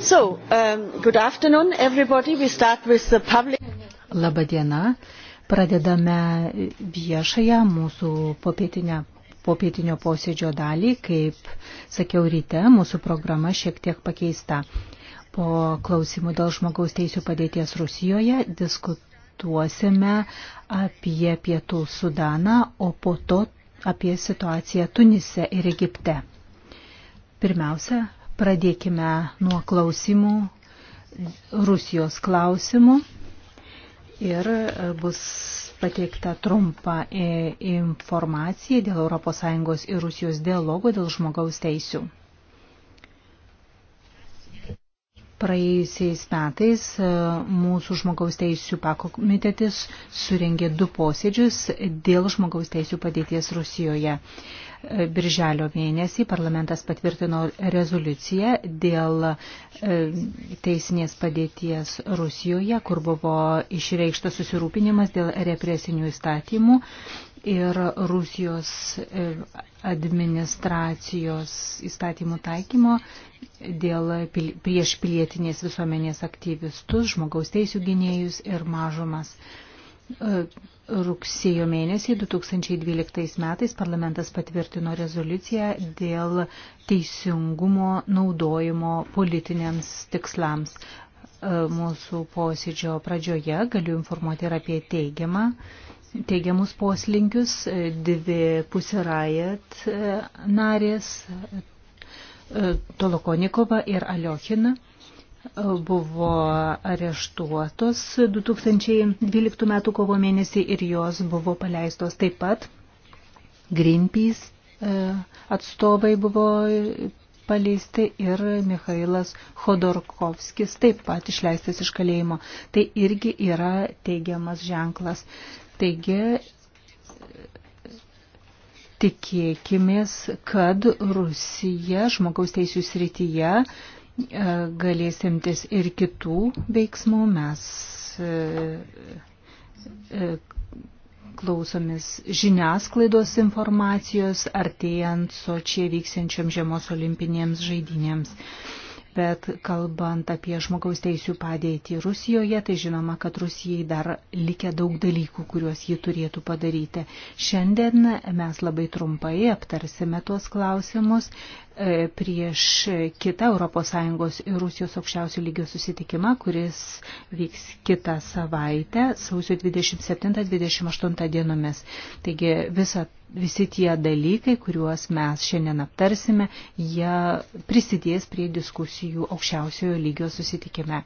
So, um, good afternoon, everybody. We start with the public. Labadiena. Pradedame viešąją mūsų popietinę popietinio posėdžio dalį, kaip sakiau ryte, mūsų programa šiek tiek pakeista. Po klausimų dėl žmogaus teisų padėties Rusijoje diskutuosime apie pietų Sudaną, o po to apie situaciją Tunise ir Egipte. Pirmiausia, Pradėkime nuo klausimų Rusijos klausimų ir e, bus pateikta trumpa e, informacija dėl ES ir Rusijos dialogo dėl žmogaus teisių. Praėjusiais metais e, mūsų žmogaus teisų pakomitetis suringė du posėdžius dėl žmogaus teisų padėties Rusijoje. Birželio mėnesį parlamentas patvirtino rezoliuciją dėl e, teisinės padėties Rusijoje, kur buvo išreikštas susirūpinimas dėl represinių įstatymų ir Rusijos e, administracijos įstatymų taikymo dėl prieš pilietinės visuomenės aktyvistus, žmogaus teisų gynėjus ir mažumas. Rugsėjo mėnesį 2012 metais parlamentas patvirtino rezoliuciją dėl teisingumo naudojimo politiniams tikslams. E, mūsų posėdžio pradžioje galiu informuoti ir apie teigiamą, teigiamus poslinkius. E, dvi pusirajat e, narės Tolokonikova ir Aliochina buvo areštuotos 2012 m. kovo mėnesį ir jos buvo paleistos taip pat. Greenpeace e, atstovai buvo paleisti ir Mikhailas Khodorkovskis taip pat išleistas iš kalėjimo. Tai irgi yra teigiamas ženklas. Taigi tikėkimės, kad Rusija žmogaus teisų srityje E, galės imtis ir kitų veiksmų. Mes e, e, klausomis žiniasklaidos informacijos artėjant Sočiai vyksiančiam žiemos olimpinėms žaidynėms bet kalbant apie žmogaus teisų padėtį Rusijoje, tai žinoma, kad Rusijai dar likia daug dalykų, kuriuos ji turėtų padaryti. Šiandien mes labai trumpai aptarsime tuos klausimus e, prieš kitą ES ir Rusijos aukščiausių lygio susitikimą, kuris vyks kitą savaitę, sausio 27-28 dienomis. Taigi visą visi tie dalykai, kuriuos mes šiandien aptarsime, jie prisidės prie diskusijų aukščiausiojo lygio susitikime.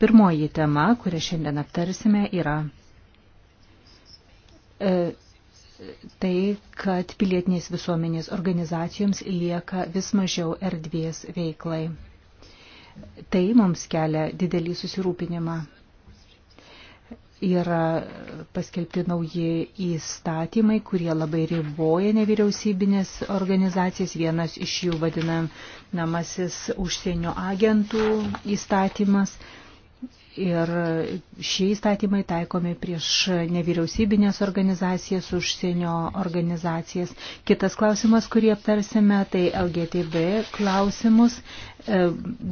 Pirmoji tema, kurią šiandien aptarsime, yra e, tai, kad pilietinės visuomenės organizacijoms lieka vis mažiau erdvės veiklai. Tai mums kelia didelį susirūpinimą yra paskelbti nauji įstatymai, kurie labai riboja nevyriausybinės organizacijas. Vienas iš jų vadinamasis užsienio agentų įstatymas. Ir šie įstatymai taikomi prieš nevyriausybinės organizacijas, užsienio organizacijas. Kitas klausimas, kurį aptarsime, tai LGTB klausimus. E,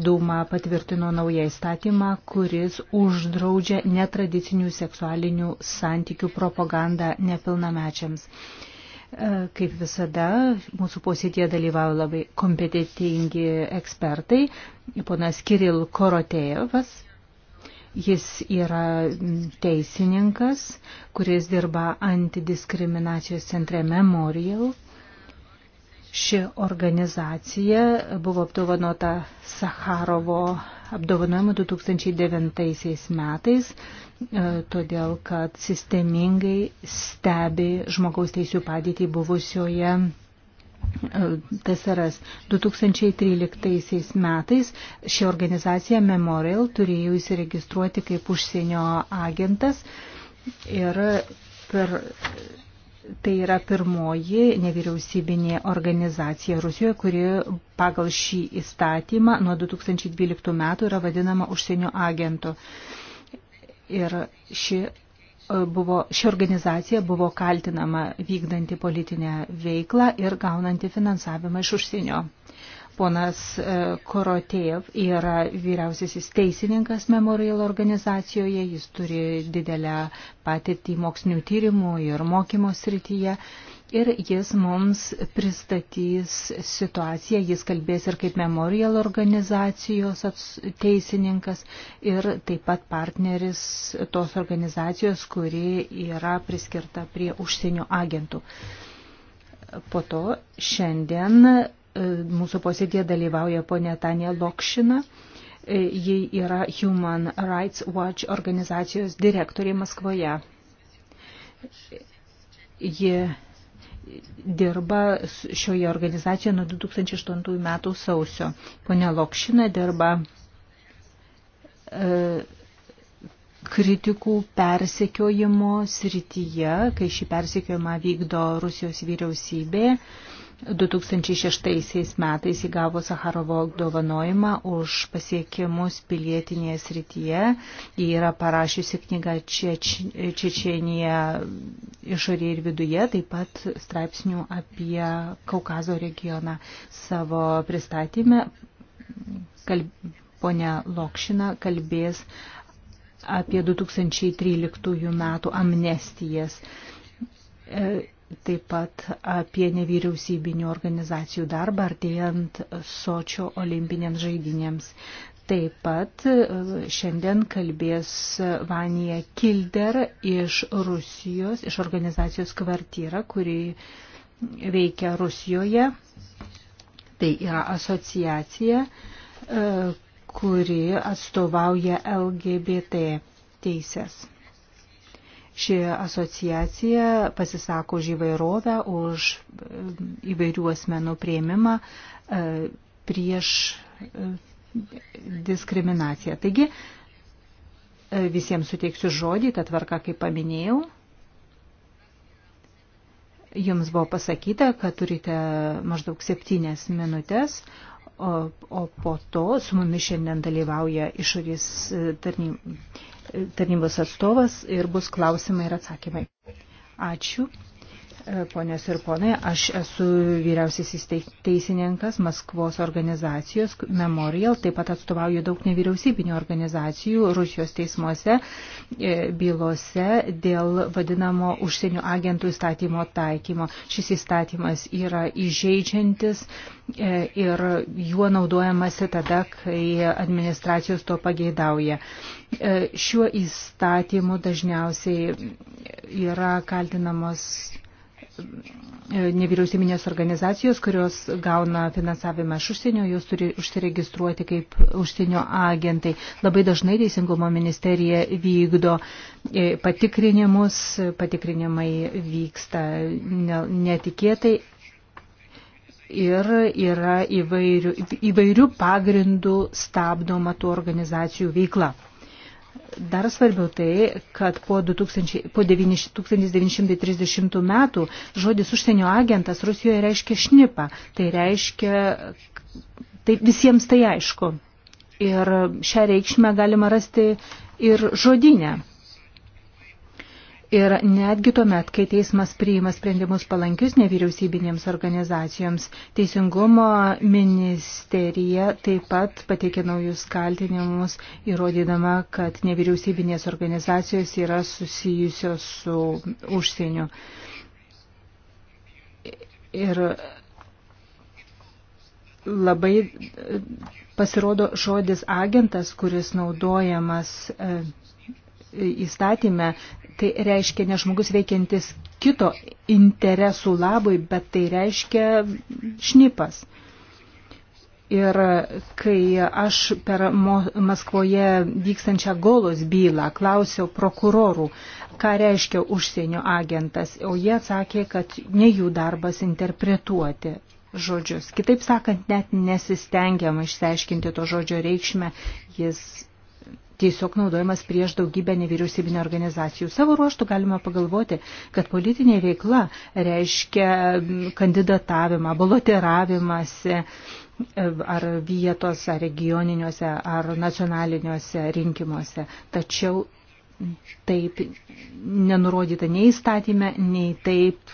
Dūma patvirtino naują įstatymą, kuris uždraudžia netradicinių seksualinių santykių propagandą nepilnamečiams. E, kaip visada, mūsų posėdėje dalyvauja labai kompetitingi ekspertai, ponas Kiril Korotejevas, Jis yra teisininkas, kuris dirba antidiskriminacijos centre Memorial. Ši organizacija buvo apdovanota Sakharovo apdovanojimu 2009 metais, e, todėl kad sistemingai stebi žmogaus teisų padėtį buvusioje TSRS. 2013 metais ši organizacija Memorial turėjo įsiregistruoti kaip užsienio agentas ir per Tai yra pirmoji nevyriausybinė organizacija Rusijoje, kuri pagal šį įstatymą nuo 2012 metų yra vadinama užsienio agentu. Ir ši E, buvo, ši organizacija buvo kaltinama vykdanti politinę veiklą ir gaunanti finansavimą iš užsienio. Ponas e, Korotėjev yra vyriausiasis teisininkas Memorial organizacijoje, jis turi didelę patirtį mokslinių tyrimų ir mokymo srityje ir jis mums pristatys situaciją, jis kalbės ir kaip memorial organizacijos teisininkas ir taip pat partneris tos organizacijos, kuri yra priskirta prie užsienio agentų. Po to šiandien e, mūsų posėdėje dalyvauja ponė Tanė Lokšina. E, ji yra Human Rights Watch organizacijos direktorė Maskvoje. Ji dirba šioje organizacijoje nuo 2008 metų sausio. Pone Lokšina dirba e, kritikų persekiojimo srityje, kai šį persekiojimą vykdo Rusijos vyriausybė. E, 2006 metais įgavo Sakarovo apdovanojimą už pasiekimus pilietinėje srityje. Ji yra parašiusi knygą Čečienija išorėje ir viduje, taip pat straipsnių apie Kaukazo regioną savo pristatymę. Kalb... Pone Lokšina kalbės apie 2013 metų amnestijas e, taip pat apie nevyriausybinių organizacijų darbą artėjant Sočio olimpinėms žaidinėms. Taip pat e, šiandien kalbės Vanija Kilder iš Rusijos, iš organizacijos kvartyra, kuri veikia Rusijoje. Tai yra asociacija, e, kuri atstovauja LGBT teisės. Ši asociacija pasisako už įvairovę, už e, įvairių asmenų prieimimą e, prieš e, diskriminaciją. Taigi visiems suteiksiu žodį, tą tvarką, kaip paminėjau. Jums buvo pasakyta, kad turite maždaug septynės minutės, o, o po to su mumis šiandien dalyvauja išorės tarnybų tarnybos atstovas ir bus klausimai ir atsakymai. Ačiū. E, ponios ir ponai, aš esu vyriausiasis teisininkas Maskvos organizacijos Memorial, taip pat atstovauju daug nevyriausybinių organizacijų Rusijos teismuose e, bylose dėl vadinamo užsienio agentų įstatymo taikymo. Šis įstatymas yra įžeidžiantis e, ir juo naudojamasi tada, kai administracijos to pageidauja. Šiuo įstatymu dažniausiai yra kaltinamos E, nevyriausybinės organizacijos, kurios gauna finansavimą iš užsienio, jos turi užsiregistruoti kaip užsienio agentai. Labai dažnai Teisingumo ministerija vykdo e, patikrinimus, patikrinimai vyksta netikėtai ir yra įvairių, įvairių pagrindų stabdoma tų organizacijų veikla. Dar svarbiau tai, kad po, 2000, po 1930 metų žodis užsienio agentas Rusijoje reiškia šnipą. Tai reiškia, tai visiems tai aišku. Ir šią reikšmę galima rasti ir žodinę. Ir netgi tuomet, kai teismas priima sprendimus palankius nevyriausybinėms organizacijoms, Teisingumo ministerija taip pat pateikė naujus kaltinimus, įrodydama, kad nevyriausybinės organizacijos yra susijusios su užsieniu. Ir labai pasirodo žodis agentas, kuris naudojamas e, įstatymę, tai reiškia ne žmogus veikiantis kito interesų labui, bet tai reiškia šnipas. Ir kai aš per Maskvoje vykstančią golos bylą klausiau prokurorų, ką reiškia užsienio agentas, o jie atsakė, kad ne jų darbas interpretuoti žodžius. Kitaip sakant, net nesistengiama išsiaiškinti to žodžio reikšmę, jis tiesiog naudojamas prieš daugybę nevyriausybinio organizacijų. Savo ruoštų galima pagalvoti, kad politinė veikla reiškia kandidatavimą, balotiravimąsi e, ar vietos, ar regioniniuose, ar nacionaliniuose rinkimuose. Tačiau taip nenurodyta nei įstatymė, nei taip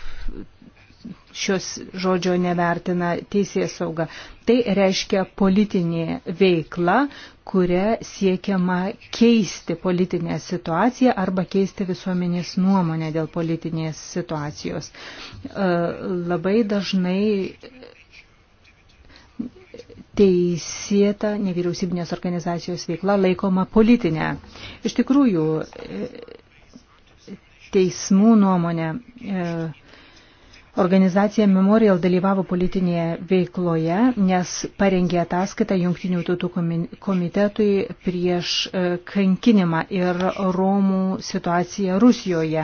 šios žodžio nevertina teisės sauga. Tai reiškia politinė veikla, kuria siekiama keisti politinę situaciją arba keisti visuomenės nuomonę dėl politinės situacijos. E, labai dažnai teisėta nevyriausybinės organizacijos veikla laikoma politinė. Iš tikrųjų, e, teismų nuomonė e, Organizacija Memorial dalyvavo politinėje veikloje, nes parengė ataskaitą Junktinių tautų komitetui prieš e, kankinimą ir Romų situaciją Rusijoje.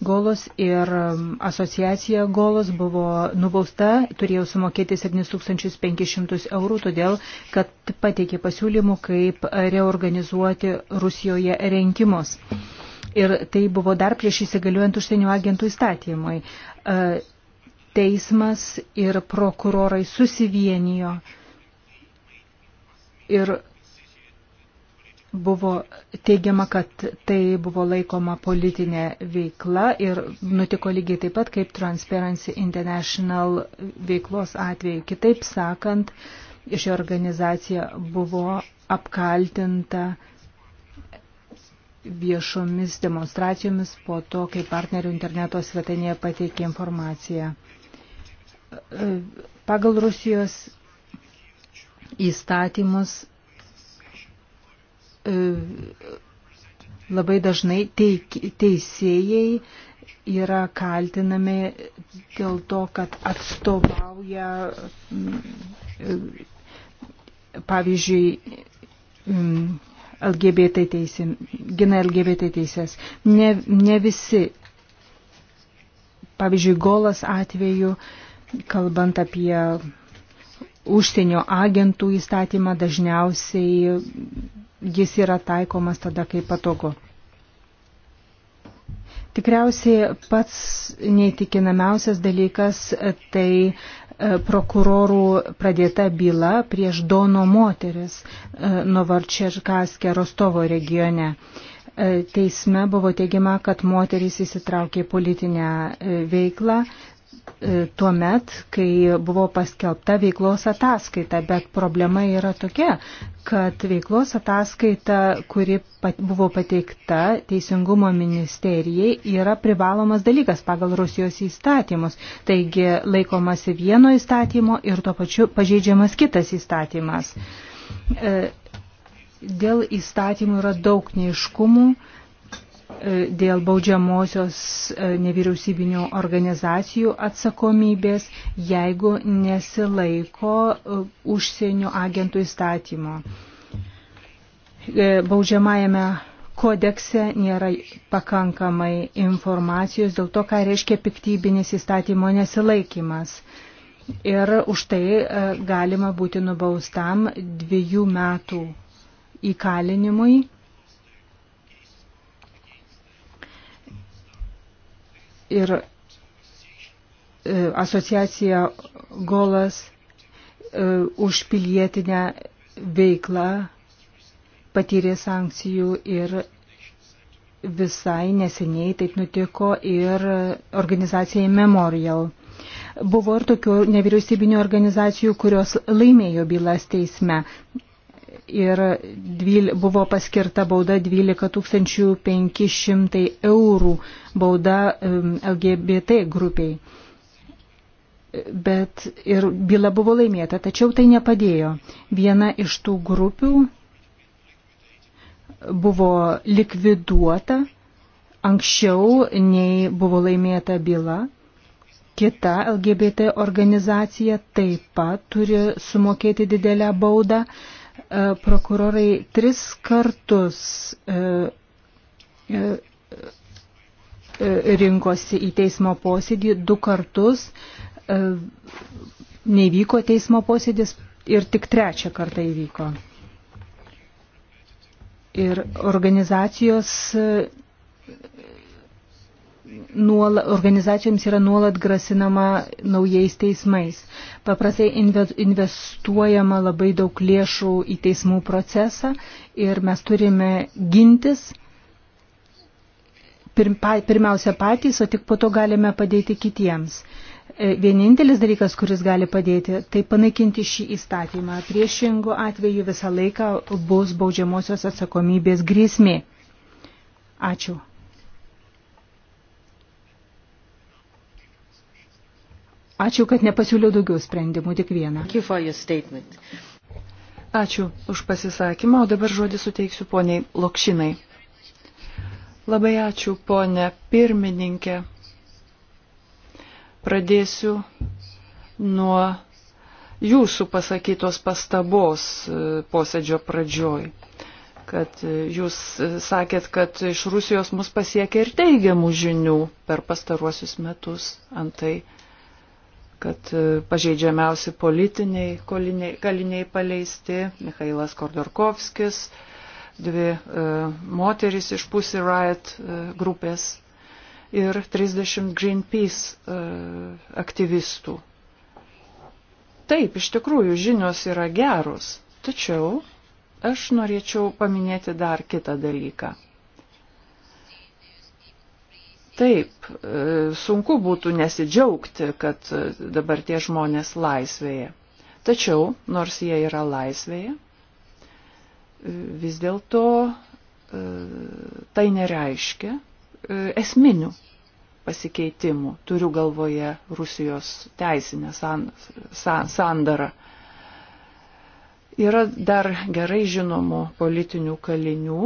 Golos ir asociacija Golos buvo nubausta, turėjo sumokėti 7500 eurų, todėl, kad pateikė pasiūlymų, kaip reorganizuoti Rusijoje rinkimus. Ir tai buvo dar prieš įsigaliuojant užsienio agentų įstatymui e, teismas ir prokurorai susivienijo ir buvo teigiama, kad tai buvo laikoma politinė veikla ir nutiko lygiai taip pat kaip Transparency International veiklos atveju. Kitaip sakant, ši organizacija buvo apkaltinta viešomis demonstracijomis po to, kai partnerių interneto svetainėje pateikė informaciją pagal Rusijos įstatymus e, labai dažnai teik, teisėjai yra kaltinami dėl to, kad atstovauja, e, pavyzdžiui, LGBT teisė, gina LGBT teisės. Ne, ne visi, pavyzdžiui, Golas atveju kalbant apie užsienio agentų įstatymą, dažniausiai jis yra taikomas tada, kai patogu. Tikriausiai pats neįtikinamiausias dalykas tai e, prokurorų pradėta byla prieš Dono moteris e, Novarčerkaskė Rostovo regione. E, teisme buvo teigiama, kad moteris įsitraukė politinę veiklą, E, tuo met, kai buvo paskelbta veiklos ataskaita, bet problema yra tokia, kad veiklos ataskaita, kuri pat, buvo pateikta Teisingumo ministerijai, yra privalomas dalykas pagal Rusijos įstatymus. Taigi laikomasi vieno įstatymo ir tuo pačiu pažeidžiamas kitas įstatymas. E, dėl įstatymų yra daug neiškumų E, dėl baudžiamosios e, nevyriausybinių organizacijų atsakomybės, jeigu nesilaiko e, užsienio agentų įstatymo. Baudžiamajame kodekse nėra pakankamai informacijos dėl to, ką reiškia piktybinis įstatymo nesilaikimas. Ir už tai galima būti nubaustam dviejų metų įkalinimui ir e, asociacija Golas e, už pilietinę veiklą patyrė sankcijų ir visai neseniai taip nutiko ir organizacijai Memorial. Buvo ir tokių nevyriausybinių organizacijų, kurios laimėjo bylas teisme ir dvyl, buvo paskirta bauda 12 500 eurų bauda LGBT grupiai. Bet ir byla buvo laimėta, tačiau tai nepadėjo. Viena iš tų grupių buvo likviduota anksčiau nei buvo laimėta byla. Kita LGBT organizacija taip pat turi sumokėti didelę baudą E, prokurorai tris kartus e, e, rinkosi į teismo posėdį, du kartus nevyko teismo posėdis ir tik trečią kartą įvyko. Ir organizacijos nuola, organizacijoms yra nuolat grasinama naujais teismais. Paprastai investuojama labai daug lėšų į teismų procesą ir mes turime gintis pirmiausia patys, o tik po to galime padėti kitiems. E, vienintelis dalykas, kuris gali padėti, tai panaikinti šį įstatymą. Priešingų atveju visą laiką bus baudžiamosios atsakomybės grėsmė. Ačiū. Ačiū, kad nepasiūliau daugiau sprendimų, tik vieną. Ačiū už pasisakymą, o dabar žodį suteiksiu poniai Lokšinai. Labai ačiū, ponė pirmininkė. Pradėsiu nuo jūsų pasakytos pastabos e, posėdžio pradžioj, kad e, jūs e, sakėt, kad iš Rusijos mus pasiekia ir teigiamų žinių per pastaruosius metus. Antai kad e, pažeidžiamiausi politiniai koliniai, kaliniai paleisti, Mikhailas Kordorkovskis, dvi e, moteris iš Pussy Riot e, grupės ir 30 Greenpeace e, aktyvistų. Taip, iš tikrųjų, žinios yra geros, tačiau aš norėčiau paminėti dar kitą dalyką. Taip, e, sunku būtų nesidžiaugti, kad e, dabar tie žmonės laisvėje. Tačiau, nors jie yra laisvėje, e, vis dėlto tai nereiškia esminių pasikeitimų, turiu galvoje Rusijos teisinę sandarą. Yra dar gerai žinomų politinių kalinių,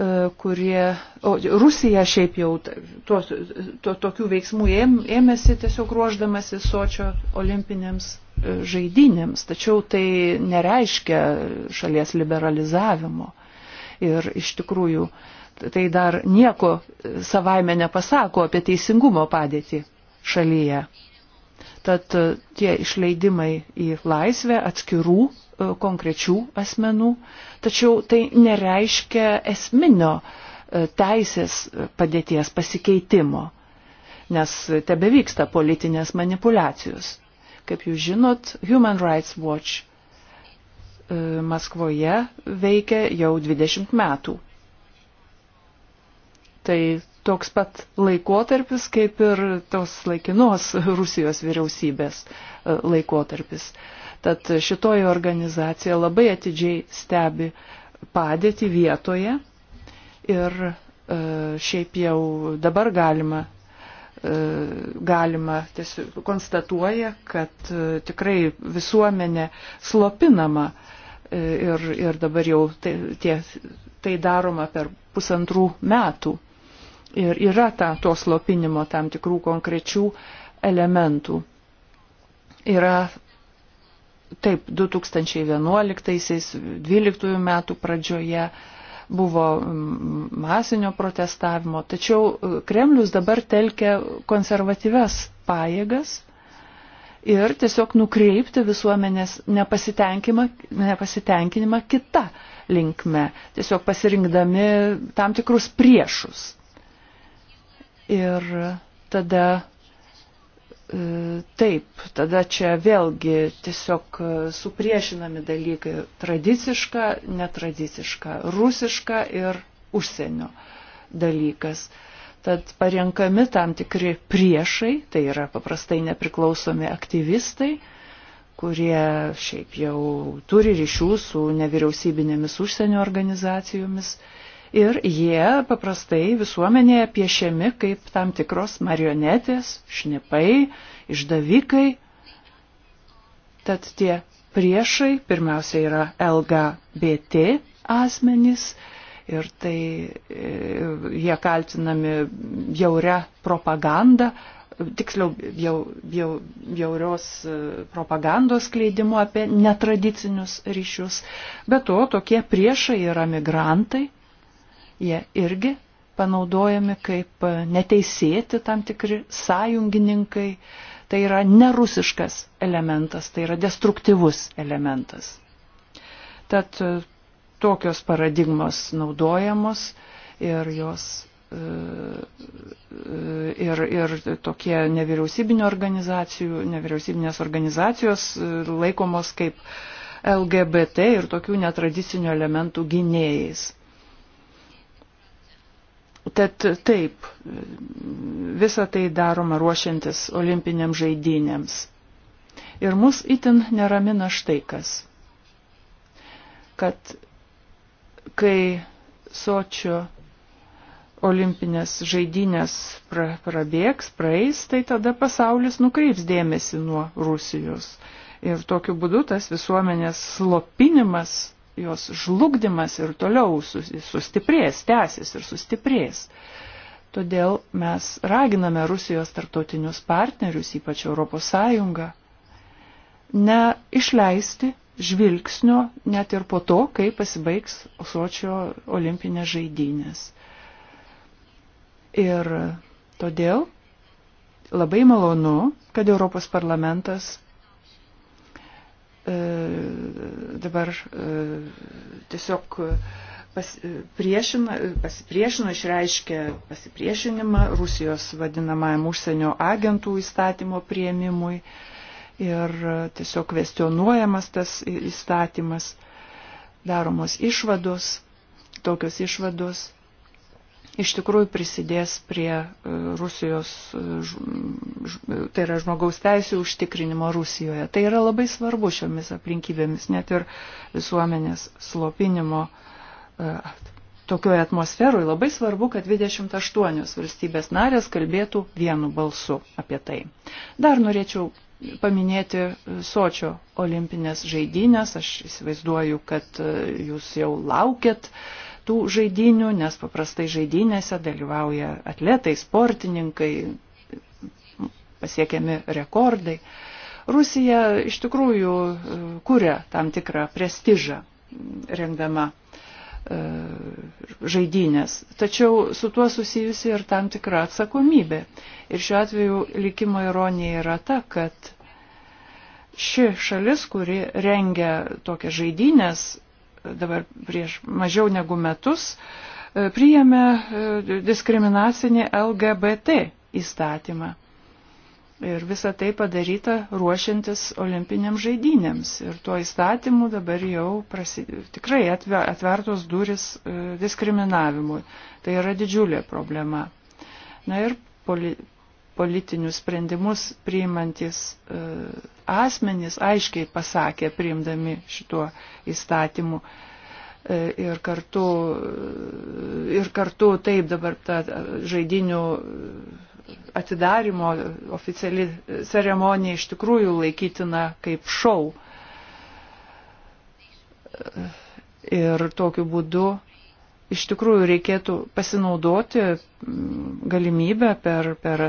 E, kurie, o Rusija šiaip jau to, to, tokių veiksmų ėmėsi tiesiog ruoždamasi sočio olimpinėms e, žaidynėms, tačiau tai nereiškia šalies liberalizavimo. Ir iš tikrųjų tai dar nieko e, savaime nepasako apie teisingumo padėtį šalyje. Tad tie išleidimai į laisvę atskirų E, konkrečių asmenų, tačiau tai nereiškia esminio e, teisės padėties pasikeitimo, nes tebe vyksta politinės manipulacijos. Kaip jūs žinot, Human Rights Watch e, Maskvoje veikia jau 20 metų. Tai toks pat laikotarpis, kaip ir tos laikinos Rusijos vyriausybės laikotarpis. Tad šitoji organizacija labai atidžiai stebi padėti vietoje ir e, šiaip jau dabar galima e, galima tiesiog konstatuoja, kad e, tikrai visuomenė slopinama ir, ir dabar jau tai, tie, tai daroma per pusantrų metų. Ir yra ta, to slopinimo tam tikrų konkrečių elementų. Yra Taip, 2011-2012 metų pradžioje buvo mm, masinio protestavimo, tačiau e, Kremlius dabar telkia konservatyves pajėgas ir tiesiog nukreipti visuomenės nepasitenkinimą kitą linkme, tiesiog pasirinkdami tam tikrus priešus. Ir tada E, taip, tada čia vėlgi tiesiog e, supriešinami dalykai - tradiciška, netradiciška, rusiška ir užsienio dalykas. Tad parenkami tam tikri priešai, tai yra paprastai nepriklausomi aktyvistai, kurie šiaip jau turi ryšių su nevyriausybinėmis užsienio organizacijomis ir jie paprastai visuomenėje piešiami kaip tam tikros marionetės, šnipai, išdavikai. Tad tie priešai pirmiausia yra LGBT asmenys ir tai e, jie kaltinami jaure propaganda, tiksliau jau, jau, jaurios e, propagandos skleidimu apie netradicinius ryšius. Be to, tokie priešai yra migrantai, jie irgi panaudojami kaip neteisėti tam tikri sąjungininkai. Tai yra nerusiškas elementas, tai yra destruktyvus elementas. Tad e, tokios paradigmos naudojamos ir jos e, e, ir, ir tokie nevyriausybinio organizacijų, nevyriausybinės organizacijos laikomos kaip LGBT ir tokių netradicinių elementų gynėjais. Tad taip, visa tai daroma ruošiantis olimpiniam žaidynėms. Ir mus itin neramina štai kas, kad kai sočio olimpinės žaidynės pra, prabėgs, praeis, tai tada pasaulis nukreips dėmesį nuo Rusijos. Ir tokiu būdu tas visuomenės slopinimas jos žlugdymas ir toliau sustiprės, tęsis ir sustiprės. Todėl mes raginame Rusijos tarptautinius partnerius, ypač Europos Sąjungą, neišleisti žvilgsnio net ir po to, kai pasibaigs Sočio olimpinės žaidynės. Ir todėl labai malonu, kad Europos parlamentas E, dabar e, tiesiog e, pas, priešina, pasipriešino, išreiškė pasipriešinimą Rusijos vadinamajam užsienio agentų įstatymo prieimimui ir tiesiog kvestionuojamas tas įstatymas, daromos išvados, tokios išvados, iš tikrųjų prisidės prie e, Rusijos, e, e, tai yra žmogaus teisų užtikrinimo Rusijoje. Tai yra labai svarbu šiomis aplinkybėmis, net ir visuomenės slopinimo tokioje atmosferoje labai svarbu, kad 28 valstybės narės kalbėtų vienu balsu apie tai. Dar norėčiau paminėti Sočio olimpinės žaidynės. Aš įsivaizduoju, kad jūs jau laukėt uh, tų žaidinių, nes paprastai žaidinėse dalyvauja atletai, sportininkai, pasiekiami rekordai. Rusija iš tikrųjų e, kuria tam tikrą prestižą mm, rengdama e, žaidynės. Tačiau su tuo susijusi ir tam tikra atsakomybė. Ir šiuo atveju likimo ironija yra ta, kad ši šalis, kuri rengia tokias žaidynės, dabar prieš mažiau negu metus e, priėmė e, diskriminacinį LGBT įstatymą. Ir visa tai padaryta ruošiantis olimpinėms žaidynėms. Ir tuo įstatymu dabar jau prasi, tikrai atvertos duris e, diskriminavimui. Tai yra didžiulė problema. Na ir poli, politinius sprendimus priimantis e, asmenys aiškiai pasakė priimdami šituo įstatymu. E, ir kartu, e, ir kartu taip dabar ta žaidinių atidarimo oficiali ceremonija iš tikrųjų laikytina kaip šau. Ir tokiu būdu iš tikrųjų reikėtų pasinaudoti mm, galimybę per, per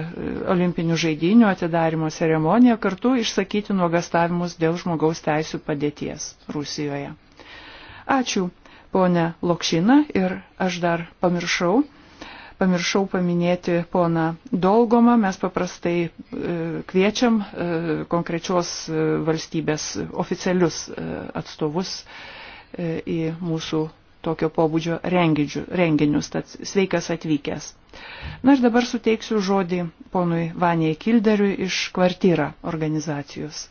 olimpinių žaidinių atidarimo ceremoniją kartu išsakyti nuogastavimus dėl žmogaus teisų padėties Rusijoje. Ačiū, ponė Lokšina, ir aš dar pamiršau pamiršau paminėti poną Dolgomą, mes paprastai e, kviečiam e, konkrečios e, valstybės oficialius atstovus į mūsų tokio pobūdžio renginius, tad sveikas atvykęs. Na ir dabar suteiksiu žodį ponui Vanijai Kilderiui iš kvartyra organizacijos.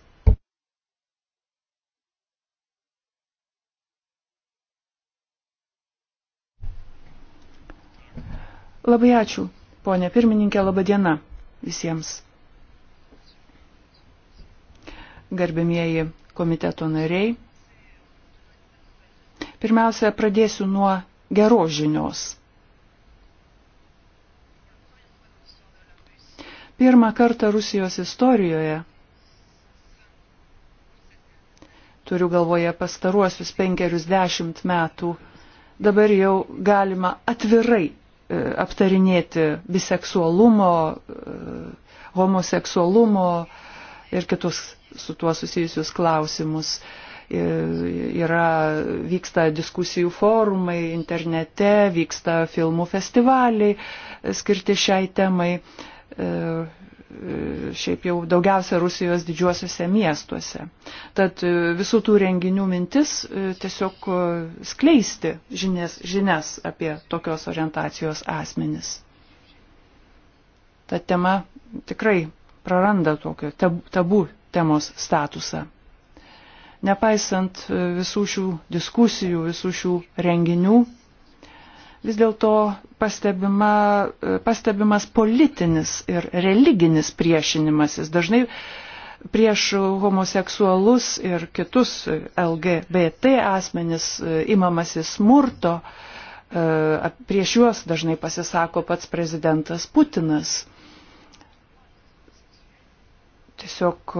Labai ačiū, ponė pirmininkė, laba diena visiems. Garbimieji komiteto nariai, Pirmiausia, pradėsiu nuo geros žinios. Pirmą kartą Rusijos istorijoje, turiu galvoje pastaruosius penkerius dešimt metų, dabar jau galima atvirai e, aptarinėti biseksualumo, e, homoseksualumo ir kitus su tuo susijusius klausimus yra, vyksta diskusijų forumai internete, vyksta filmų festivaliai skirti šiai temai. E, Šiaip jau daugiausia Rusijos didžiuosiuose miestuose. Tad e, visų tų renginių mintis e, tiesiog skleisti žinias, žinias apie tokios orientacijos asmenis. Ta tema tikrai praranda tokio tabu temos statusą. Nepaisant e, visų šių diskusijų, visų šių renginių, vis dėlto pastebima, e, pastebimas politinis ir religinis priešinimasis. Dažnai prieš homoseksualus ir kitus LGBT asmenis e, imamasi smurto, prieš juos dažnai pasisako pats prezidentas Putinas tiesiog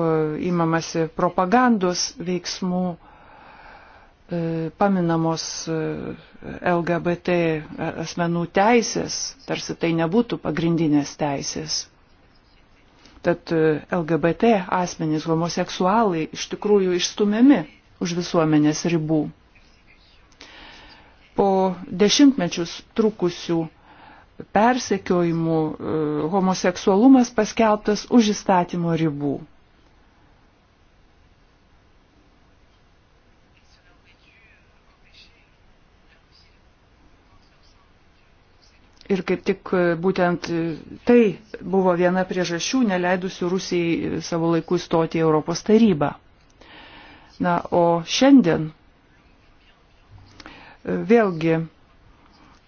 įmamasi e, propagandos veiksmų, e, paminamos e, LGBT asmenų teisės, tarsi tai nebūtų pagrindinės teisės. Tad LGBT asmenys, homoseksualai iš tikrųjų išstumiami už visuomenės ribų. Po dešimtmečius trukusių persekiojimų e, homoseksualumas paskelbtas už įstatymo ribų. Ir kaip tik e, būtent e, tai buvo viena priežasčių, neleidusių Rusijai savo laikų stoti į Europos tarybą. Na, o šiandien vėlgi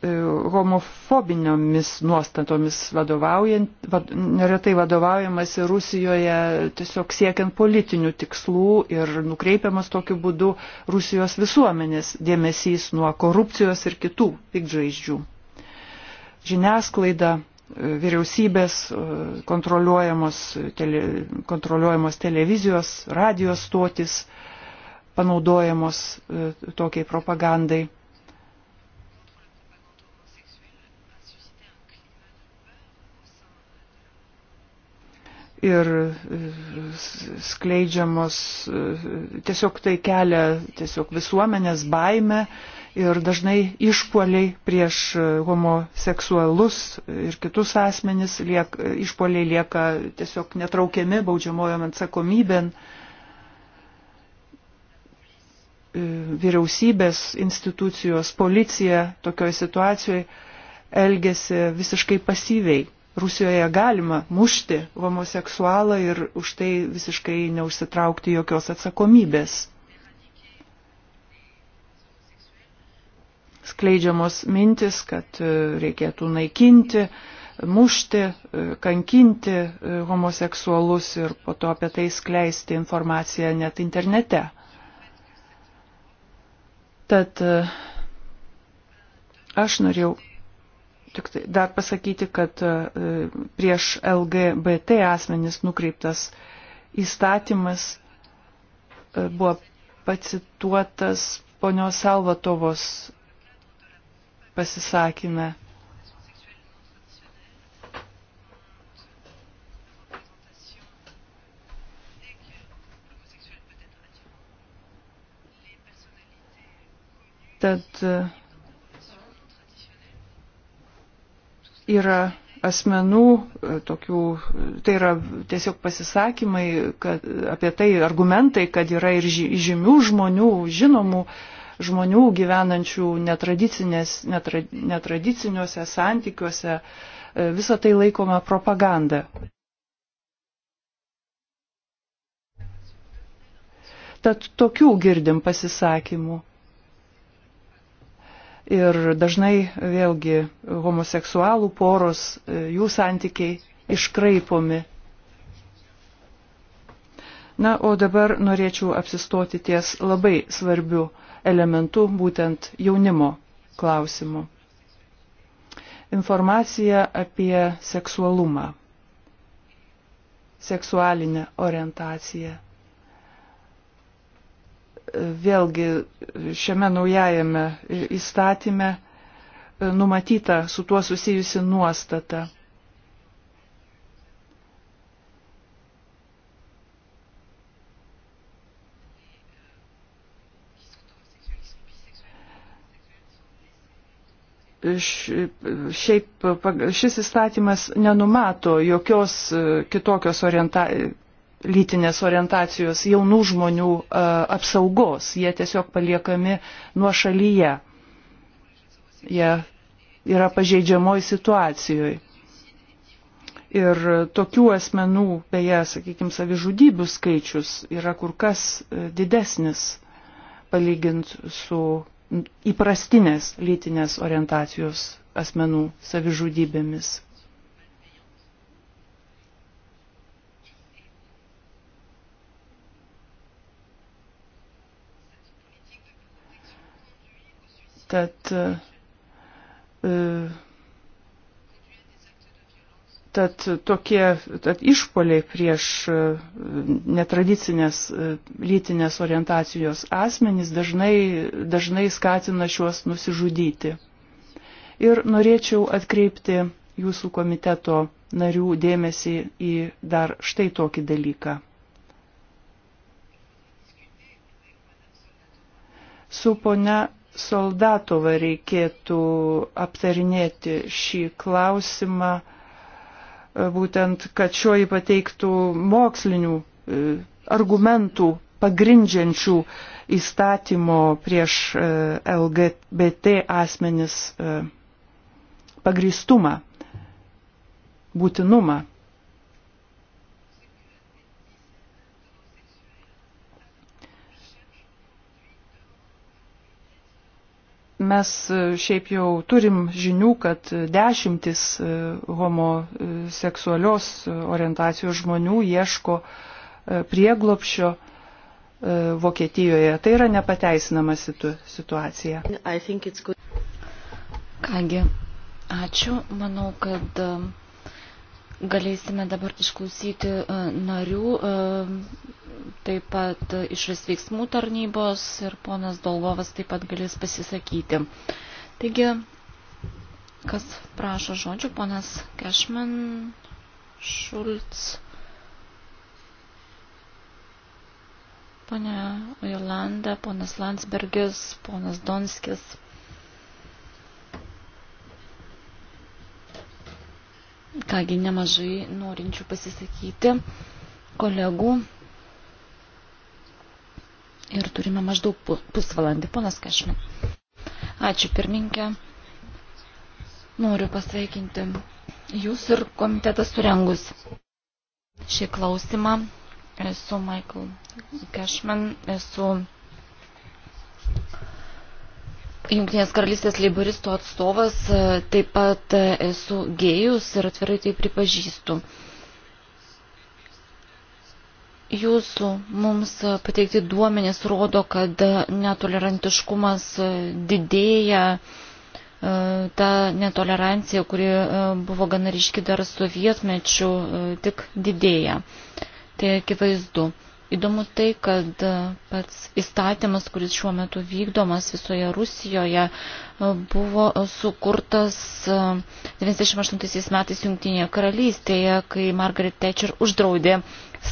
E, homofobiniomis nuostatomis vadovaujant, vad, neretai vadovaujamasi Rusijoje tiesiog siekiant politinių tikslų ir nukreipiamas tokiu būdu Rusijos visuomenės dėmesys nuo korupcijos ir kitų pikdžaizdžių. Žiniasklaida, e, vyriausybės e, kontroliuojamos, tele, kontroliuojamos televizijos, radijos stotis panaudojamos tokiai propagandai ir e, skleidžiamos, e, tiesiog tai kelia tiesiog visuomenės baime ir dažnai išpoliai prieš e, homoseksualus ir kitus asmenis, liek, išpoliai lieka tiesiog netraukiami baudžiamojom atsakomybėn. Vyriausybės, institucijos, policija tokioje situacijoje elgesi visiškai pasyviai. Rusijoje galima mušti homoseksualą ir už tai visiškai neužsitraukti jokios atsakomybės. Skleidžiamos mintis, kad e, reikėtų naikinti, mušti, e, kankinti e, homoseksualus ir po to apie tai skleisti informaciją net internete. Tad aš norėjau Tik tai dar pasakyti, kad e, prieš LGBT asmenis nukreiptas įstatymas e, buvo pacituotas ponios Salvatovos pasisakymę. Tad uh, yra asmenų, e, tokių, tai yra tiesiog pasisakymai kad, apie tai, argumentai, kad yra ir žymių žmonių, žinomų žmonių gyvenančių netra, netradiciniuose santykiuose, e, visą tai laikoma propaganda. Tad tokių girdim pasisakymų. Ir dažnai vėlgi homoseksualų poros, e, jų santykiai iškraipomi. Na, o dabar norėčiau apsistoti ties labai svarbiu elementu, būtent jaunimo klausimu. Informacija apie seksualumą, seksualinę orientaciją vėlgi šiame naujajame įstatyme e, numatyta su tuo susijusi nuostata. Šiaip šis įstatymas nenumato jokios e, kitokios orienta, lytinės orientacijos jaunų žmonių e, apsaugos. Jie tiesiog paliekami nuo šalyje. Jie yra pažeidžiamoj situacijoje. Ir tokių asmenų, beje, sakykime, savižudybių skaičius yra kur kas e, didesnis palygint su įprastinės lytinės orientacijos asmenų savižudybėmis. Tad, e, tad tokie tad išpoliai prieš e, netradicinės e, lytinės orientacijos asmenys dažnai, dažnai skatina šiuos nusižudyti. Ir norėčiau atkreipti jūsų komiteto narių dėmesį į dar štai tokį dalyką. Su ponia Soldatova reikėtų aptarinėti šį klausimą, e, būtent, kad šioji pateiktų mokslinių e, argumentų pagrindžiančių įstatymo prieš e, LGBT asmenis pagristumą, būtinumą. mes e, šiaip jau turim žinių, kad dešimtis e, homoseksualios orientacijos žmonių ieško e, prieglopšio Vokietijoje. Tai yra nepateisinama situ, situacija. Kągi, ačiū. Manau, kad Galėsime dabar išklausyti e, narių, e, taip pat išvis veiksmų tarnybos ir ponas Dolgovas taip pat galės pasisakyti. Taigi, kas prašo žodžių, ponas Kešman, Šulc, ponia Jolanda, ponas Landsbergis, ponas Donskis. Kągi nemažai norinčių pasisakyti kolegų. Ir turime maždaug pusvalandį. Ponas Kašmin. Ačiū pirminkė. Noriu pasveikinti jūs ir komitetas surengus šį klausimą. Esu Michael Cashman, esu Junktinės karalystės leiboristų atstovas, e, taip pat e, esu gėjus ir atvirai tai pripažįstu. Jūsų mums pateikti duomenys rodo, kad netolerantiškumas e, didėja, ta netolerancija, kuri buvo gana ryški dar sovietmečių, tik didėja. Tai akivaizdu. Įdomu tai, kad e, pats įstatymas, kuris šiuo metu vykdomas visoje Rusijoje, e, buvo e, sukurtas 98 metais Junktinėje karalystėje, kai Margaret Thatcher uždraudė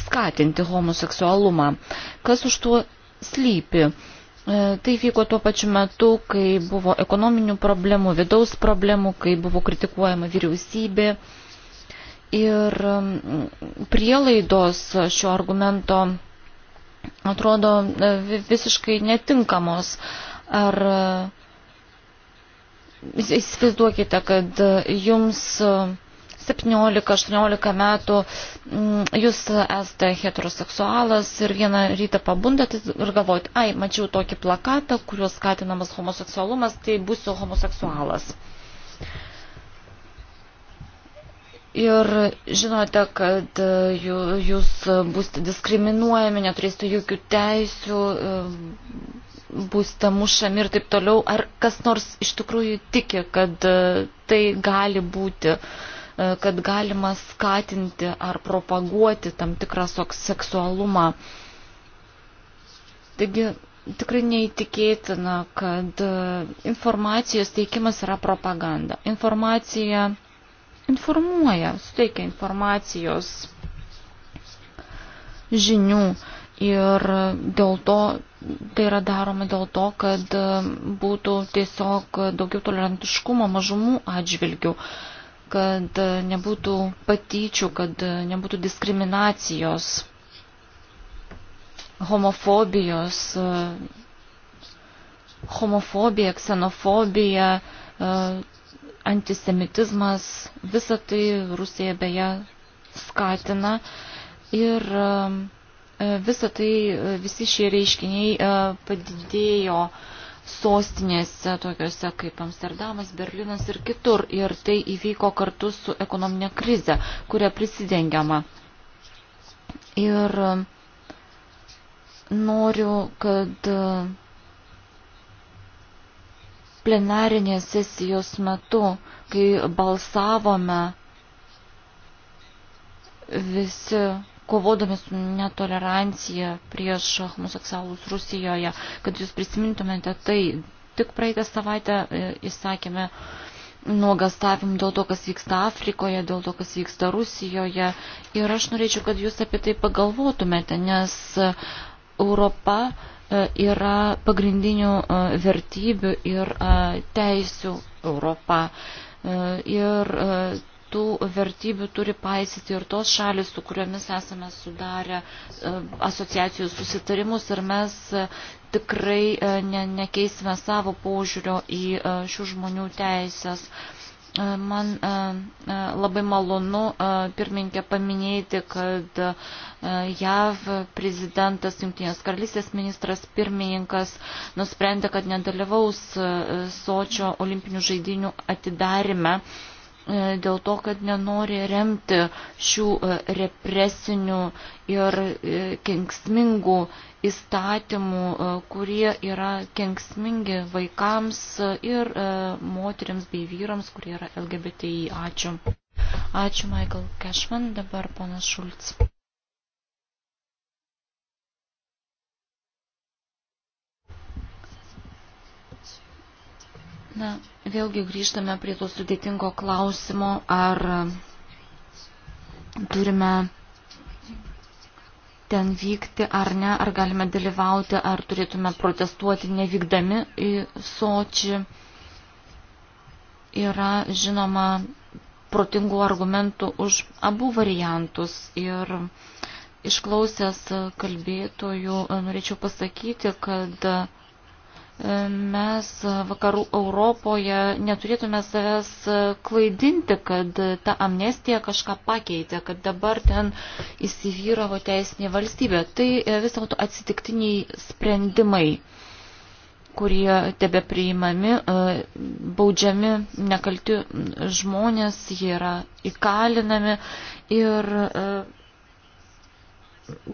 skatinti homoseksualumą. Kas už tuo slypi? Tai vyko tuo pačiu metu, kai buvo ekonominių problemų, vidaus problemų, kai buvo kritikuojama vyriausybė. Ir prielaidos šio argumento atrodo e, visiškai netinkamos. Ar e, įsivaizduokite, kad e, jums 17-18 metų jūs esate heteroseksualas ir vieną rytą pabundate ir galvojate, ai, mačiau tokį plakatą, kuriuo skatinamas homoseksualumas, tai būsiu homoseksualas. Mm. Ir žinote, kad e, jūs būsite diskriminuojami, neturėsite jokių teisių, e, būsite mušami ir taip toliau. Ar kas nors iš tikrųjų tiki, kad e, tai gali būti, kad galima skatinti ar propaguoti tam tikrą seksualumą? Taigi, tikrai neįtikėtina, kad informacijos teikimas yra propaganda. Informacija informuoja, suteikia informacijos žinių ir dėl to tai yra daroma dėl to, kad būtų tiesiog daugiau tolerantiškumo mažumų atžvilgių, kad nebūtų patyčių, kad nebūtų diskriminacijos, homofobijos, homofobija, ksenofobija, antisemitizmas, visą tai Rusija beje skatina ir um, e, visą tai, e, visi šie reiškiniai e, padidėjo sostinėse, tokiuose kaip Amsterdamas, Berlinas ir kitur. Ir tai įvyko kartu su ekonominė krize, kuria prisidengiama. Ir um, noriu, kad plenarinės sesijos metu, kai balsavome visi kovodami su netolerancija prieš homoseksualus Rusijoje, kad jūs prisimintumėte tai. Tik praeitą savaitę e, įsakėme nuogastavim dėl to, kas vyksta Afrikoje, dėl to, kas vyksta Rusijoje. Ir aš norėčiau, kad jūs apie tai pagalvotumėte, nes Europa E, yra pagrindinių e, vertybių ir e, teisių Europa. Ir tų vertybių turi paisyti ir tos šalis, su kuriomis esame sudarę asociacijų susitarimus ir mes tikrai ne, nekeisime savo požiūrio į šių žmonių teisės. Man labai malonu pirmininkė paminėti, kad JAV prezidentas, Junktinės karalystės ministras, pirmininkas nusprendė, kad nedalyvaus Sočio olimpinių žaidinių atidarime E, dėl to, kad nenori remti šių e, represinių ir e, kenksmingų įstatymų, kurie yra kenksmingi vaikams ir moteriams bei vyrams, kurie yra LGBTI. Ačiū. Ačiū, Michael Cashman, dabar ponas Šulc. Na, Vėlgi grįžtame prie to sudėtingo klausimo, ar turime ten vykti ar ne, ar galime dalyvauti, ar turėtume protestuoti nevykdami į Sočį. Yra žinoma protingų argumentų už abu variantus ir išklausęs kalbėtojų norėčiau pasakyti, kad mes vakarų Europoje neturėtume savęs klaidinti, kad ta amnestija kažką pakeitė, kad dabar ten įsivyravo teisinė valstybė. Tai e, vis dėlto atsitiktiniai sprendimai, kurie tebe priimami, e, baudžiami nekalti žmonės, jie yra įkalinami ir e,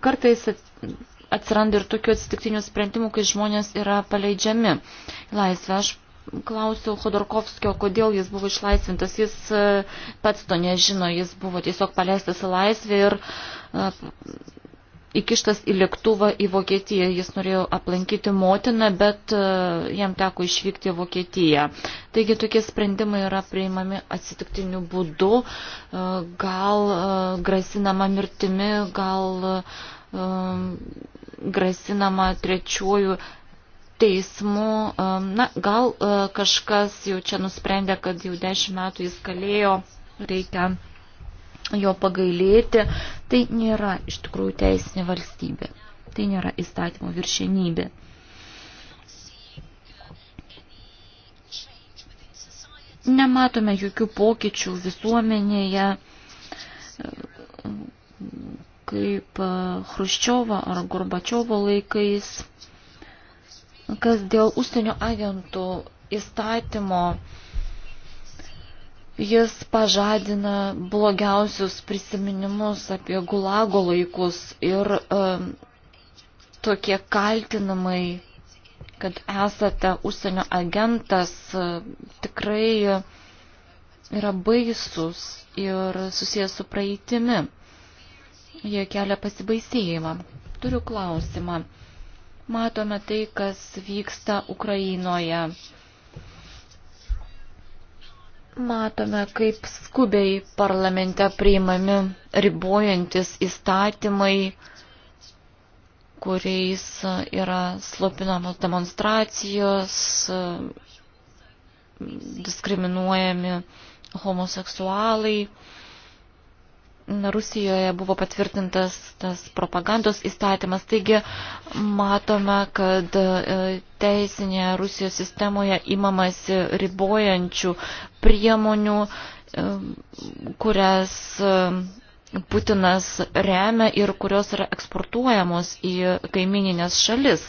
kartais atsiranda ir tokių atsitiktinių sprendimų, kai žmonės yra paleidžiami laisvę. Aš klausiau Khodorkovskio, kodėl jis buvo išlaisvintas. Jis e, pats to nežino, jis buvo tiesiog paleistas į laisvę ir e, įkištas į lėktuvą į Vokietiją. Jis norėjo aplankyti motiną, bet e, jam teko išvykti į Vokietiją. Taigi tokie sprendimai yra priimami atsitiktiniu būdu, gal grasinama mirtimi, gal grasinama trečiųjų teismų. Na, gal e, kažkas jau čia nusprendė, kad jau dešimt metų jis kalėjo, reikia jo pagailėti. Tai nėra iš tikrųjų teisinė valstybė. Tai nėra įstatymo viršenybė. Nematome jokių pokyčių visuomenėje, kaip e, Hruščiovo ar Gorbačiovo laikais, kas dėl užsienio agentų įstatymo jis pažadina blogiausius prisiminimus apie gulago laikus ir e, tokie kaltinamai, kad esate užsienio agentas, e, tikrai yra baisus ir susijęs su praeitimi. Jie kelia pasibaisėjimą. Turiu klausimą. Matome tai, kas vyksta Ukrainoje. Matome, kaip skubiai parlamente priimami ribojantis įstatymai, kuriais yra slopinamos demonstracijos, diskriminuojami homoseksualai. Rusijoje buvo patvirtintas tas propagandos įstatymas, taigi matome, kad e, teisinėje Rusijos sistemoje imamasi ribojančių priemonių, e, kurias e, Putinas remia ir kurios yra eksportuojamos į kaimininės šalis,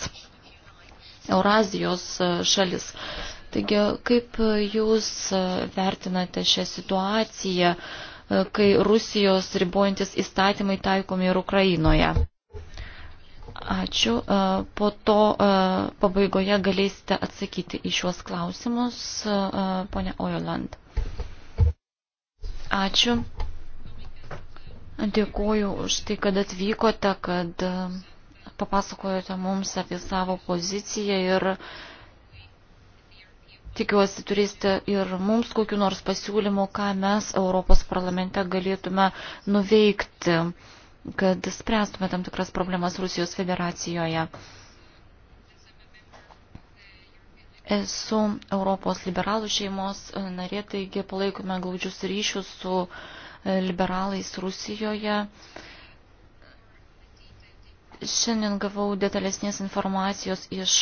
Eurazijos šalis. Taigi, kaip Jūs vertinate šią situaciją? kai Rusijos ribojantis įstatymai taikomi ir Ukrainoje. Ačiū. Po to pabaigoje galėsite atsakyti į šiuos klausimus, ponia Ojoland. Ačiū. Dėkuoju už tai, kad atvykote, kad papasakojote mums apie savo poziciją ir Tikiuosi turėsite ir mums kokiu nors pasiūlymu, ką mes Europos parlamente galėtume nuveikti, kad spręstume tam tikras problemas Rusijos federacijoje. Esu Europos liberalų šeimos narė, taigi palaikome glaudžius ryšius su liberalais Rusijoje. Šiandien gavau detalesnės informacijos iš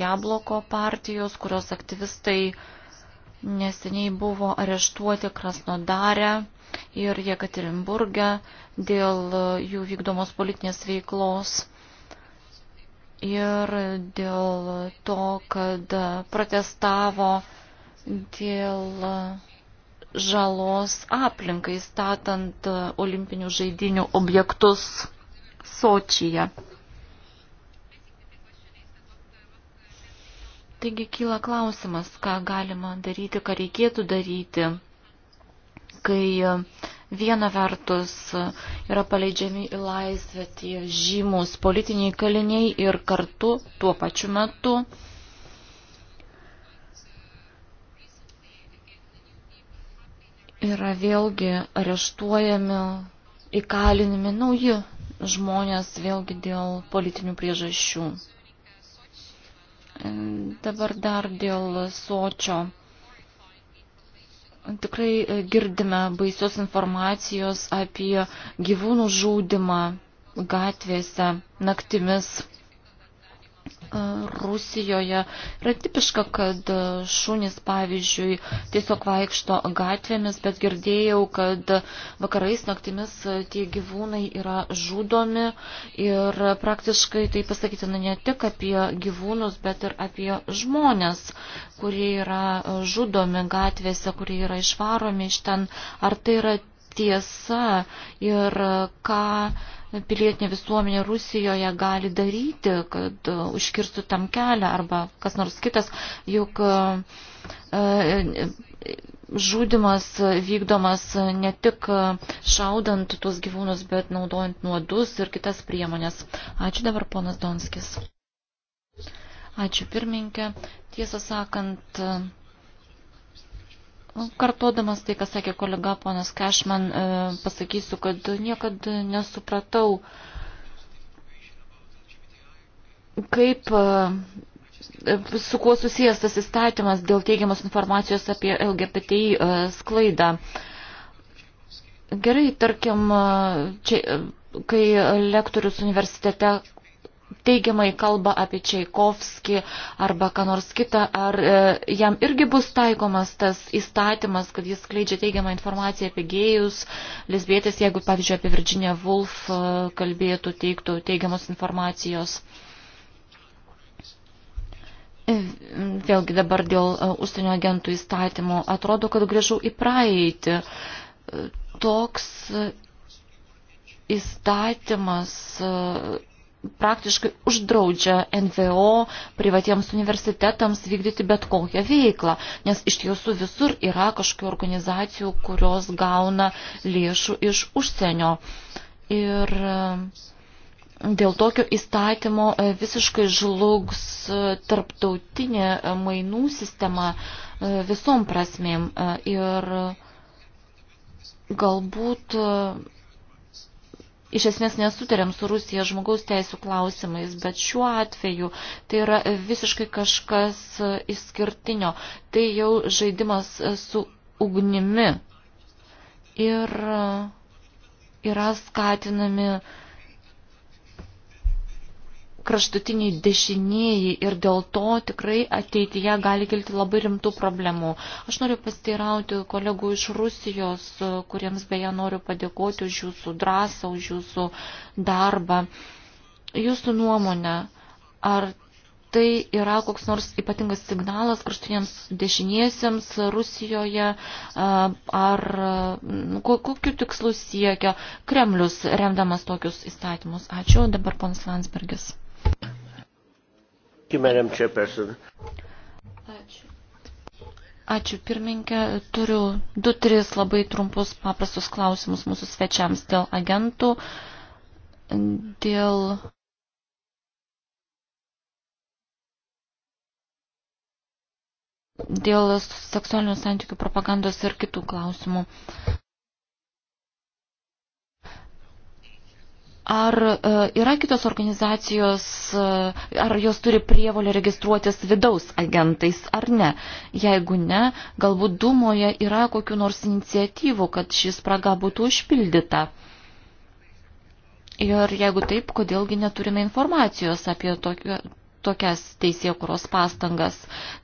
Jabloko partijos, kurios aktyvistai neseniai buvo areštuoti Krasnodare ir Jekaterinburgė dėl jų vykdomos politinės veiklos ir dėl to, kad protestavo dėl žalos aplinkai statant olimpinių žaidinių objektus. Sočyje. Taigi kyla klausimas, ką galima daryti, ką reikėtų daryti, kai viena vertus yra paleidžiami į laisvę tie žymus politiniai kaliniai ir kartu tuo pačiu metu yra vėlgi areštuojami, įkalinimi nauji žmonės vėlgi dėl politinių priežasčių. Dabar dar dėl sočio. Tikrai girdime baisios informacijos apie gyvūnų žaudimą gatvėse naktimis. Rusijoje yra tipiška, kad šunys, pavyzdžiui, tiesiog vaikšto gatvėmis, bet girdėjau, kad vakarais naktimis tie gyvūnai yra žudomi ir praktiškai tai pasakytina ne tik apie gyvūnus, bet ir apie žmonės, kurie yra žudomi gatvėse, kurie yra išvaromi iš ten. Ar tai yra tiesa ir ką pilietinė visuomenė Rusijoje gali daryti, kad uh, užkirstų tam kelią arba kas nors kitas, juk uh, e, e, žudimas vykdomas ne tik uh, šaudant tuos gyvūnus, bet naudojant nuodus ir kitas priemonės. Ačiū dabar ponas Donskis. Ačiū pirminkė. Tiesą sakant, Kartuodamas tai, ką sakė kolega ponas Kešman, e, pasakysiu, kad niekada nesupratau, kaip e, su kuo susijęs tas įstatymas dėl teigiamos informacijos apie LGBTI e, sklaidą. Gerai, tarkim, čia, kai lektorius universitete teigiamai kalba apie Čiaikovskį arba ką nors kitą, ar e, jam irgi bus taikomas tas įstatymas, kad jis skleidžia teigiamą informaciją apie gėjus, lesbietės, jeigu, pavyzdžiui, apie Virginia Woolf e, kalbėtų, teiktų teigiamos informacijos. E, vėlgi dabar dėl e, užsienio agentų įstatymų atrodo, kad grįžau į praeitį. Toks įstatymas praktiškai uždraudžia NVO privatiems universitetams vykdyti bet kokią veiklą, nes iš tiesų visur yra kažkokių organizacijų, kurios gauna lėšų iš užsienio. Ir e, dėl tokio įstatymo e, visiškai žlugs e, tarptautinė mainų sistema visom prasmėm. Ir galbūt iš esmės nesutarėm su Rusija žmogaus teisų klausimais, bet šiuo atveju tai yra visiškai kažkas išskirtinio. Tai jau žaidimas su ugnimi. Ir yra skatinami uh, kraštutiniai dešinieji ir dėl to tikrai ateityje gali kilti labai rimtų problemų. Aš noriu pasteirauti kolegų iš Rusijos, kuriems beje noriu padėkoti už jūsų drąsą, už jūsų darbą. Jūsų nuomonė, ar tai yra koks nors ypatingas signalas kraštutiniams dešiniesiems Rusijoje, ar nu, kokiu tikslu siekia Kremlius remdamas tokius įstatymus. Ačiū, dabar ponas Landsbergis. Ačiū. Ačiū, pirminkė. Turiu du, tris labai trumpus paprastus klausimus mūsų svečiams dėl agentų, dėl. Dėl seksualinių santykių propagandos ir kitų klausimų. Ar e, yra kitos organizacijos, e, ar jos turi prievolę registruotis vidaus agentais ar ne? Jeigu ne, galbūt Dumoje yra kokiu nors iniciatyvų, kad šis spraga būtų užpildyta. Ir jeigu taip, kodėlgi neturime informacijos apie tokio, tokias teisėkuros pastangas.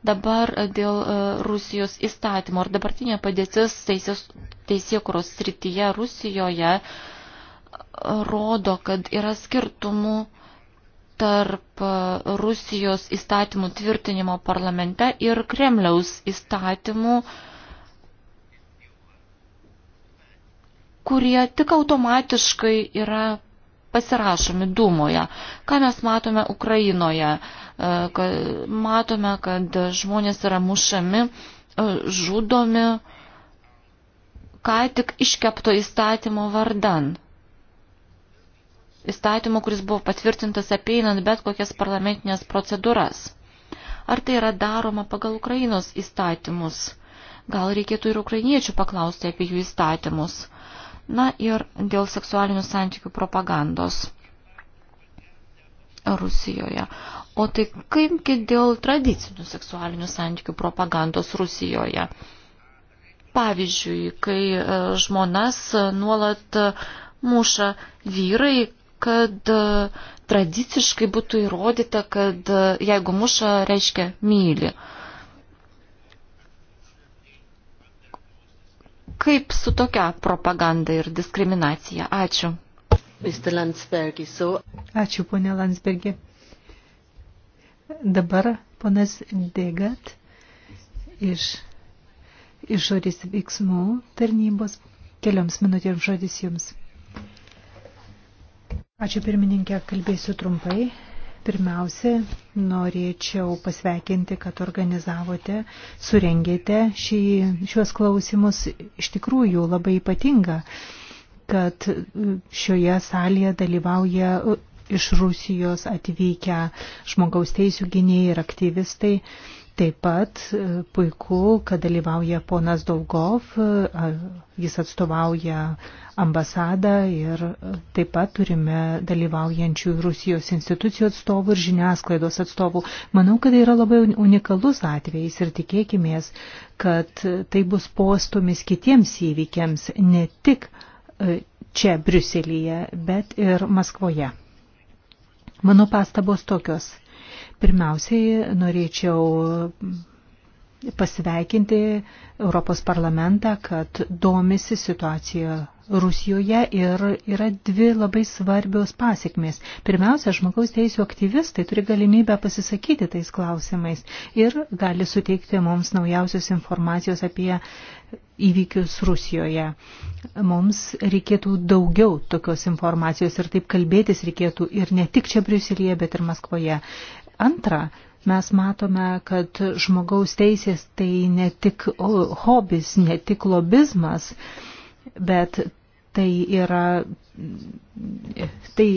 Dabar dėl e, Rusijos įstatymo ar dabartinė padėtis teisės, teisėkuros srityje Rusijoje. Uh, rodo, kad yra skirtumų tarp e, Rusijos įstatymų tvirtinimo parlamente ir Kremliaus įstatymų, kurie tik automatiškai yra pasirašomi Dūmoje. Ką mes matome Ukrainoje? E, matome, kad žmonės yra mušami, e, žudomi, ką tik iškepto įstatymo vardan įstatymu, kuris buvo patvirtintas apeinant bet kokias parlamentinės procedūras. Ar tai yra daroma pagal Ukrainos įstatymus? Gal reikėtų ir ukrainiečių paklausti apie jų įstatymus. Na ir dėl seksualinių santykių propagandos Rusijoje. O tai kaipgi dėl tradicinių seksualinių santykių propagandos Rusijoje? Pavyzdžiui, kai e, žmonas nuolat e, muša vyrai, kad e, tradiciškai būtų įrodyta, kad e, jeigu muša, reiškia myli. Kaip su tokia propaganda ir diskriminacija? Ačiū. Ačiū, ponė Landsbergi. Dabar ponas Degat iš išorės veiksmų tarnybos kelioms minutėms žodis jums. Ačiū pirmininkė, kalbėsiu trumpai. Pirmiausia, norėčiau pasveikinti, kad organizavote, surengėte šį, šios klausimus. Iš tikrųjų labai ypatinga, kad šioje salėje dalyvauja iš Rusijos atvykę žmogaus teisų gynėjai ir aktyvistai. Taip pat e, puiku, kad dalyvauja ponas Daugov, e, jis atstovauja ambasadą ir e, taip pat turime dalyvaujančių Rusijos institucijų atstovų ir žiniasklaidos atstovų. Manau, kad tai yra labai unikalus atvejis ir tikėkimės, kad tai bus postumis kitiems įvykiams, ne tik čia Briuselyje, bet ir Maskvoje. Mano pastabos tokios. Pirmiausiai norėčiau pasveikinti Europos parlamentą, kad domisi situacija Rusijoje ir yra dvi labai svarbios pasiekmės. Pirmiausia, žmogaus teisų aktyvistai turi galimybę pasisakyti tais klausimais ir gali suteikti mums naujausios informacijos apie įvykius Rusijoje. Mums reikėtų daugiau tokios informacijos ir taip kalbėtis reikėtų ir ne tik čia Briuselėje, bet ir Maskvoje. Antra, mes matome, kad žmogaus teisės tai ne tik hobis, ne tik lobizmas, bet tai yra, tai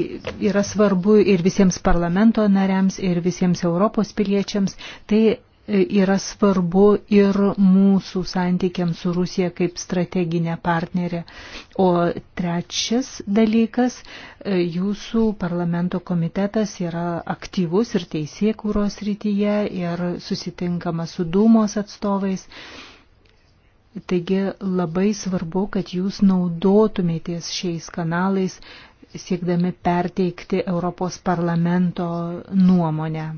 yra svarbu ir visiems parlamento nariams, ir visiems Europos piliečiams. Tai yra svarbu ir mūsų santykiams su Rusija kaip strateginė partnerė. O trečias dalykas, e, jūsų parlamento komitetas yra aktyvus ir teisėkūros rytyje ir susitinkama su Dūmos atstovais. Taigi labai svarbu, kad jūs naudotumėtės šiais kanalais siekdami perteikti Europos parlamento nuomonę.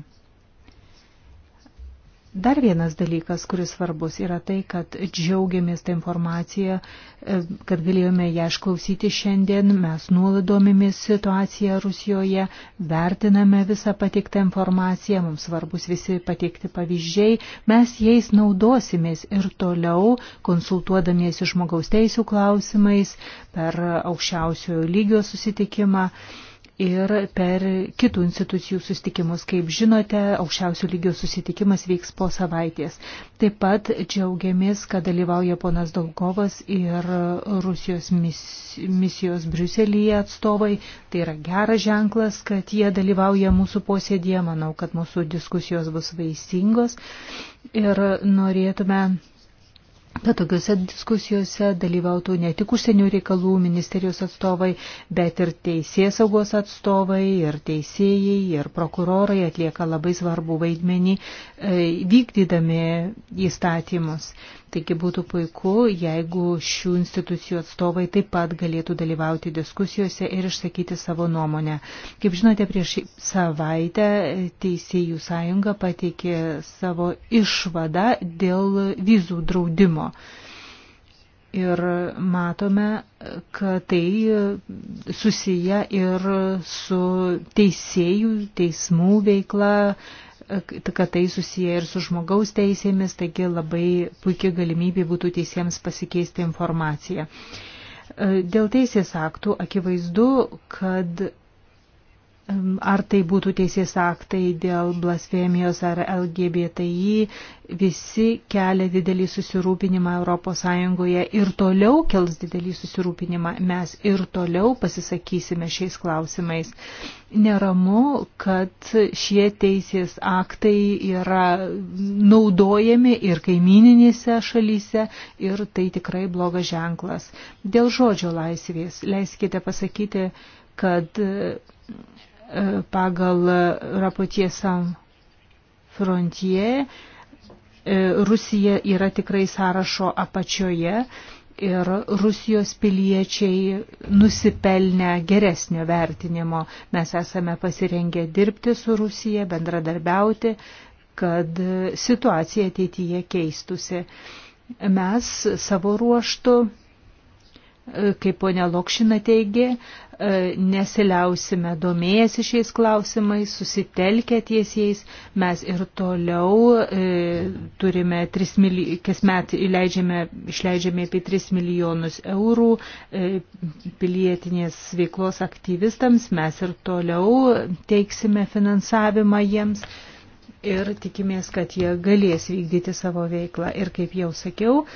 Dar vienas dalykas, kuris svarbus, yra tai, kad džiaugiamės tą informaciją, e, kad galėjome ją išklausyti šiandien, mes nuoladomėmės situaciją Rusijoje, vertiname visą patiktą informaciją, mums svarbus visi pateikti pavyzdžiai, mes jais naudosimės ir toliau, konsultuodamiesi žmogaus teisų klausimais per aukščiausiojo lygio susitikimą ir per kitų institucijų susitikimus. Kaip žinote, aukščiausių lygių susitikimas vyks po savaitės. Taip pat džiaugiamės, kad dalyvauja ponas Dolgovas ir Rusijos mis, misijos Briuselyje atstovai. Tai yra geras ženklas, kad jie dalyvauja mūsų posėdėje. Manau, kad mūsų diskusijos bus vaisingos ir norėtume kad tokiuose diskusijose dalyvautų ne tik užsienio reikalų ministerijos atstovai, bet ir teisės saugos atstovai, ir teisėjai, ir prokurorai atlieka labai svarbų vaidmenį e, vykdydami įstatymus. Taigi būtų puiku, jeigu šių institucijų atstovai taip pat galėtų dalyvauti diskusijose ir išsakyti savo nuomonę. Kaip žinote, prieš savaitę Teisėjų sąjunga pateikė savo išvadą dėl vizų draudimo įgyvendinimo. Ir matome, kad tai susiję ir su teisėjų, teismų veikla, kad tai susiję ir su žmogaus teisėmis, taigi labai puikia galimybė būtų teisėms pasikeisti informaciją. Dėl teisės aktų akivaizdu, kad Ar tai būtų teisės aktai dėl blasfemijos ar LGBTI, visi kelia didelį susirūpinimą ES ir toliau kels didelį susirūpinimą. Mes ir toliau pasisakysime šiais klausimais. Neramu, kad šie teisės aktai yra naudojami ir kaimininėse šalyse ir tai tikrai blogas ženklas. Dėl žodžio laisvės leiskite pasakyti, kad pagal rapotiesam frontie. E, Rusija yra tikrai sąrašo apačioje ir Rusijos piliečiai nusipelnę geresnio vertinimo. Mes esame pasirengę dirbti su Rusija, bendradarbiauti, kad situacija ateityje keistusi. Mes savo ruoštų kaip ponia Lokšina teigė, e, nesiliausime domėjęsi šiais klausimais, susitelkę ties jais. Mes ir toliau e, turime, mili, kasmet įleidžiame, išleidžiame apie 3 milijonus eurų e, pilietinės veiklos aktyvistams. Mes ir toliau teiksime finansavimą jiems ir tikimės, kad jie galės vykdyti savo veiklą. Ir kaip jau sakiau,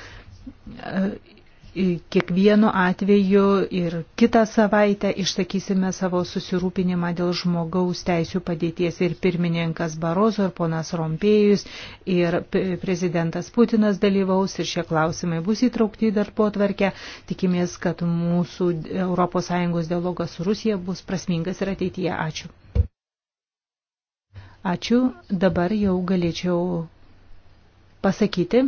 kiekvienu atveju ir kitą savaitę išsakysime savo susirūpinimą dėl žmogaus teisų padėties ir pirmininkas Barozo ir ponas Rompėjus ir prezidentas Putinas dalyvaus ir šie klausimai bus įtraukti į darbo tvarkę. Tikimės, kad mūsų ES dialogas su Rusija bus prasmingas ir ateityje. Ačiū. Ačiū. Dabar jau galėčiau pasakyti,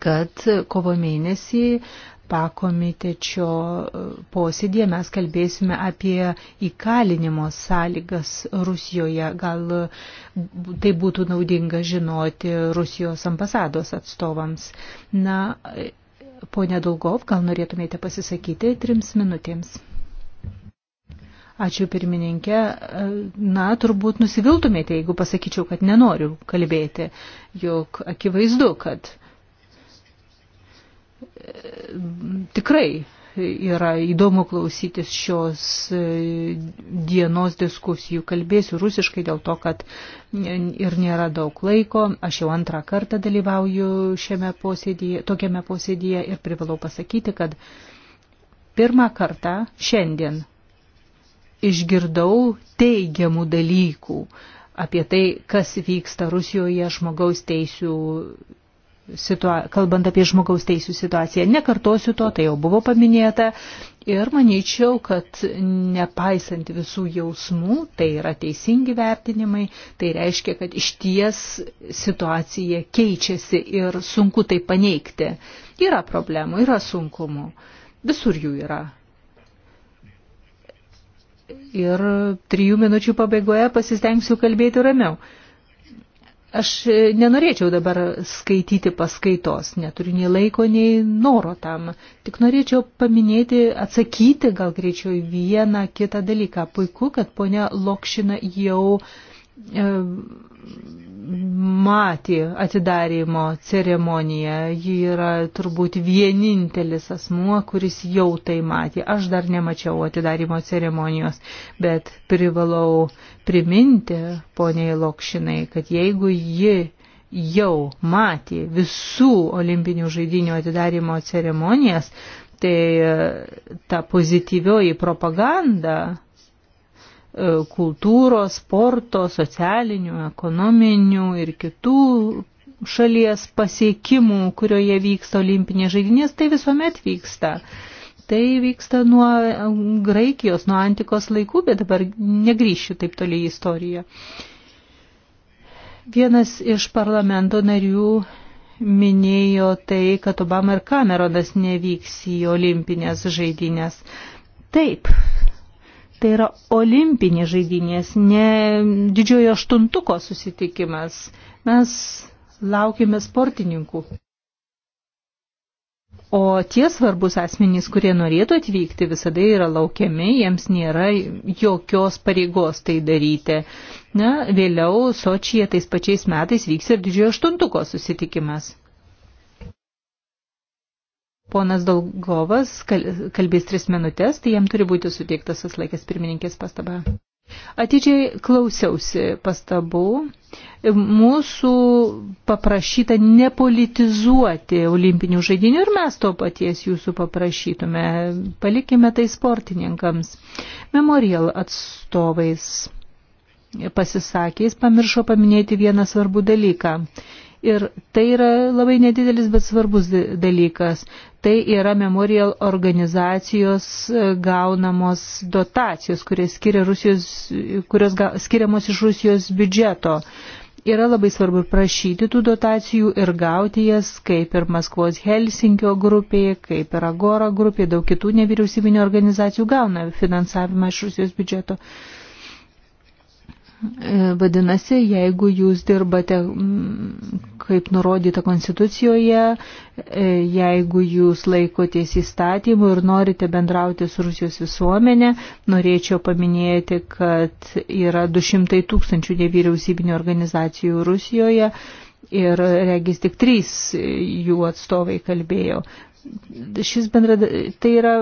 kad kovo mėnesį pakomitečio posėdėje mes kalbėsime apie įkalinimo sąlygas Rusijoje. Gal tai būtų naudinga žinoti Rusijos ambasados atstovams. Na, ponė Dolgov, gal norėtumėte pasisakyti trims minutėms? Ačiū pirmininkė. Na, turbūt nusiviltumėte, jeigu pasakyčiau, kad nenoriu kalbėti, juk akivaizdu, kad tikrai yra įdomu klausytis šios e, dienos diskusijų. Kalbėsiu rusiškai dėl to, kad ir nėra daug laiko. Aš jau antrą kartą dalyvauju šiame posėdėje, tokiame posėdėje ir privalau pasakyti, kad pirmą kartą šiandien išgirdau teigiamų dalykų apie tai, kas vyksta Rusijoje žmogaus teisų situa kalbant apie žmogaus teisų situaciją. Nekartosiu to, tai jau buvo paminėta. Ir manyčiau, kad nepaisant visų jausmų, tai yra teisingi vertinimai, tai reiškia, kad iš ties situacija keičiasi ir sunku tai paneigti. Yra problemų, yra sunkumų. Visur jų yra. Ir trijų minučių pabaigoje pasistengsiu kalbėti ramiau. Aš e, nenorėčiau dabar skaityti paskaitos, neturiu nei laiko, nei noro tam. Tik norėčiau paminėti, atsakyti gal greičiau vieną kitą dalyką. Puiku, kad ponia Lokšina jau e, matė atidarimo ceremoniją. Ji yra turbūt vienintelis asmuo, kuris jau tai matė. Aš dar nemačiau atidarimo ceremonijos, bet privalau priminti poniai Lokšinai, kad jeigu ji jau matė visų olimpinių žaidinių atidarimo ceremonijas, tai ta pozityvioji propaganda E, kultūros, sporto, socialinių, ekonominių ir kitų šalies pasiekimų, kurioje vyksta olimpinės žaidynės, tai visuomet vyksta. Tai vyksta nuo Graikijos, nuo antikos laikų, bet dabar negryšiu taip toliai į istoriją. Vienas iš parlamento narių minėjo tai, kad Obama ir Cameronas nevyks į olimpinės žaidynės. Taip, Tai yra olimpinės žaidynės, ne didžiojo aštuntuko susitikimas. Mes laukime sportininkų. O tie svarbus asmenys, kurie norėtų atvykti, visada yra laukiami, jiems nėra jokios pareigos tai daryti. Na, vėliau Sočyje tais pačiais metais vyks ir didžiojo aštuntuko susitikimas. Ponas Dolgovas kalbės tris minutės, tai jam turi būti suteiktas tas laikas pirmininkės pastaba. Atidžiai klausiausi pastabų. Mūsų paprašyta nepolitizuoti olimpinių žaidinių ir mes to paties jūsų paprašytume. Palikime tai sportininkams. Memorial atstovais pasisakys pamiršo paminėti vieną svarbų dalyką. Ir tai yra labai nedidelis, bet svarbus dalykas. Tai yra Memorial organizacijos e, gaunamos dotacijos, kurios, skiria Rusijos, kurios ga, skiriamos iš Rusijos biudžeto. Yra labai svarbu prašyti tų dotacijų ir gauti jas, kaip ir Maskvos Helsinkio grupė, kaip ir Agora grupė, daug kitų nevyriausybinio organizacijų gauna finansavimą iš Rusijos biudžeto. Uh, E, vadinasi, jeigu jūs dirbate, mm, kaip nurodyta Konstitucijoje, e, jeigu jūs laikotės įstatymų ir norite bendrauti su Rusijos visuomenė, norėčiau paminėti, kad yra 200 tūkstančių nevyriausybinio organizacijų Rusijoje ir regis tik trys jų atstovai kalbėjo. Šis bendra, tai yra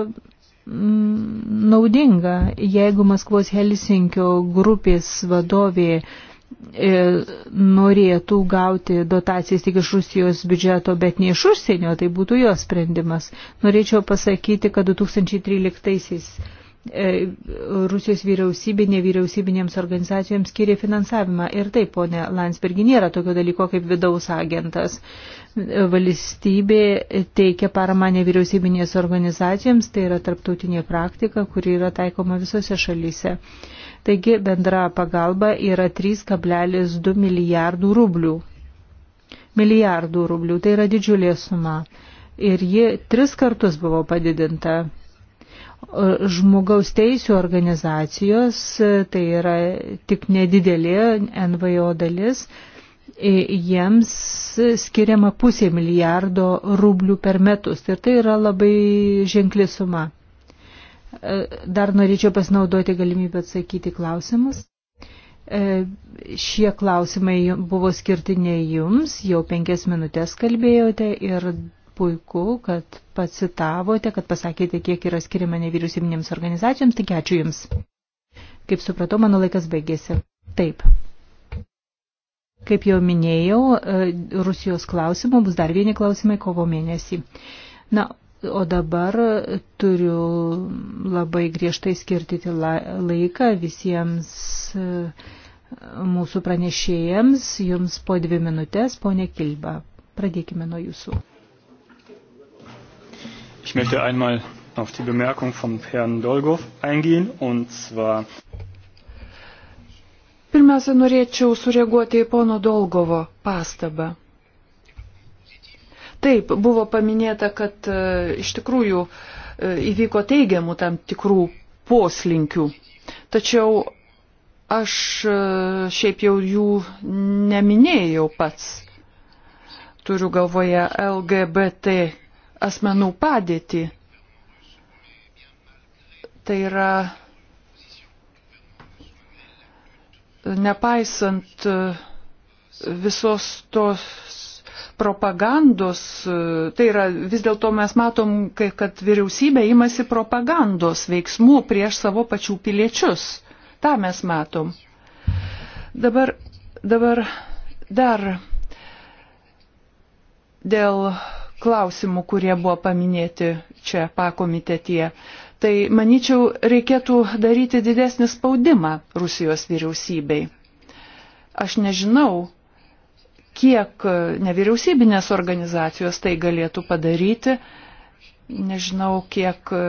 Mm, naudinga, jeigu Maskvos Helsinkio grupės vadovė e, norėtų gauti dotacijas tik iš Rusijos biudžeto, bet ne iš užsienio, tai būtų jos sprendimas. Norėčiau pasakyti, kad 2013-aisiais e, Rusijos vyriausybė nevyriausybinėms organizacijoms skiria finansavimą. Ir taip, ponė Landsbergi, nėra tokio dalyko kaip vidaus agentas valstybė teikia paramą nevyriausybinės organizacijoms, tai yra tarptautinė praktika, kuri yra taikoma visose šalyse. Taigi bendra pagalba yra 3,2 milijardų rublių. Milijardų rublių, tai yra didžiulė suma. Ir ji tris kartus buvo padidinta žmogaus teisų organizacijos, tai yra tik nedidelė NVO dalis, jiems skiriama pusė milijardo rublių per metus. Ir tai yra labai ženkli suma. E, dar norėčiau pasinaudoti galimybę atsakyti klausimus. E, šie klausimai buvo skirti ne jums, jau penkias minutės kalbėjote ir puiku, kad pacitavote, kad pasakėte, kiek yra skiriama nevyriausybinėms organizacijoms, tik ačiū Jums. Kaip supratau, mano laikas baigėsi. Taip. Kaip jau minėjau, e, Rusijos klausimų bus dar vieni klausimai kovo mėnesį. Na, o dabar turiu labai griežtai skirtyti laiką visiems e, mūsų pranešėjams. Jums po dvi minutės, ponė Kilba. Pradėkime nuo jūsų. Ich möchte einmal auf die Bemerkung von Herrn Dolgov eingehen, und zwar Pirmiausia, norėčiau sureaguoti į pono Dolgovo pastabą. Taip, buvo paminėta, kad e, iš tikrųjų e, įvyko teigiamų tam tikrų poslinkių. Tačiau aš e, šiaip jau jų neminėjau pats. Turiu galvoje LGBT asmenų padėtį. Tai yra nepaisant e, visos tos propagandos, e, tai yra vis dėlto mes matom, kad vyriausybė imasi propagandos veiksmų prieš savo pačių piliečius. Ta mes matom. Dabar, dabar dar dėl klausimų, kurie buvo paminėti čia pakomitetie. Tai, manyčiau, reikėtų daryti didesnį spaudimą Rusijos vyriausybei. Aš nežinau, kiek nevyriausybinės organizacijos tai galėtų padaryti, nežinau, kiek e,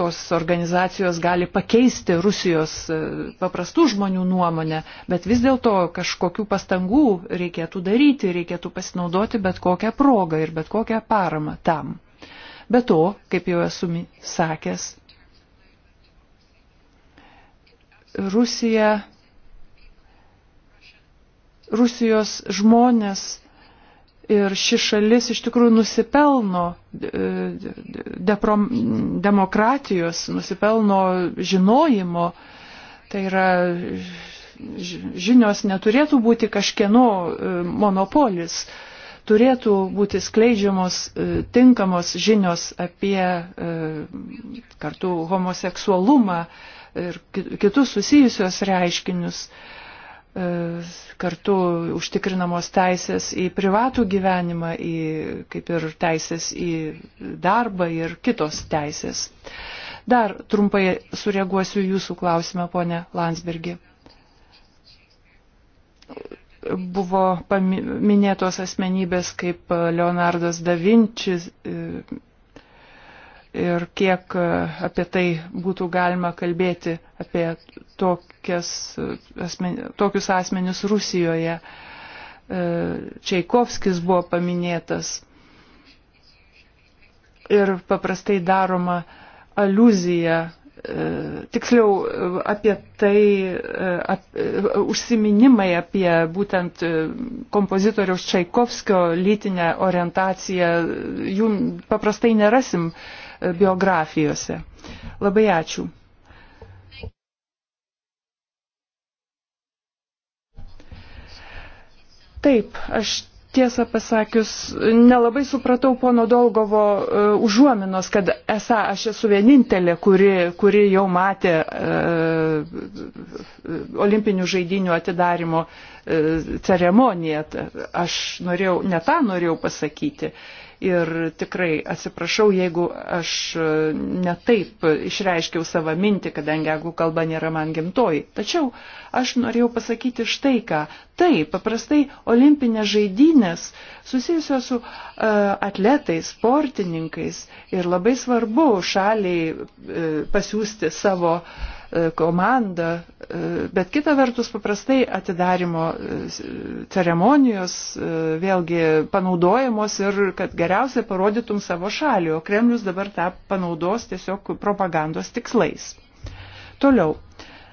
tos organizacijos gali pakeisti Rusijos e, paprastų žmonių nuomonę, bet vis dėlto kažkokių pastangų reikėtų daryti, reikėtų pasinaudoti bet kokią progą ir bet kokią paramą tam. Be to, kaip jau esu sakęs, Rusija, Rusijos žmonės ir ši šalis iš tikrųjų nusipelno e, deprom, demokratijos, nusipelno žinojimo. Tai yra žinios neturėtų būti kažkieno e, monopolis turėtų būti skleidžiamos e, tinkamos žinios apie e, kartu homoseksualumą ir kitus susijusios reiškinius, e, kartu užtikrinamos teisės į privatų gyvenimą, į, kaip ir teisės į darbą ir kitos teisės. Dar trumpai sureaguosiu jūsų klausimą, ponė Landsbergi buvo paminėtos asmenybės kaip Leonardas da Vinčis ir kiek apie tai būtų galima kalbėti apie tokias, asmen, tokius asmenius Rusijoje. Čaikovskis buvo paminėtas ir paprastai daroma aluzija tiksliau apie tai e, ap, e, užsiminimai apie būtent e, kompozitoriaus Čaikovskio lytinę orientaciją, jų paprastai nerasim biografijose. Labai ačiū. Taip, aš tiesą pasakius, nelabai supratau pono Dolgovo e, užuominos, kad esą aš esu vienintelė, kuri, kuri jau matė e, olimpinių žaidinių atidarimo e, ceremoniją. Aš norėjau, ne tą norėjau pasakyti. E, Ir tikrai atsiprašau, jeigu aš e, netaip išreiškiau savo mintį, kadangi anglų kalba nėra man gimtoji. Tačiau aš norėjau pasakyti štai ką. Taip, paprastai olimpinės žaidynės susijusios su uh, atletais, sportininkais ir labai svarbu šaliai uh, pasiūsti savo uh, E, komanda, e, bet kita vertus paprastai atidarimo e, ceremonijos vėlgi panaudojamos ir kad geriausiai parodytum savo šalį, o Kremlius dabar tą panaudos tiesiog propagandos tikslais. Toliau,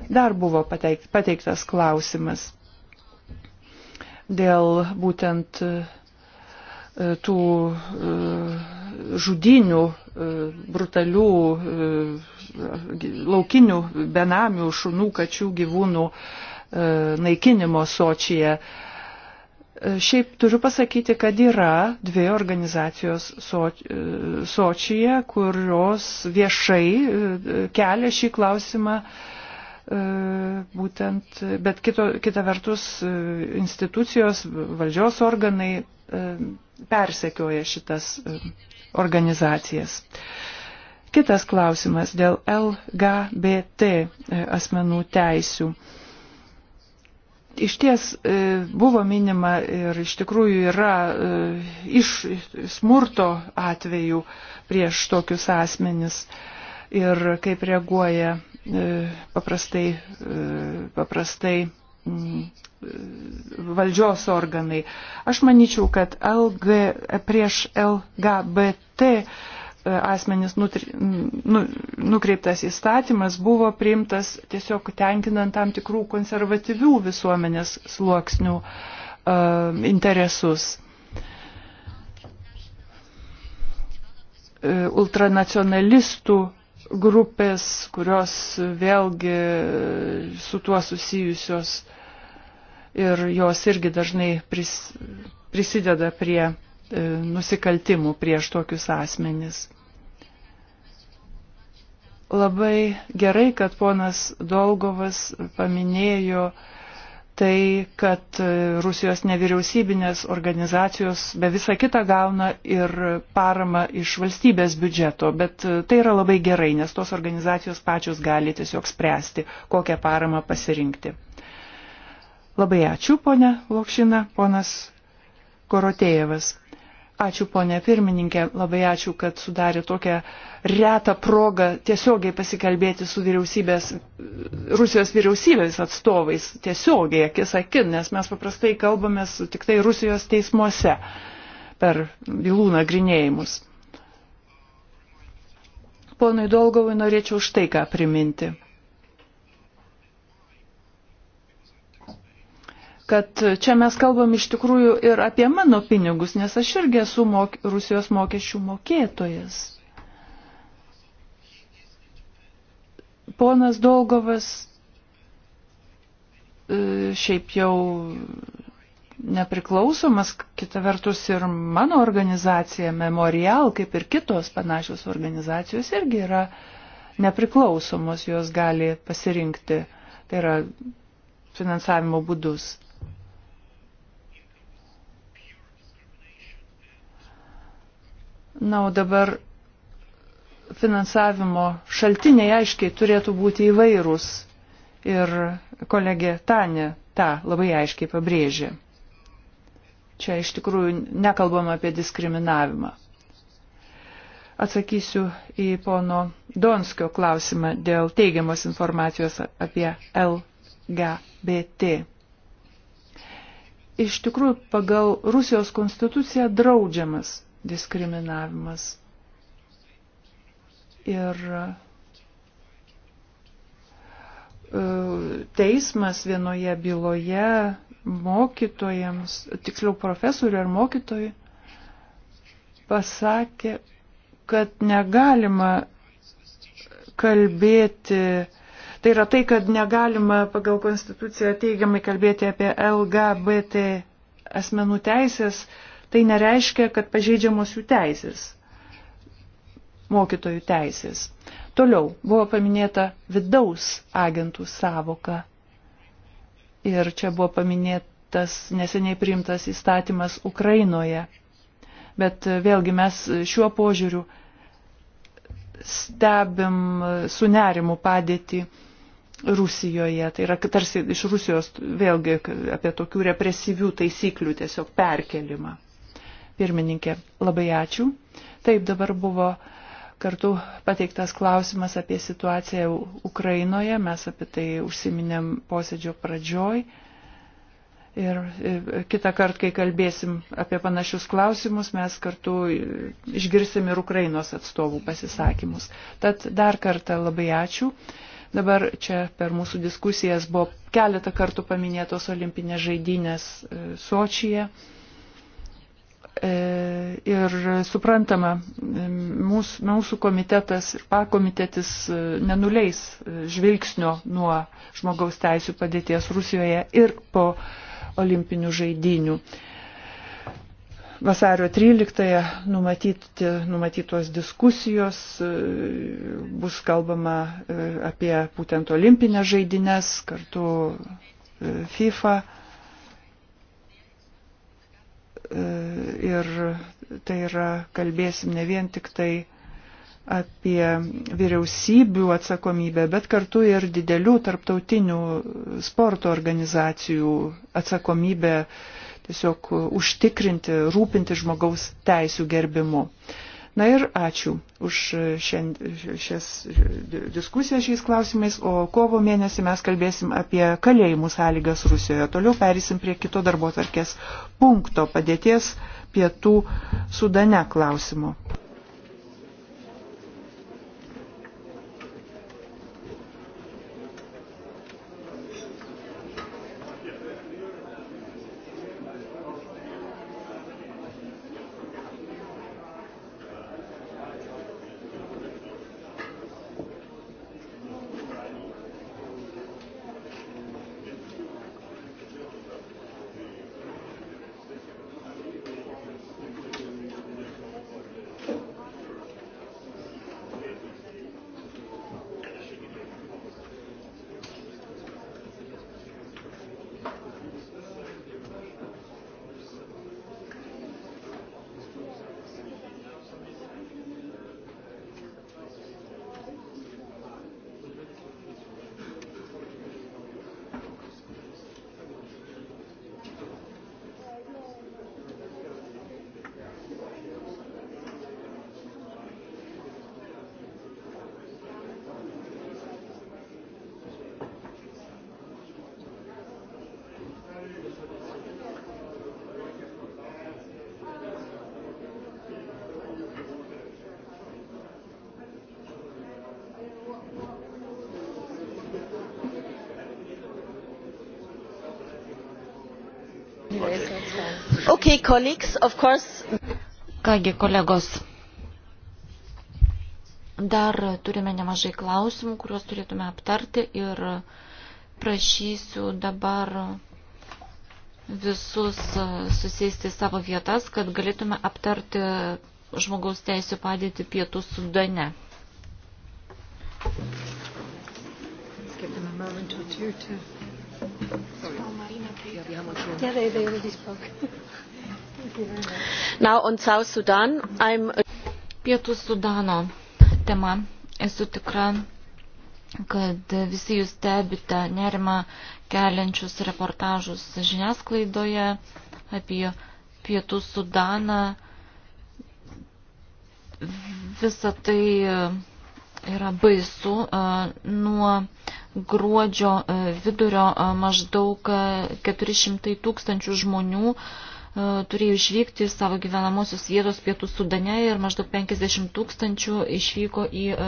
dar buvo pateiktas klausimas dėl būtent E, tų e, žudinių, e, brutalių laukinių benamių, šunų, kačių, gyvūnų naikinimo sočyje. Šiaip turiu pasakyti, kad yra dvi organizacijos Sočyje, kurios viešai kelia šį klausimą E, būtent, bet kito, kita vertus e, institucijos, valdžios organai e, persekioja šitas organizacijas. Kitas klausimas dėl LGBT asmenų teisių. Iš ties buvo minima ir iš tikrųjų yra iš smurto atvejų prieš tokius asmenis ir kaip reaguoja E, paprastai, e, paprastai mm, e, valdžios organai. Aš manyčiau, kad LG, prieš LGBT asmenis nutri, nu, nukreiptas įstatymas buvo priimtas tiesiog tenkinant tam tikrų konservatyvių visuomenės sluoksnių uh, interesus. Ultranacionalistų uh, grupės, kurios vėlgi su tuo susijusios ir jos irgi dažnai pris, prisideda prie e, nusikaltimų prieš tokius asmenis. Labai gerai, kad ponas Dolgovas paminėjo e, tai, kad Rusijos nevyriausybinės organizacijos be visą kitą gauna ir paramą iš valstybės biudžeto, bet tai yra labai gerai, nes tos organizacijos pačios gali tiesiog spręsti, kokią paramą pasirinkti. Labai ačiū, ponė Lokšina, ponas Korotėjevas. Ačiū, ponė pirmininkė, labai ačiū, kad sudarė tokią retą progą tiesiogiai pasikalbėti su vyriausybės, Rusijos vyriausybės atstovais, tiesiogiai, akis akin, nes mes paprastai kalbame su tik tai Rusijos teismuose per bylų nagrinėjimus. Ponui Dolgovui norėčiau štai ką priminti. kad čia mes kalbam iš tikrųjų ir apie mano pinigus, nes aš irgi esu mok Rusijos mokesčių mokėtojas. Ponas Dolgovas e, šiaip jau nepriklausomas, kita vertus ir mano organizacija Memorial, kaip ir kitos panašios organizacijos, irgi yra nepriklausomos, jos gali pasirinkti, tai yra finansavimo būdus. Na, o dabar finansavimo šaltiniai aiškiai turėtų būti įvairūs. Ir kolegė Tanė tą labai aiškiai pabrėžė. Čia iš tikrųjų nekalbam apie diskriminavimą. Atsakysiu į pono Donskio klausimą dėl teigiamos informacijos apie LGBT. Iš tikrųjų, pagal Rusijos konstituciją draudžiamas diskriminavimas. Ir e, teismas vienoje byloje mokytojams, tiksliau profesoriui ar mokytojui, pasakė, kad negalima kalbėti, tai yra tai, kad negalima pagal konstituciją teigiamai kalbėti apie LGBT asmenų teisės, uh, tai nereiškia, kad pažeidžiamos jų teisės, mokytojų teisės. Toliau buvo paminėta vidaus agentų savoka. Ir čia buvo paminėtas neseniai priimtas įstatymas Ukrainoje. Bet e, vėlgi mes šiuo požiūriu stebim e, su nerimu padėti Rusijoje. Tai yra tarsi iš Rusijos vėlgi apie tokių represyvių taisyklių tiesiog perkelimą. Pirmininkė, labai ačiū. Taip dabar buvo kartu pateiktas klausimas apie situaciją Ukrainoje. Mes apie tai užsiminėm posėdžio pradžioj. Ir e, kitą kartą, kai kalbėsim apie panašius klausimus, mes kartu e, išgirsim ir Ukrainos atstovų pasisakymus. Tad dar kartą labai ačiū. Dabar čia per mūsų diskusijas buvo keletą kartų paminėtos olimpinės žaidynės e, Sočyje. E, ir suprantama, e, mūsų, mūsų komitetas ir pakomitetis e, nenuleis žvilgsnio nuo žmogaus teisų padėties Rusijoje ir po olimpinių žaidinių. Vasario 13 numatyti, numatytos diskusijos bus kalbama apie būtent olimpinės žaidinės kartu FIFA E, ir tai yra kalbėsim ne vien tik tai apie vyriausybių atsakomybę, bet kartu ir didelių tarptautinių sporto organizacijų atsakomybę tiesiog užtikrinti, rūpinti žmogaus teisų gerbimu. Uh, Na ir ačiū už šiand, šias diskusijas šiais klausimais, o kovo mėnesį mes kalbėsim apie kalėjimų sąlygas Rusijoje. Toliau perėsim prie kito darbo tarkės punkto padėties pietų sudane klausimo. Kągi kolegos, dar turime nemažai klausimų, kuriuos turėtume aptarti ir prašysiu dabar visus susėsti savo vietas, kad galėtume aptarti žmogaus teisų padėti pietų sudane. Give them a moment or two to... Sorry. Oh, Marina, please. Yeah, we have much room. Yeah, they, they already spoke. Now on South Sudan, I'm... Pietų Sudano tema. Esu tikra, kad visi jūs stebite nerimą keliančius reportažus žiniasklaidoje apie Pietų Sudaną. Visa tai e, yra baisu. E, nuo gruodžio e, vidurio maždaug 400 tūkstančių žmonių E, turėjo išvykti savo gyvenamosios vietos pietų Sudane ir maždaug 50 tūkstančių išvyko į e,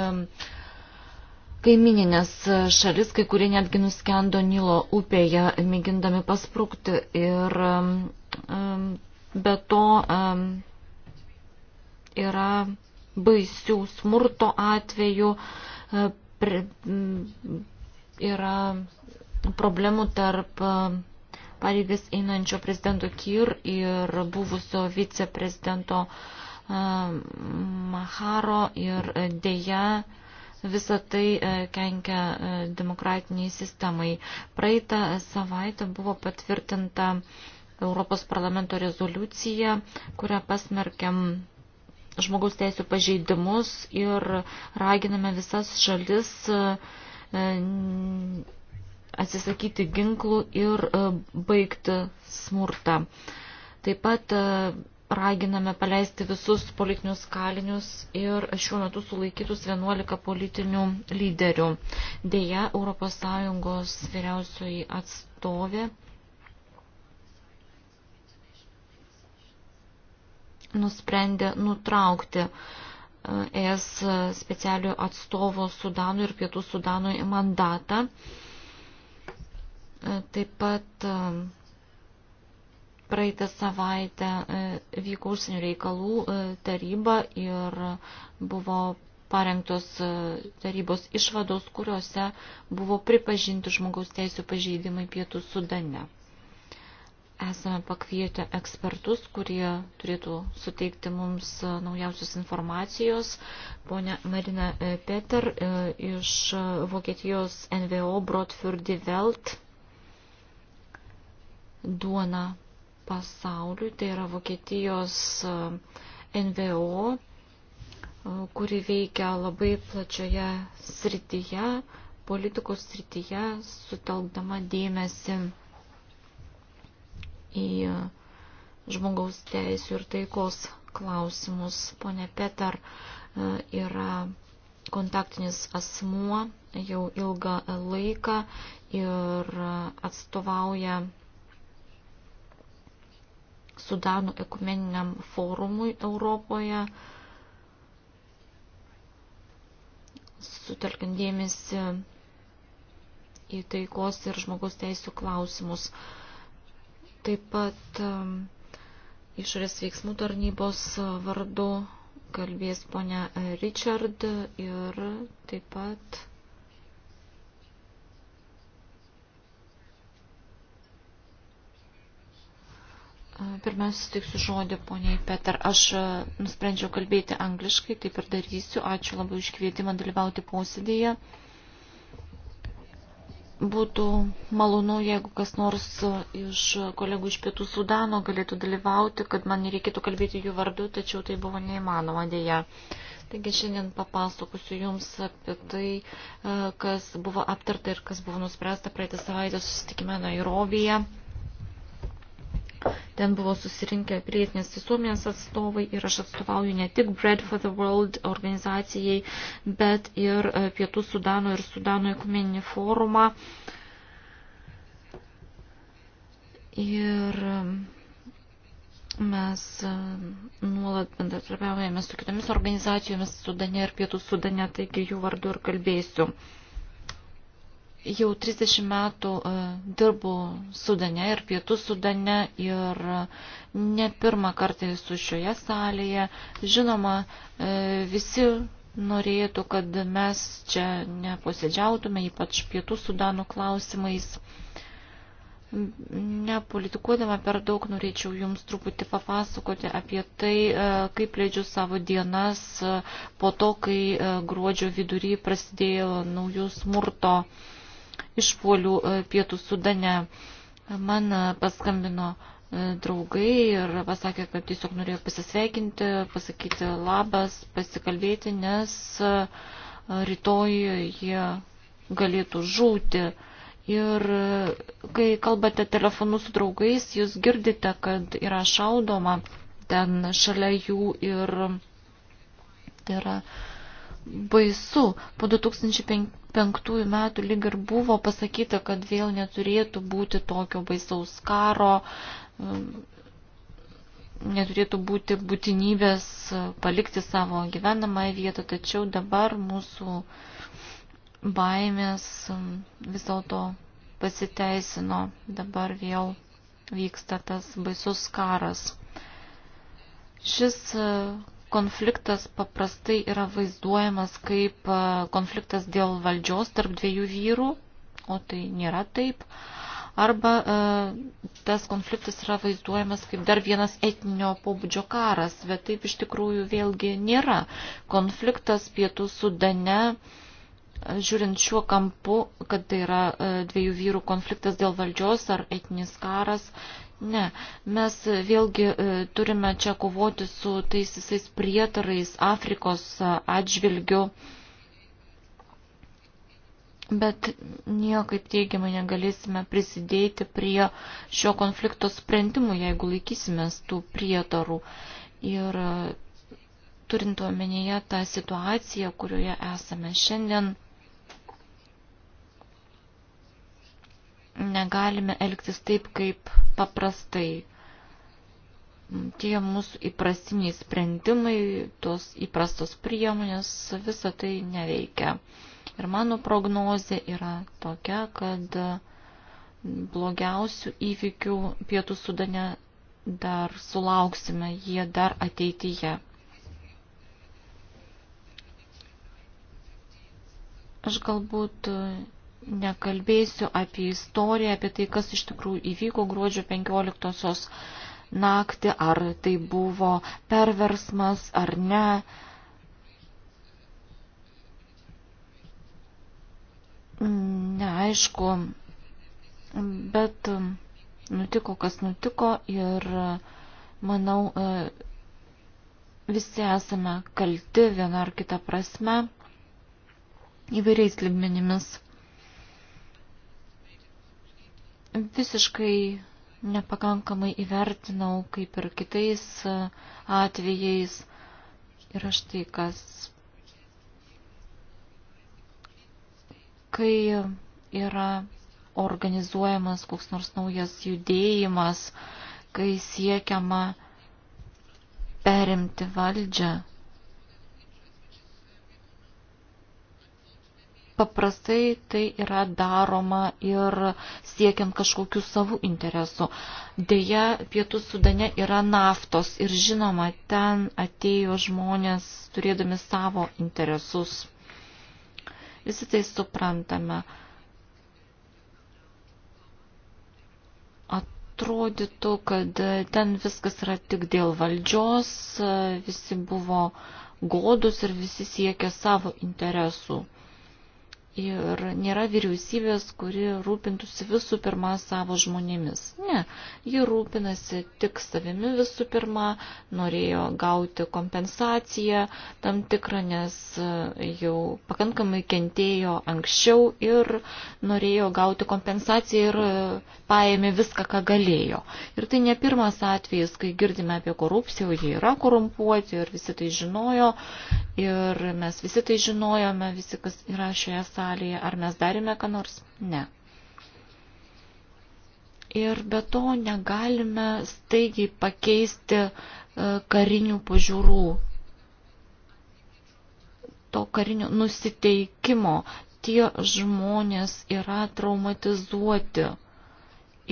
kaimininės šalis, kai kurie netgi nuskendo Nilo upėje, mėgindami pasprūkti. Ir e, be to yra baisių smurto atvejų, yra problemų tarp pareigas einančio prezidento Kyr ir buvusio viceprezidento Maharo ir dėja visą tai kenkia demokratiniai sistemai. Praeitą savaitę buvo patvirtinta Europos parlamento rezoliucija, kurią pasmerkiam žmogaus teisų pažeidimus ir raginame visas šalis atsisakyti ginklų ir e, baigti smurtą. Taip pat e, raginame paleisti visus politinius kalinius ir šiuo metu sulaikytus 11 politinių lyderių. Deja, ES vyriausioji atstovė nusprendė nutraukti e, ES specialiojo atstovo Sudanui ir Pietų Sudanui mandatą Taip pat praeitą savaitę vyko užsienio reikalų taryba ir buvo parengtos tarybos išvados, kuriuose buvo pripažinti žmogaus teisų pažeidimai pietų sudane. Esame pakvietę ekspertus, kurie turėtų suteikti mums naujausios informacijos. Pone Marina e, Peter e, iš Vokietijos NVO Brotfurdi Welt duona pasauliui, tai yra Vokietijos e, NVO, e, kuri veikia labai plačioje srityje, politikos srityje, sutelkdama dėmesį į žmogaus teisų ir taikos klausimus. Pone Petar e, yra kontaktinis asmuo jau ilgą laiką ir atstovauja Sudano ekumeniniam forumui Europoje, sutelkiant dėmesį į taikos ir žmogaus teisų klausimus. Taip pat um, išorės veiksmų tarnybos vardu kalbės ponia Richard ir taip pat Pirmiausia, suteiksiu žodį poniai Peter. Aš nusprendžiau kalbėti angliškai, taip ir darysiu. Ačiū labai už kvietimą dalyvauti posėdėje. Būtų malonu, jeigu kas nors iš kolegų iš Pietų Sudano galėtų dalyvauti, kad man nereikėtų kalbėti jų vardu, tačiau tai buvo neįmanoma dėja. Taigi šiandien papasakosiu Jums apie tai, kas buvo aptarta ir kas buvo nuspręsta praeitą savaitę susitikime Nairobyje. Na Ten buvo susirinkę pilietinės visuomenės atstovai ir aš atstovauju ne tik Bread for the World organizacijai, bet ir e, Pietų Sudano ir Sudano ekumeninį forumą. Ir e, mes e, nuolat bendradarbiaujame su kitomis organizacijomis Sudane ir Pietų Sudane, taigi jų vardu ir kalbėsiu. Jau 30 metų e, dirbu Sudane ir Pietų Sudane ir e, ne pirmą kartą esu šioje salėje. Žinoma, e, visi norėtų, kad mes čia neposėdžiautume, ypač Pietų Sudano klausimais. Nepolitikuodama per daug norėčiau Jums truputį papasakoti apie tai, kaip leidžiu savo dienas po to, kai gruodžio vidury prasidėjo naujų smurto uh, išpolių e, pietų sudane. Man e, paskambino e, draugai ir pasakė, kad tiesiog norėjo pasisveikinti, pasakyti labas, pasikalbėti, nes rytoj jie galėtų žūti. Ir kai kalbate telefonu su draugais, jūs girdite, kad yra šaudoma ten šalia jų ir tai yra uh, baisu. Po 2005 metų lyg ir buvo pasakyta, kad vėl neturėtų būti tokio baisaus karo, um, neturėtų būti būtinybės palikti savo gyvenamąją vietą, tačiau dabar mūsų baimės um, vis dėlto pasiteisino, dabar vėl vyksta tas baisus karas. Šis konfliktas paprastai yra vaizduojamas kaip e, konfliktas dėl valdžios tarp dviejų vyrų, o tai nėra taip. Arba e, tas konfliktas yra vaizduojamas kaip dar vienas etninio pobūdžio karas, bet taip iš tikrųjų vėlgi nėra. Konfliktas pietų sudane e, žiūrint šiuo kampu, kad tai yra dviejų vyrų konfliktas dėl valdžios ar etinis karas, Ne, mes vėlgi e, turime čia kovoti su tais visais prietarais Afrikos e, atžvilgiu, bet niekaip teigiamai negalėsime prisidėti prie šio konflikto sprendimų, jeigu laikysimės tų prietarų. Ir e, turint omenyje tą situaciją, kurioje esame šiandien, negalime elgtis taip, kaip paprastai. Tie mūsų įprastiniai sprendimai, tos įprastos priemonės, visa tai neveikia. Ir mano prognozė yra tokia, kad blogiausių įvykių pietų sudane dar sulauksime, jie dar ateityje. Aš galbūt Nekalbėsiu apie istoriją, apie tai, kas iš tikrųjų įvyko gruodžio 15-osios naktį, ar tai buvo perversmas ar ne. Neaišku, bet nutiko, kas nutiko ir manau visi esame kalti viena ar kita prasme įvairiais lygmenimis. visiškai nepakankamai įvertinau, kaip ir kitais e, atvejais. Ir aš tai, kas, kai yra organizuojamas koks nors naujas judėjimas, kai siekiama perimti valdžią paprastai tai yra daroma ir siekiant kažkokių savų interesų. Deja, pietų sudane yra naftos ir žinoma, ten atėjo žmonės turėdami savo interesus. Visi tai suprantame. Atrodytų, kad ten viskas yra tik dėl valdžios, visi buvo godus ir visi siekia savo interesų. Ir nėra vyriausybės, kuri rūpintųsi visų pirma savo žmonėmis. Ne, ji rūpinasi tik savimi visų pirma, norėjo gauti kompensaciją tam tikrą, nes e, jau pakankamai kentėjo anksčiau ir norėjo gauti kompensaciją ir e, paėmė viską, ką galėjo. Ir tai ne pirmas atvejis, kai girdime apie korupciją, jie yra korumpuoti ir visi tai žinojo ir mes visi tai žinojome, visi, kas yra šioje sąlygoje salėje. Ar mes darėme ką nors? Ne. Ir be to negalime staigiai pakeisti e, karinių pažiūrų, to karinio nusiteikimo. Tie žmonės yra traumatizuoti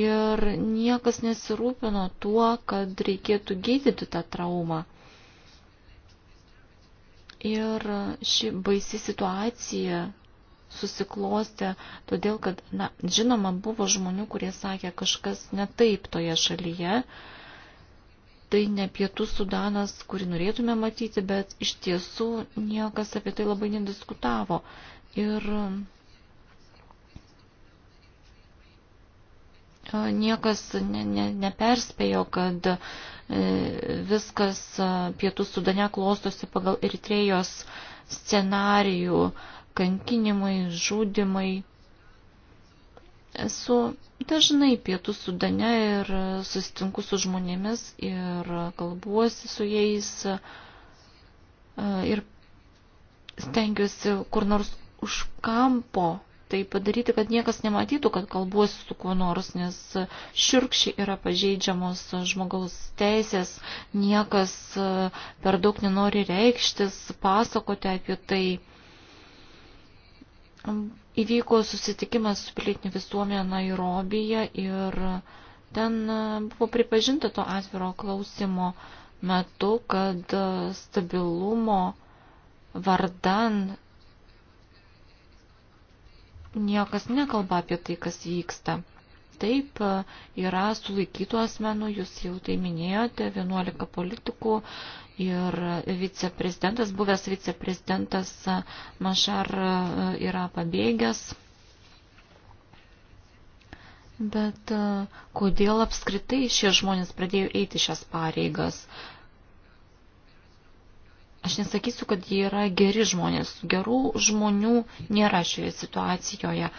ir niekas nesirūpino tuo, kad reikėtų gydyti tą traumą. Ir ši baisi situacija susiklostė, todėl kad, na, žinoma, buvo žmonių, kurie sakė kažkas ne taip toje šalyje. Tai ne pietų Sudanas, kurį norėtume matyti, bet iš tiesų niekas apie tai labai nediskutavo. Ir e, niekas ne, ne, neperspėjo, kad e, viskas e, pietų Sudane klostosi pagal Eritrejos scenarijų kankinimai, žudimai. Esu dažnai pietų sudane ir susitinku su žmonėmis ir kalbuosi su jais e, ir stengiuosi kur nors už kampo tai padaryti, kad niekas nematytų, kad kalbuosi su kuo nors, nes širkščiai yra pažeidžiamos žmogaus teisės, niekas e, per daug nenori reikštis, pasakoti apie tai įvyko susitikimas su pilietinė visuomenė Nairobija ir ten buvo pripažinta to atviro klausimo metu, kad stabilumo vardan niekas nekalba apie tai, kas vyksta. Taip, yra sulaikytų asmenų, jūs jau tai minėjote, 11 politikų ir viceprezidentas, buvęs viceprezidentas Mašar e, yra pabėgęs. Bet e, kodėl apskritai šie žmonės pradėjo eiti šias pareigas? Aš nesakysiu, kad jie yra geri žmonės. Gerų žmonių nėra šioje situacijoje,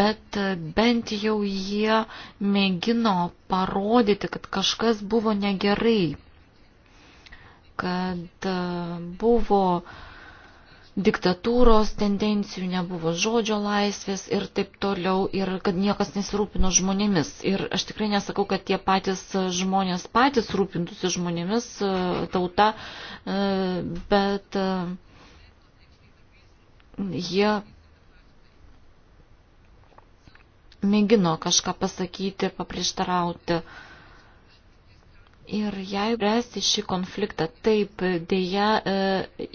bet e, bent jau jie mėgino parodyti, kad kažkas buvo negerai kad e, buvo diktatūros tendencijų, nebuvo žodžio laisvės ir taip toliau, ir kad niekas nesirūpino žmonėmis. Ir aš tikrai nesakau, kad tie patys žmonės patys rūpintųsi žmonėmis, e, tauta, e, bet jie mėgino kažką pasakyti, paprieštarauti. Ir jei bręsti šį konfliktą, taip, dėja, e,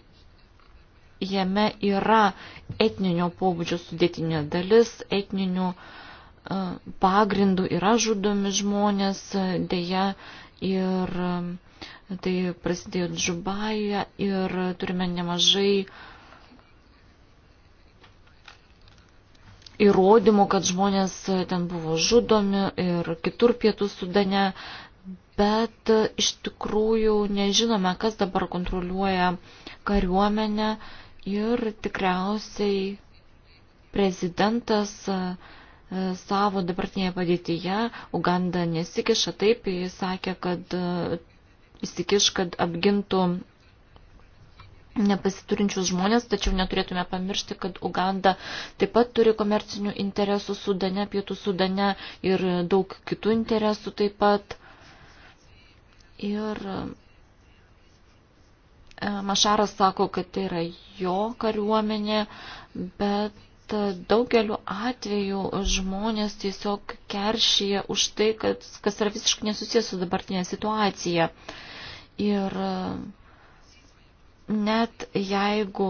jame yra etninio pobūdžio sudėtinė dalis, etninių e, pagrindų yra žudomi žmonės, dėja, ir e, tai prasidėjo Džubaje ir turime nemažai įrodymų, kad žmonės ten buvo žudomi ir kitur pietų sudane bet e, iš tikrųjų nežinome, kas dabar kontroliuoja kariuomenę ir tikriausiai prezidentas e, e, savo dabartinėje padėtyje Uganda nesikiša taip, jis sakė, kad įsikiš, kad apgintų nepasiturinčius žmonės, tačiau neturėtume pamiršti, kad Uganda taip pat turi komercinių interesų Sudane, Pietų Sudane ir daug kitų interesų taip pat. Ir e, Mašaras sako, kad tai yra jo kariuomenė, bet daugeliu atveju žmonės tiesiog keršyje už tai, kad, kas yra visiškai nesusijęs su dabartinė situacija. Ir net jeigu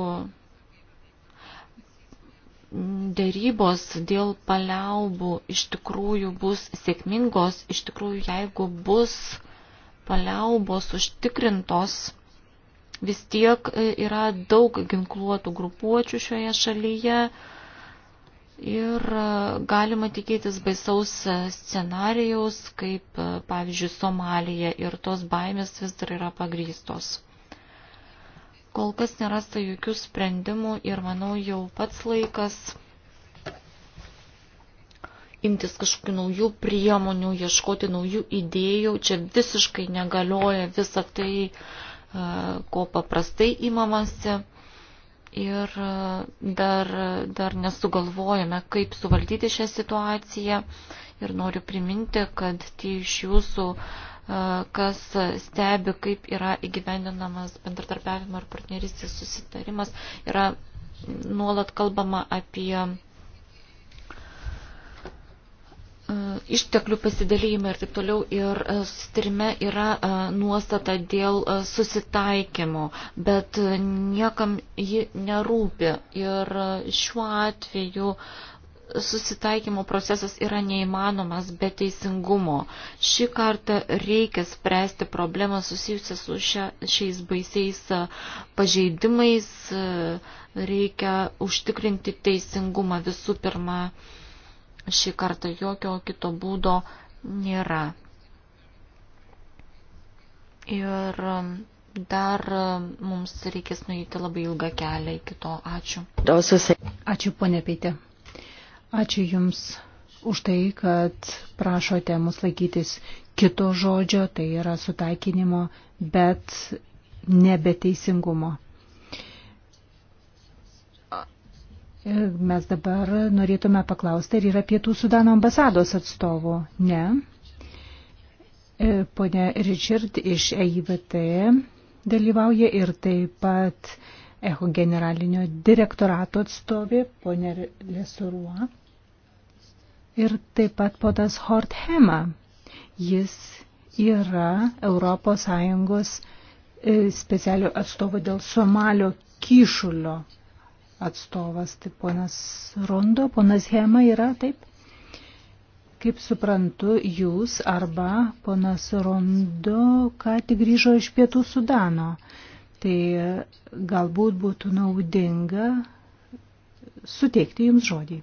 dėrybos dėl paliaubų iš tikrųjų bus sėkmingos, iš tikrųjų jeigu bus uh, paliaubos užtikrintos, vis tiek e, yra daug ginkluotų grupuočių šioje šalyje ir e, galima tikėtis baisaus e, scenarijaus, kaip pavyzdžiui Somalija ir tos baimės vis dar yra pagrystos. Kol kas nerasta jokių sprendimų ir manau jau pats laikas imtis kažkokių naujų priemonių, ieškoti naujų idėjų. Čia visiškai negalioja visa tai, e, ko paprastai imamasi. Ir e, dar, dar nesugalvojame, kaip suvaldyti šią situaciją. Ir noriu priminti, kad tie iš jūsų, e, kas stebi, kaip yra įgyvendinamas bendradarbiavimo ir partnerystės susitarimas, yra nuolat kalbama apie Mm, išteklių pasidalyme ir taip toliau ir e, sustarime yra e, nuostata dėl e, susitaikymo, bet niekam ji nerūpi ir šiuo atveju susitaikymo procesas yra neįmanomas be teisingumo. Šį kartą reikia spręsti problemą susijusią su šia, šiais baisiais pažeidimais, reikia užtikrinti teisingumą visų pirma Šį kartą jokio kito būdo nėra. Ir um, dar um, mums reikės nueiti labai ilgą kelią iki to. Ačiū. Ačiū, ponė Peitė. Ačiū Jums už tai, kad prašote mus laikytis kito žodžio, tai yra sutaikinimo, bet nebe teisingumo. Ir e, mes dabar norėtume paklausti, ar yra pietų Sudano ambasados atstovų. Ne. E, Pone Richard iš EIVT dalyvauja ir taip pat EHO generalinio direktorato atstovė, ponė Lesurua. Ir taip pat potas Horthema. Jis yra ES e, specialio atstovo dėl Somalio kyšulio atstovas, tai ponas Rondo, ponas Hema yra taip. Kaip suprantu, jūs arba ponas Rondo ką tik grįžo iš pietų Sudano. Tai galbūt būtų naudinga suteikti jums žodį.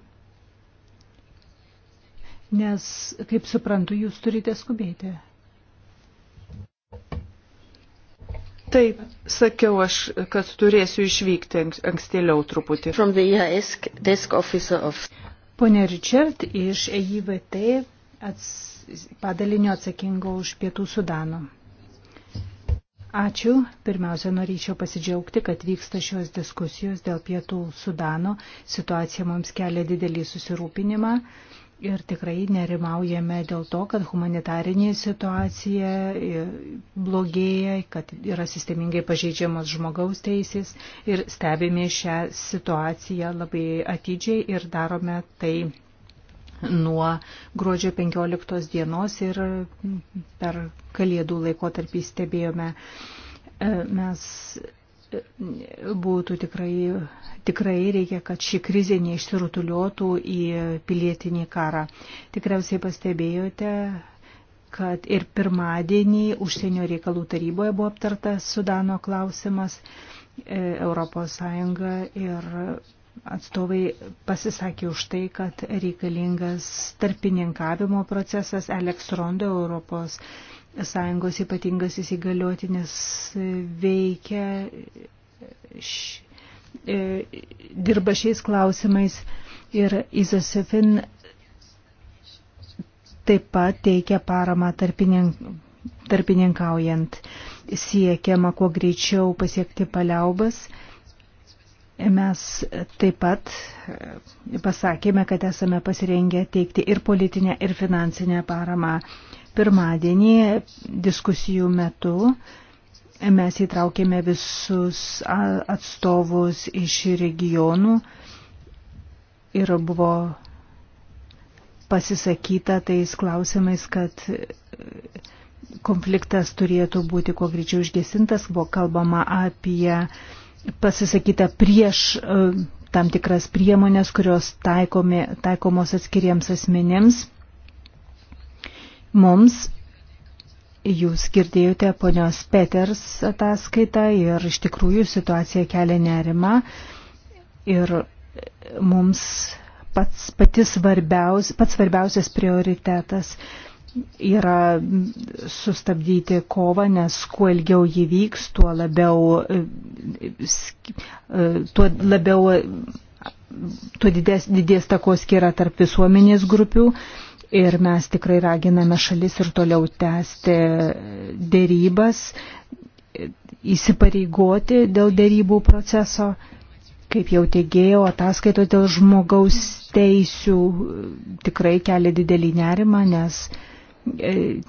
Nes, kaip suprantu, jūs turite skubėti. Taip, sakiau aš, kad turėsiu išvykti ankstėliau truputį. E of... Pone Richard iš EIVT ats... padalinio atsakingo už pietų Sudano. Ačiū. Pirmiausia, norėčiau pasidžiaugti, kad vyksta šios diskusijos dėl pietų Sudano. Situacija mums kelia didelį susirūpinimą. Uh, Ir tikrai nerimaujame dėl to, kad humanitarinė situacija blogėja, kad yra sistemingai pažeidžiamos žmogaus teisės ir stebime šią situaciją labai atidžiai ir darome tai nuo gruodžio 15 dienos ir per kalėdų laikotarpį stebėjome. E, mes būtų tikrai, tikrai reikia, kad ši krizė neišsirutuliotų į pilietinį karą. Tikriausiai pastebėjote, kad ir pirmadienį užsienio reikalų taryboje buvo aptartas Sudano klausimas, ES ir atstovai pasisakė už tai, kad reikalingas tarpininkavimo procesas Alex Rondo Europos sąjungos ypatingas įsigaliotinis veikia, š, e, dirba šiais klausimais ir Izosefin taip pat teikia paramą tarpinink, tarpininkaujant siekiama kuo greičiau pasiekti paliaubas Mes taip pat e, pasakėme, kad esame pasirengę teikti ir politinę, ir finansinę paramą. Pirmadienį diskusijų metu mes įtraukėme visus atstovus iš regionų ir buvo pasisakyta tais klausimais, kad e, konfliktas turėtų būti kuo greičiau išgesintas, buvo kalbama apie pasisakyta prieš e, tam tikras priemonės, kurios taikomi, taikomos atskiriems asmenims. Mums Jūs girdėjote ponios Peters ataskaitą ir iš tikrųjų situacija kelia nerima ir mums pats, pati svarbiaus, pats svarbiausias prioritetas yra sustabdyti kovą, nes kuo ilgiau jį vyks, tuo labiau, e, tuo labiau tuo didės, didės takos skira tarp visuomenės grupių. Ir mes tikrai raginame šalis ir toliau tęsti dėrybas, įsipareigoti dėl dėrybų proceso kaip jau teigėjau, ataskaitos dėl žmogaus teisių tikrai kelia didelį nerimą, nes E,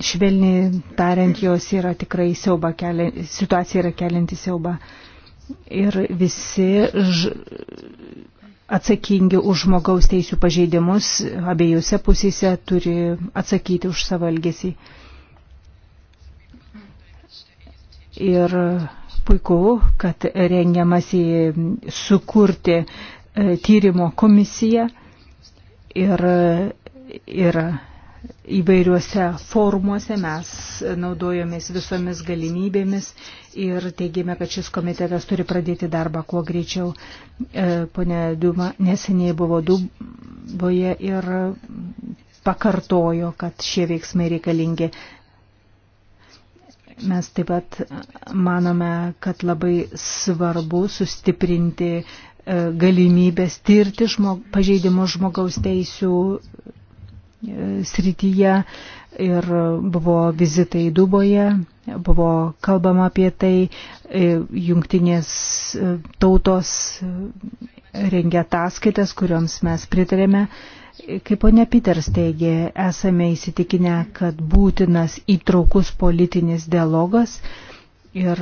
švelniai tariant, jos yra tikrai siauba, keli, situacija yra kelinti siauba. Ir visi ž, atsakingi už žmogaus teisų pažeidimus abiejose pusėse turi atsakyti už savo elgesį. Ir puiku, kad rengiamasi sukurti e, tyrimo komisiją ir e, yra įvairiuose formuose, mes naudojomės visomis galimybėmis ir teigėme, kad šis komitetas turi pradėti darbą kuo greičiau. E, pone Duma neseniai buvo Duboje ir pakartojo, kad šie veiksmai reikalingi. Mes taip pat manome, kad labai svarbu sustiprinti e, galimybės tirti žmog, pažeidimo žmogaus teisų srityje ir buvo vizitai Duboje, buvo kalbama apie tai, e, jungtinės e, tautos e, rengia ataskaitas, kuriuoms mes pritarėme. Kaip ponia Peters teigė, esame įsitikinę, kad būtinas įtraukus politinis dialogas ir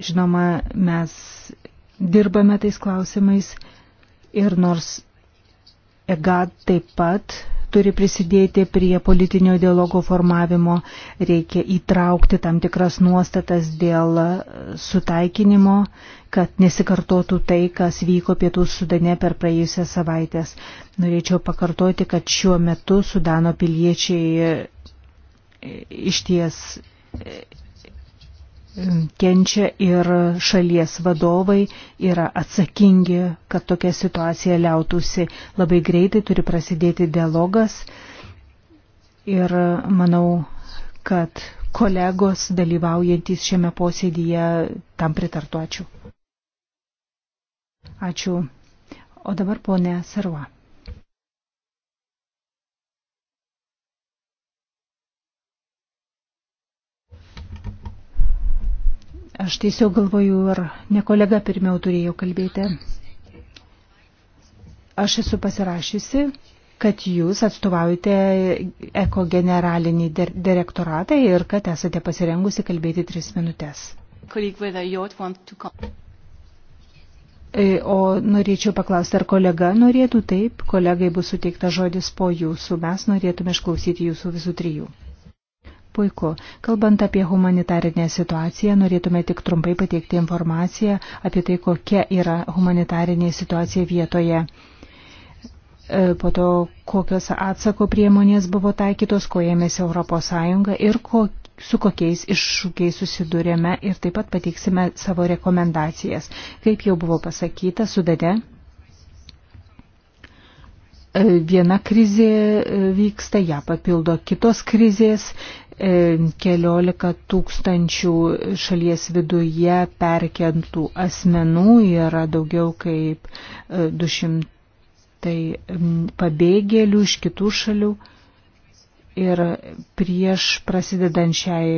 žinoma, mes dirbame tais klausimais ir nors EGAD taip pat turi prisidėti prie politinio dialogo formavimo, reikia įtraukti tam tikras nuostatas dėl sutaikinimo, kad nesikartotų tai, kas vyko pietų sudane per praėjusią savaitę. Norėčiau pakartoti, kad šiuo metu sudano piliečiai išties kenčia ir šalies vadovai yra atsakingi, kad tokia situacija liautųsi. Labai greitai turi prasidėti dialogas ir manau, kad kolegos dalyvaujantis šiame posėdyje tam pritartų. Ačiū. Ačiū. O dabar ponė Sarva. Aš tiesiog galvoju, ar ne kolega pirmiau turėjo kalbėti. Aš esu pasirašysi, kad jūs atstovaujate eko generalinį direktoratą ir kad esate pasirengusi kalbėti tris minutės. E, o norėčiau paklausti, ar kolega norėtų taip, kolegai bus suteikta žodis po jūsų, mes norėtume išklausyti jūsų visų trijų. Puiku. Kalbant apie humanitarinę situaciją, norėtume tik trumpai pateikti informaciją apie tai, kokia yra humanitarinė situacija vietoje e, po to kokios atsako priemonės buvo taikytos, ko ėmėsi ES ir ko, su kokiais iššūkiais susidūrėme ir taip pat pateiksime savo rekomendacijas. Kaip jau buvo pasakyta, sudade e, viena krizė e, vyksta, ją papildo kitos krizės, E, keliolika tūkstančių šalies viduje perkentų asmenų yra daugiau kaip 200 e, pabėgėlių iš kitų šalių. Ir prieš prasidedant šiai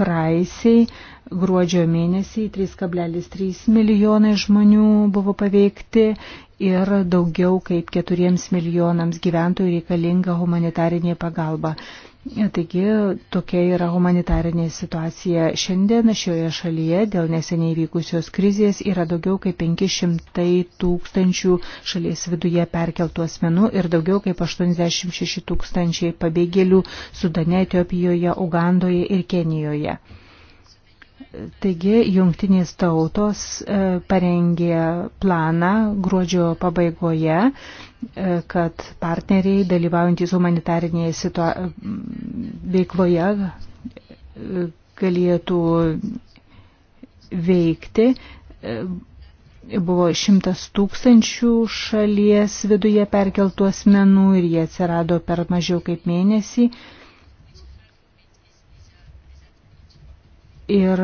kraisiai gruodžio mėnesį 3,3 milijonai žmonių buvo paveikti ir daugiau kaip 4 milijonams gyventojų reikalinga humanitarinė pagalba. E, taigi tokia yra humanitarinė situacija. Šiandien šioje šalyje dėl neseniai vykusios krizės yra daugiau kaip 500 tūkstančių šalies viduje perkeltų asmenų ir daugiau kaip 86 tūkstančiai pabėgėlių Sudane, Etiopijoje, Ugandoje ir Kenijoje. Taigi jungtinės tautos e, parengė planą gruodžio pabaigoje, e, kad partneriai dalyvaujantys humanitarinėje situa... veikloje e, galėtų veikti. Buvo šimtas tūkstančių šalies viduje perkeltų asmenų ir jie atsirado per mažiau kaip mėnesį. Ir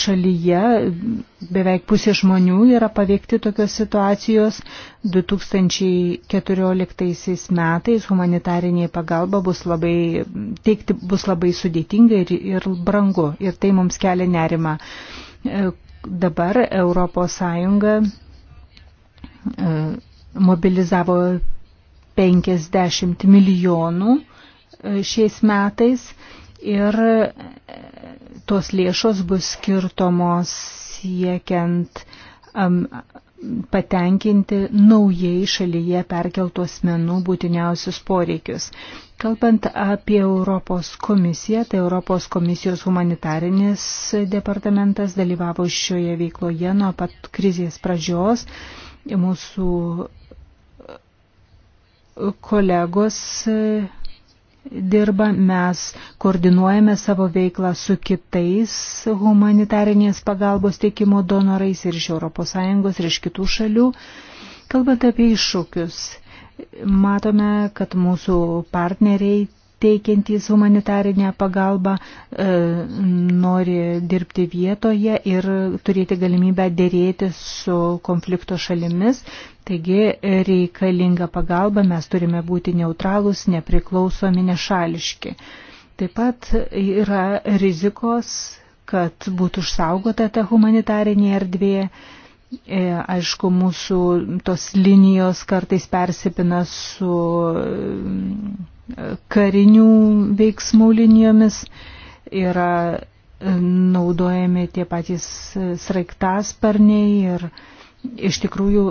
šalyje beveik pusė žmonių yra paveikti tokios situacijos. 2014 metais humanitariniai pagalba bus labai, teikti bus labai sudėtinga ir, ir brangu. Ir tai mums kelia nerima. E, dabar ES e, mobilizavo 50 milijonų e, šiais metais ir tos lėšos bus skirtomos siekiant um, patenkinti naujai šalyje perkeltos menų būtiniausius poreikius. Kalbant apie Europos komisiją, tai Europos komisijos humanitarinis departamentas dalyvavo šioje veikloje nuo pat krizės pradžios. Mūsų kolegos dirba, mes koordinuojame savo veiklą su kitais humanitarinės pagalbos teikimo donorais ir iš ES ir iš kitų šalių. Kalbant apie iššūkius, matome, kad mūsų partneriai teikiantys humanitarinę pagalbą e, nori dirbti vietoje ir turėti galimybę dėrėti su konflikto šalimis. Taigi reikalinga pagalba, mes turime būti neutralūs, nepriklausomi, nešališki. Taip pat yra rizikos, kad būtų išsaugota ta humanitarinė erdvė. E, aišku, mūsų tos linijos kartais persipina su karinių veiksmų linijomis, yra e, naudojami tie patys e, sraigtasparniai ir e, iš tikrųjų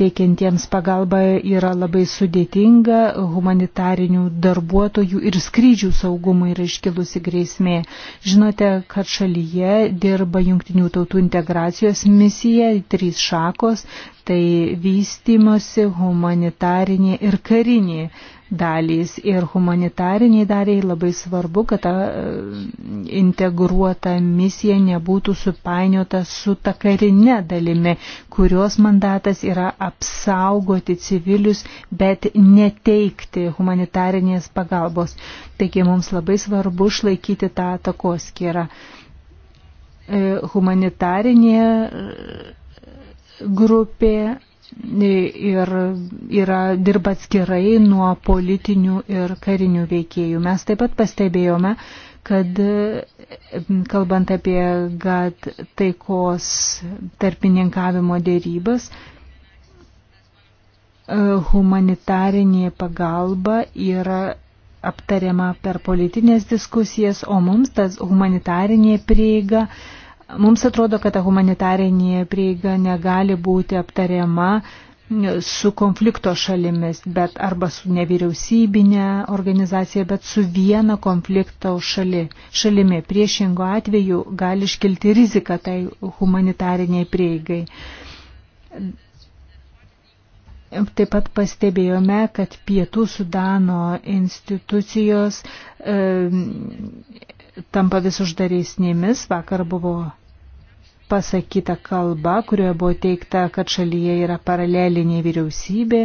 teikiantiems pagalbą yra labai sudėtinga, humanitarinių darbuotojų ir skrydžių saugumui yra iškilusi grėsmė. Žinote, kad šalyje dirba jungtinių tautų integracijos misija, trys šakos tai vystimosi, humanitarinė ir karinė dalys. Ir humanitariniai daliai labai svarbu, kad ta e, integruota misija nebūtų supainiota su ta karinė dalimi, kurios mandatas yra apsaugoti civilius, bet neteikti humanitarinės pagalbos. Taigi mums labai svarbu išlaikyti tą takoskirą. E, humanitarinė grupė ir yra dirba atskirai nuo politinių ir karinių veikėjų. Mes taip pat pastebėjome, kad kalbant apie GAT taikos tarpininkavimo dėrybas, e, humanitarinė pagalba yra aptariama per politinės diskusijas, o mums tas humanitarinė prieiga uh, Mums atrodo, kad ta humanitarinė prieiga negali būti aptariama su konflikto šalimis, bet arba su nevyriausybinė organizacija, bet su viena konflikto šali, šalimi. Priešingo atveju gali iškilti rizika tai humanitariniai prieigai. Taip pat pastebėjome, kad pietų Sudano institucijos e, tampa vis uždaresnėmis. Vakar buvo pasakyta kalba, kurioje buvo teikta, kad šalyje yra paralelinė vyriausybė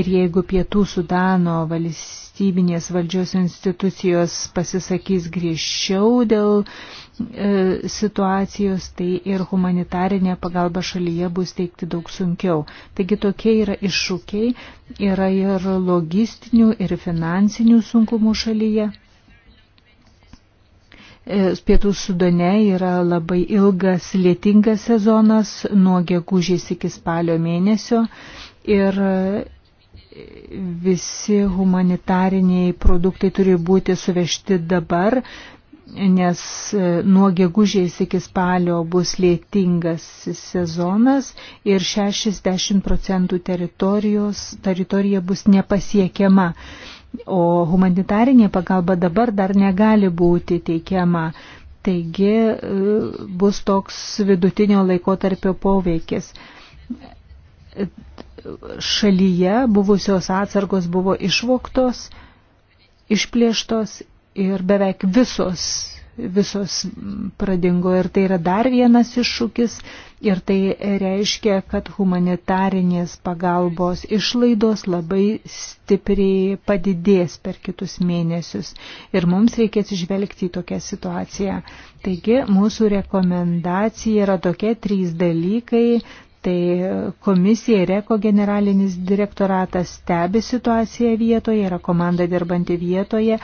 ir jeigu pietų Sudano valstybinės valdžios institucijos pasisakys griežčiau dėl e, situacijos, tai ir humanitarinė pagalba šalyje bus teikti daug sunkiau. Taigi tokie yra iššūkiai, yra ir logistinių, ir finansinių sunkumų šalyje. E, Pietų Sudane yra labai ilgas, lėtingas sezonas nuo gegužės iki spalio mėnesio ir e, visi humanitariniai produktai turi būti suvežti dabar, nes e, nuo gegužės iki spalio bus lėtingas sezonas ir 60 procentų teritorijos teritorija bus nepasiekiama o humanitarinė pagalba dabar dar negali būti teikiama. Taigi e, bus toks vidutinio laikotarpio poveikis. Šalyje buvusios atsargos buvo išvoktos, išplėštos ir beveik visos visos pradingo ir tai yra dar vienas iššūkis ir tai reiškia, kad humanitarinės pagalbos išlaidos labai stipriai padidės per kitus mėnesius ir mums reikės išvelgti į tokią situaciją. Taigi mūsų rekomendacija yra tokie trys dalykai Tai komisija ir eko generalinis direktoratas stebi situaciją vietoje, yra komanda dirbanti vietoje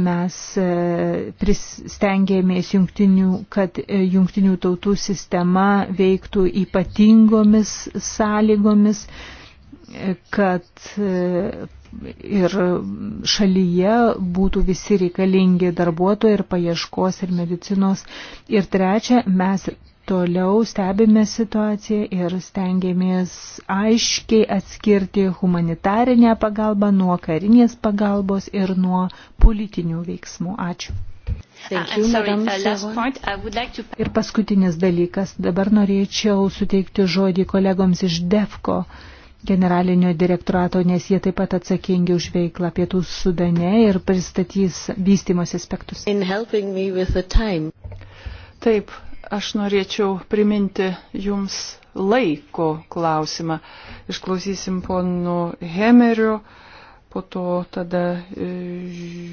mes e, pristengėmės jungtinių, kad e, jungtinių tautų sistema veiktų ypatingomis sąlygomis, e, kad ir šalyje būtų visi reikalingi darbuotojai ir paieškos ir medicinos. Ir trečia, mes Toliau stebime situaciją ir stengiamės aiškiai atskirti humanitarinę pagalbą nuo karinės pagalbos ir nuo politinių veiksmų. Ačiū. Thank uh, you, sorry, uh, like to... Ir paskutinis dalykas. Dabar norėčiau suteikti žodį kolegoms iš DEFCO generalinio direktorato, nes jie taip pat atsakingi už veiklą pietų sudane ir pristatys vystimos aspektus. Taip, Aš norėčiau priminti jums laiko klausimą. Išklausysim ponų Hemerių, po to tada e,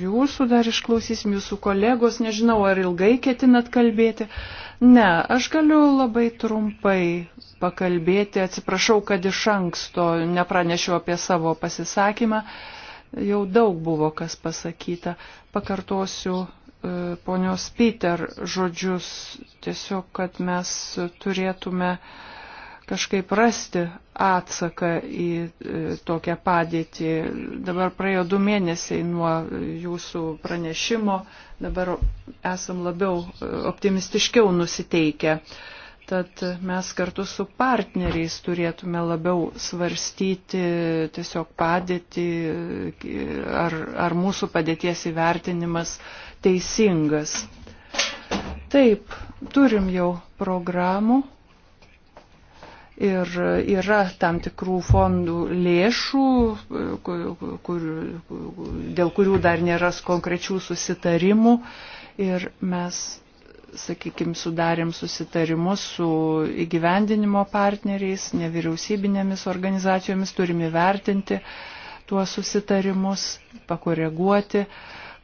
jūsų dar išklausysim, jūsų kolegos, nežinau, ar ilgai ketinat kalbėti. Ne, aš galiu labai trumpai pakalbėti, atsiprašau, kad iš anksto nepranešiau apie savo pasisakymą. Jau daug buvo kas pasakyta. Pakartosiu E, ponios Peter žodžius, tiesiog, kad mes turėtume kažkaip rasti atsaką į e, tokią padėtį. Dabar praėjo du mėnesiai nuo jūsų pranešimo, dabar esam labiau e, optimistiškiau nusiteikę. Uh, Tad mes kartu su partneriais turėtume labiau svarstyti tiesiog padėti, ar, ar mūsų padėties įvertinimas teisingas. Taip, turim jau programų ir yra tam tikrų fondų lėšų, kur, dėl kurių dar nėra konkrečių susitarimų ir mes sakykime, sudarėm susitarimus su įgyvendinimo partneriais, nevyriausybinėmis organizacijomis, turim įvertinti tuos susitarimus, pakoreguoti.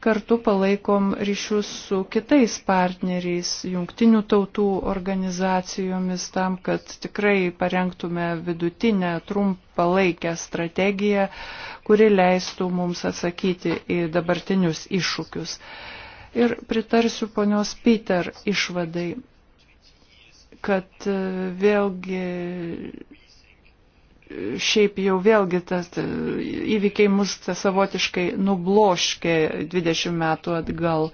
Kartu palaikom ryšius su kitais partneriais, jungtinių tautų organizacijomis tam, kad tikrai parengtume vidutinę trumpalaikę strategiją, kuri leistų mums atsakyti į dabartinius iššūkius ir pritarsiu ponios Peter išvadai, kad e, vėlgi šiaip jau vėlgi tas e, įvykiai mus savotiškai nubloškė 20 metų atgal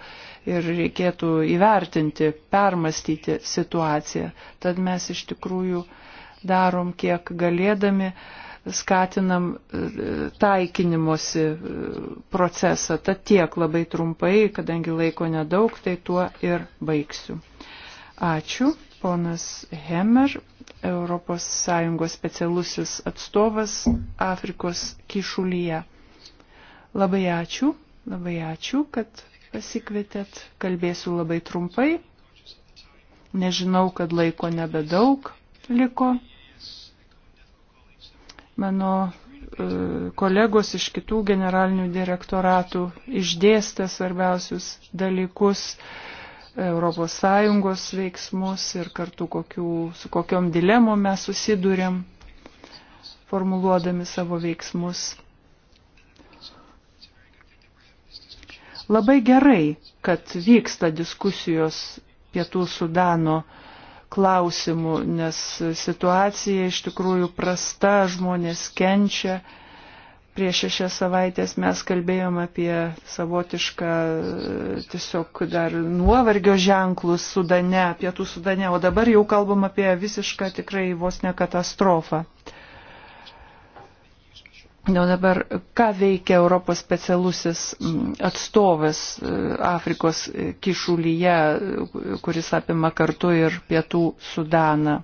ir reikėtų įvertinti, permastyti situaciją. Tad mes iš tikrųjų darom kiek galėdami, uh, skatinam e, taikinimuose procesą. Tad tiek labai trumpai, kadangi laiko nedaug, tai tuo ir baigsiu. Ačiū, ponas Hemer, ES specialusis atstovas Afrikos kišulyje. Labai ačiū, labai ačiū, kad pasikvietėt. Kalbėsiu labai trumpai. Nežinau, kad laiko nebedaug liko mano e, kolegos iš kitų generalinių direktoratų išdėstė svarbiausius dalykus, ES veiksmus ir kartu kokių, su kokiom dilemom mes susidurėm, formuluodami savo veiksmus. Labai gerai, kad vyksta diskusijos pietų Sudano uh, klausimų, nes situacija iš tikrųjų prasta, žmonės kenčia. Prieš šešias savaitės mes kalbėjom apie savotišką tiesiog dar nuovargio ženklus Sudane, pietų Sudane, o dabar jau kalbam apie visišką tikrai vos ne katastrofą. Uh, Na dabar, ką veikia Europos specialusis atstovas e, Afrikos e, kišulyje, e, kuris apima kartu ir pietų Sudaną?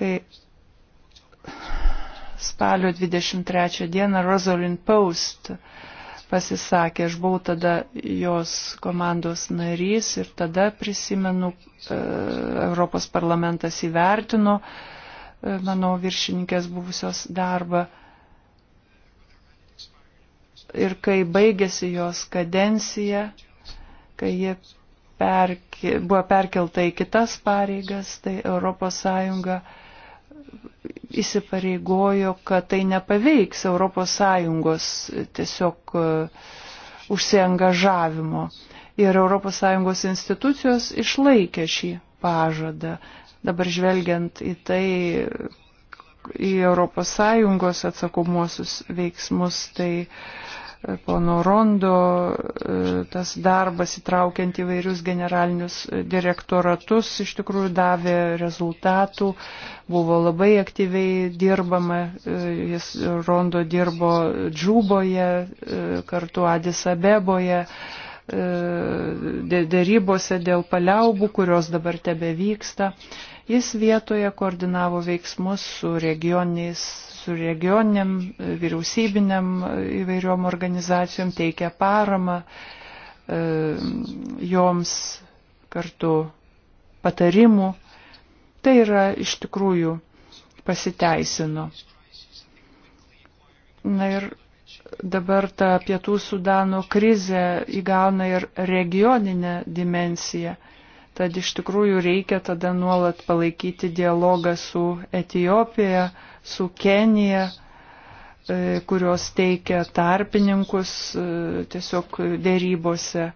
Kai spalio 23 dieną Rosalind Post pasisakė, aš buvau tada jos komandos narys ir tada prisimenu, Europos parlamentas įvertino, mano viršininkės buvusios darbą. Ir kai baigėsi jos kadencija, kai ji perke, buvo perkelta į kitas pareigas, tai ES įsipareigojo, kad tai nepaveiks ES tiesiog e, užsiengažavimo. Ir ES institucijos išlaikė šį pažadą dabar žvelgiant į tai, į ES atsakomuosius veiksmus, tai e, pono Rondo e, tas darbas įtraukiant įvairius generalinius e, direktoratus iš tikrųjų davė rezultatų, buvo labai aktyviai dirbama, jis Rondo dirbo Džuboje, kartu Adis Abeboje E, dėrybose dėl paliaubų, kurios dabar tebe vyksta. Jis vietoje koordinavo veiksmus su, su regioniniam, e, vyriausybiniam e, įvairiom organizacijom, teikė paramą joms kartu patarimų. Tai yra iš tikrųjų pasiteisino. Na ir dabar ta pietų Sudano krizė įgauna ir regioninę dimensiją. Tad iš tikrųjų reikia tada nuolat palaikyti dialogą su Etijopija, su Kenija, e, kurios teikia tarpininkus e, tiesiog dėrybose.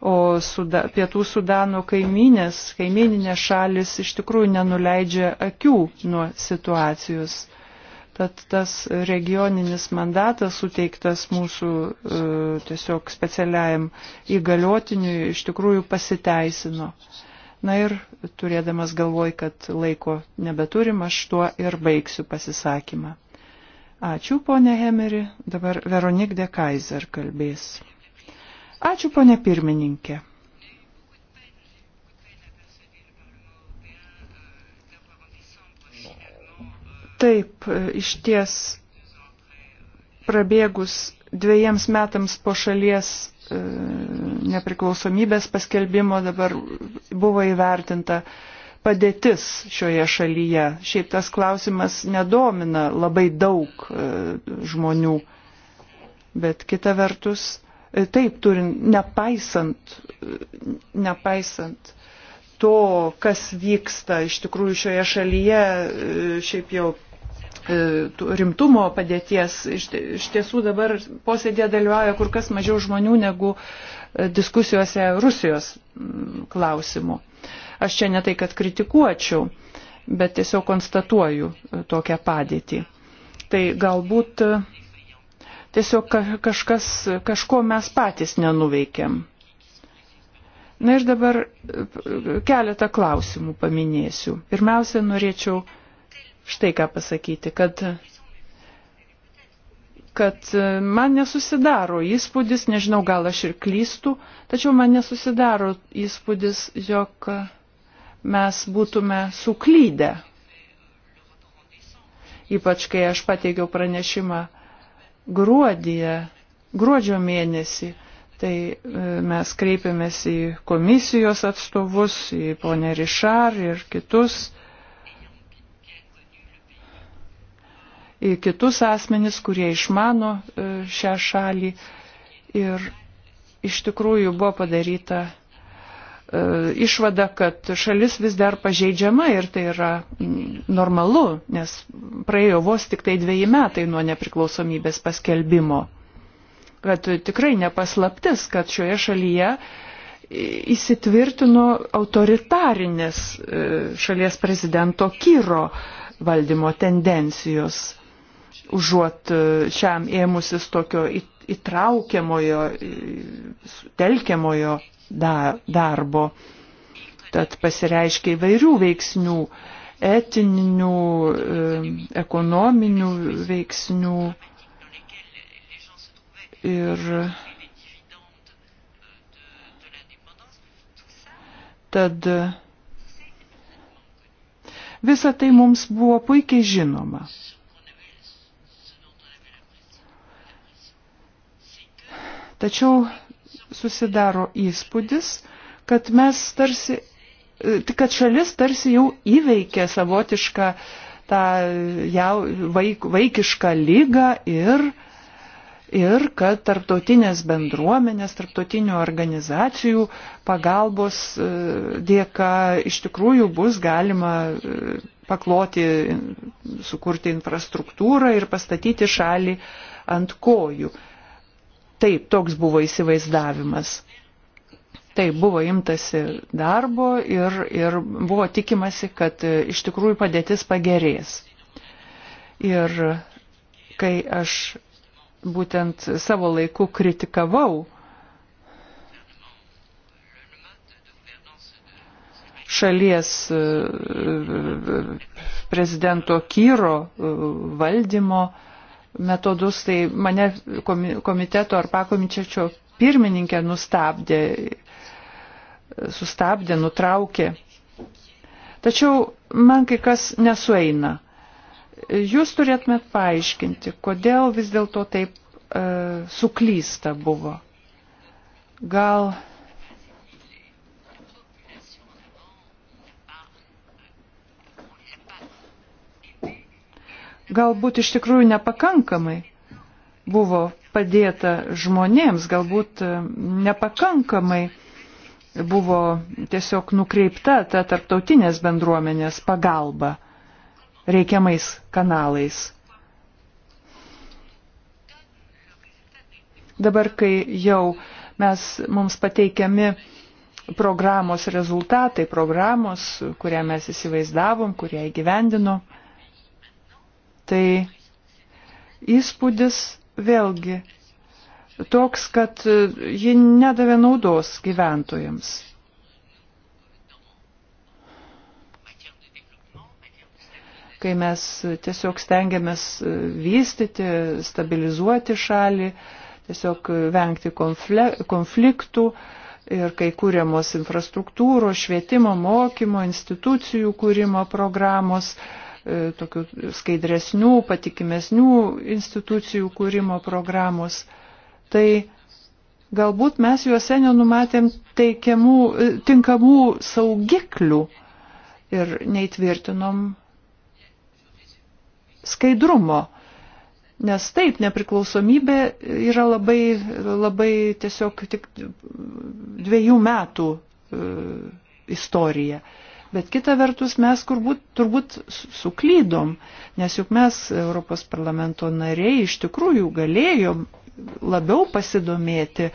O suda, pietų Sudano kaiminės, kaimininės šalis iš tikrųjų nenuleidžia akių nuo situacijos. Tad tas regioninis mandatas suteiktas mūsų e, tiesiog specialiajam įgaliotiniui iš tikrųjų pasiteisino. Na ir turėdamas galvoj, kad laiko nebeturim, aš tuo ir baigsiu pasisakymą. Ačiū, ponė Hemeri. Dabar Veronik de Kaiser kalbės. Ačiū, ponė pirmininkė. Taip, iš ties prabėgus dviejiems metams po šalies e, nepriklausomybės paskelbimo dabar buvo įvertinta padėtis šioje šalyje. Šiaip tas klausimas nedomina labai daug e, žmonių, bet kita vertus E, taip, turint, nepaisant, e, nepaisant to, kas vyksta iš tikrųjų šioje šalyje, e, šiaip jau rimtumo padėties. Iš tiesų dabar posėdė dalyvauja kur kas mažiau žmonių negu diskusijose Rusijos klausimų. Aš čia ne tai, kad kritikuočiau, bet tiesiog konstatuoju tokią padėtį. Tai galbūt tiesiog kažkas, kažko mes patys nenuveikėm. Na ir dabar e, keletą klausimų paminėsiu. Pirmiausia, norėčiau štai ką pasakyti, kad, kad e, man nesusidaro įspūdis, nežinau, gal aš ir klystu, tačiau man nesusidaro įspūdis, jog mes būtume suklydę. Ypač kai aš pateikiau pranešimą gruodyje, gruodžio mėnesį. Tai e, mes kreipėmės į komisijos atstovus, į ponę Rišar ir kitus, į kitus asmenis, kurie išmano e, šią šalį. Ir iš tikrųjų buvo padaryta E, išvada, kad šalis vis dar pažeidžiama ir tai yra normalu, nes praėjo vos tik tai dviejai metai nuo nepriklausomybės paskelbimo. Kad tikrai nepaslaptis, kad šioje šalyje įsitvirtino autoritarinis e, šalies prezidento Kyro valdymo tendencijos, užuot e, šiam ėmusis tokio įtraukiamojo, telkiamojo darbo. Tad pasireiškia įvairių veiksnių - etinių, ekonominių veiksnių. Ir tad visa tai mums buvo puikiai žinoma. Tačiau susidaro įspūdis, kad mes tarsi, e, kad šalis tarsi jau įveikė savotišką tą jau vaik, vaikišką lygą ir, ir kad tarptautinės bendruomenės, tarptautinių organizacijų pagalbos e, dėka iš tikrųjų bus galima e, pakloti, sukurti infrastruktūrą ir pastatyti šalį ant kojų. Taip, toks buvo įsivaizdavimas. Taip, buvo imtasi darbo ir, ir buvo tikimasi, kad e, iš tikrųjų padėtis pagerės. Ir kai aš būtent savo laiku kritikavau šalies e, e, prezidento Kyro valdymo, metodus, tai mane komiteto ar pakomitečio pirmininkė nustabdė, sustabdė, nutraukė. Tačiau man kai kas nesueina. Jūs turėtumėt paaiškinti, kodėl vis dėlto taip e, suklysta buvo. Gal galbūt iš tikrųjų nepakankamai buvo padėta žmonėms, galbūt e, nepakankamai buvo tiesiog nukreipta ta tarptautinės bendruomenės pagalba reikiamais kanalais. Dabar, kai jau mes, mums pateikiami programos rezultatai, programos, kurią mes įsivaizdavom, kurią įgyvendinom, tai įspūdis vėlgi toks, kad ji nedavė naudos gyventojams. Kai mes tiesiog stengiamės vystyti, stabilizuoti šalį, tiesiog vengti konfliktų ir kai kūriamos infrastruktūros, švietimo, mokymo, institucijų kūrimo programos, E, tokių skaidresnių, patikimesnių institucijų kūrimo programos, tai galbūt mes juose nenumatėm teikiamų, e, tinkamų saugiklių ir neįtvirtinom skaidrumo. Nes taip, nepriklausomybė yra labai, labai tiesiog tik dviejų metų e, istorija bet kita vertus mes turbūt, turbūt suklydom, nes juk mes, Europos parlamento nariai, iš tikrųjų galėjom labiau pasidomėti,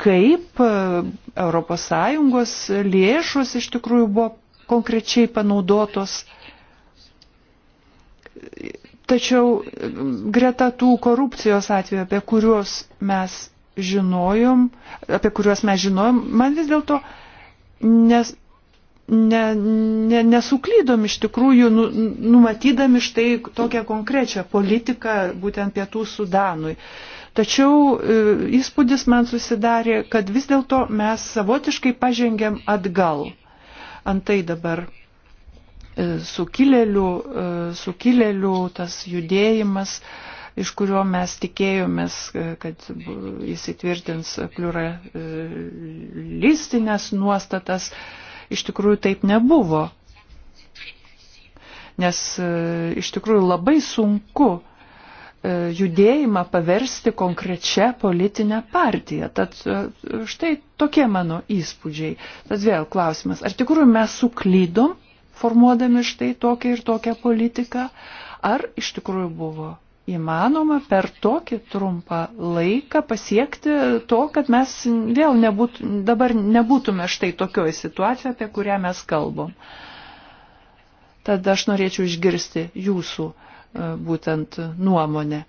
kaip ES lėšos iš tikrųjų buvo konkrečiai panaudotos. Tačiau greta tų korupcijos atveju, apie kuriuos mes žinojom, apie kuriuos mes žinojom, man vis dėlto nes ne, ne, nesuklydom iš tikrųjų, nu, numatydami štai tokią konkrečią politiką būtent pietų Sudanui. Tačiau e, įspūdis man susidarė, kad vis dėlto mes savotiškai pažengėm atgal. Antai dabar e, sukilėlių, e, sukilėlių tas judėjimas, iš kurio mes tikėjomės, kad įsitvirtins pluralistinės nuostatas, iš tikrųjų taip nebuvo. Nes e, iš tikrųjų labai sunku e, judėjimą paversti konkrečią politinę partiją. Tad e, štai tokie mano įspūdžiai. Tad vėl klausimas, ar tikrųjų mes suklydom formuodami štai tokią ir tokią politiką, ar iš tikrųjų buvo įmanoma per tokį trumpą laiką pasiekti to, kad mes vėl nebūt, dabar nebūtume štai tokioje situacijoje, apie kurią mes kalbam. Tad aš norėčiau išgirsti jūsų e, būtent nuomonę. E,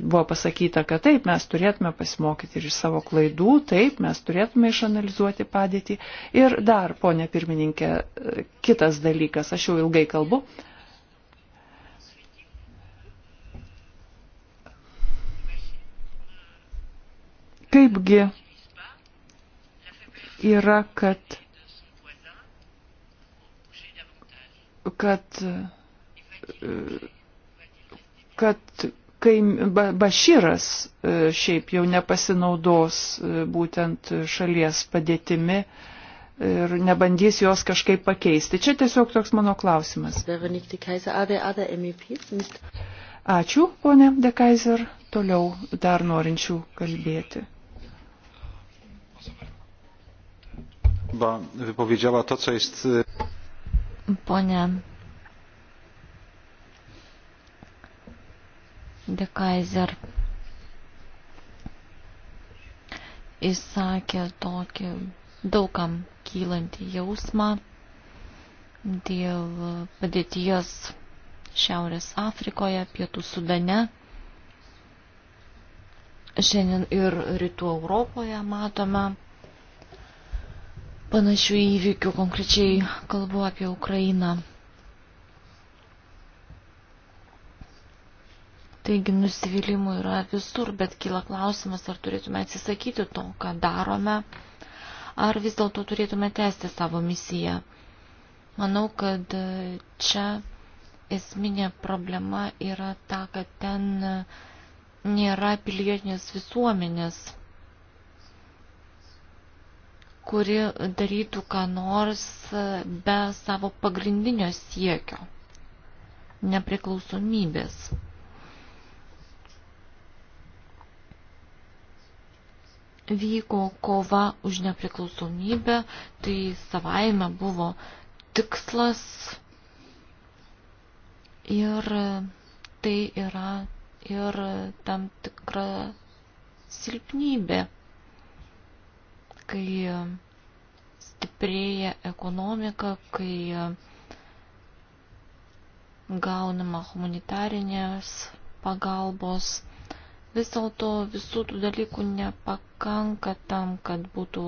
buvo pasakyta, kad taip, mes turėtume pasimokyti ir iš savo klaidų, taip, mes turėtume išanalizuoti padėtį. Ir dar, ponė pirmininkė, e, kitas dalykas, aš jau ilgai kalbu, Kaipgi yra, kad, kad, kad kai Baširas e, šiaip jau nepasinaudos e, būtent šalies padėtimi ir nebandys jos kažkaip pakeisti. Čia tiesiog toks mano klausimas. Ačiū, ponė De Kaiser. Toliau dar norinčių kalbėti. wypowiedziała to, co jest. Ponia De Kaiser įsakė tokį daugam kylantį jausmą dėl padėties Šiaurės Afrikoje, Pietų Sudane. Šiandien ir Rytų Europoje matome panašių įvykių, konkrečiai kalbu apie Ukrainą. Taigi nusivylimų yra visur, bet kyla klausimas, ar turėtume atsisakyti to, ką darome, ar vis dėlto turėtume tęsti savo misiją. Manau, kad čia esminė problema yra ta, kad ten nėra pilietinės visuomenės kuri darytų ką nors e, be savo pagrindinio siekio - nepriklausomybės. Vyko kova už nepriklausomybę, tai savaime buvo tikslas ir tai yra ir tam tikra silpnybė kai stiprėja ekonomika, kai gaunama humanitarinės pagalbos. Vis dėlto visų tų dalykų nepakanka tam, kad būtų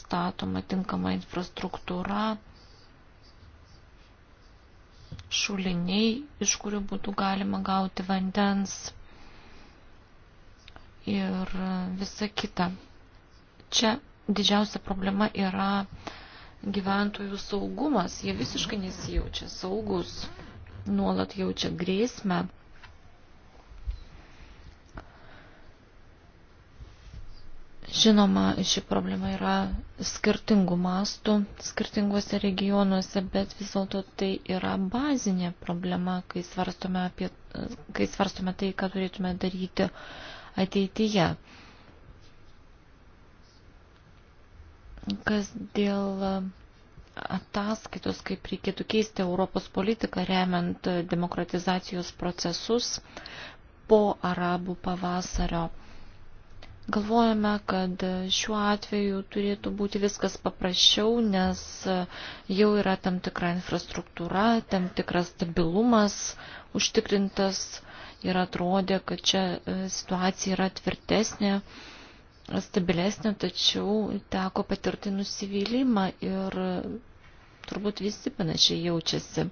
statoma tinkama infrastruktūra, šuliniai, iš kurių būtų galima gauti vandens ir visa kita. Čia didžiausia problema yra gyventojų saugumas. Jie visiškai nesijaučia saugus, nuolat jaučia grėsmę. Žinoma, ši problema yra skirtingų mastų, skirtinguose regionuose, bet vis dėlto tai yra bazinė problema, kai svarstome, apie, kai svarstome tai, ką turėtume daryti ateityje. Kas dėl e, ataskaitos, kaip reikėtų keisti Europos politiką remiant demokratizacijos procesus po arabų pavasario. Galvojame, kad šiuo atveju turėtų būti viskas paprasčiau, nes jau yra tam tikra infrastruktūra, tam tikras stabilumas užtikrintas ir atrodė, kad čia e, situacija yra tvirtesnė stabilesnio, tačiau teko patirti nusivylimą ir turbūt visi panašiai jaučiasi.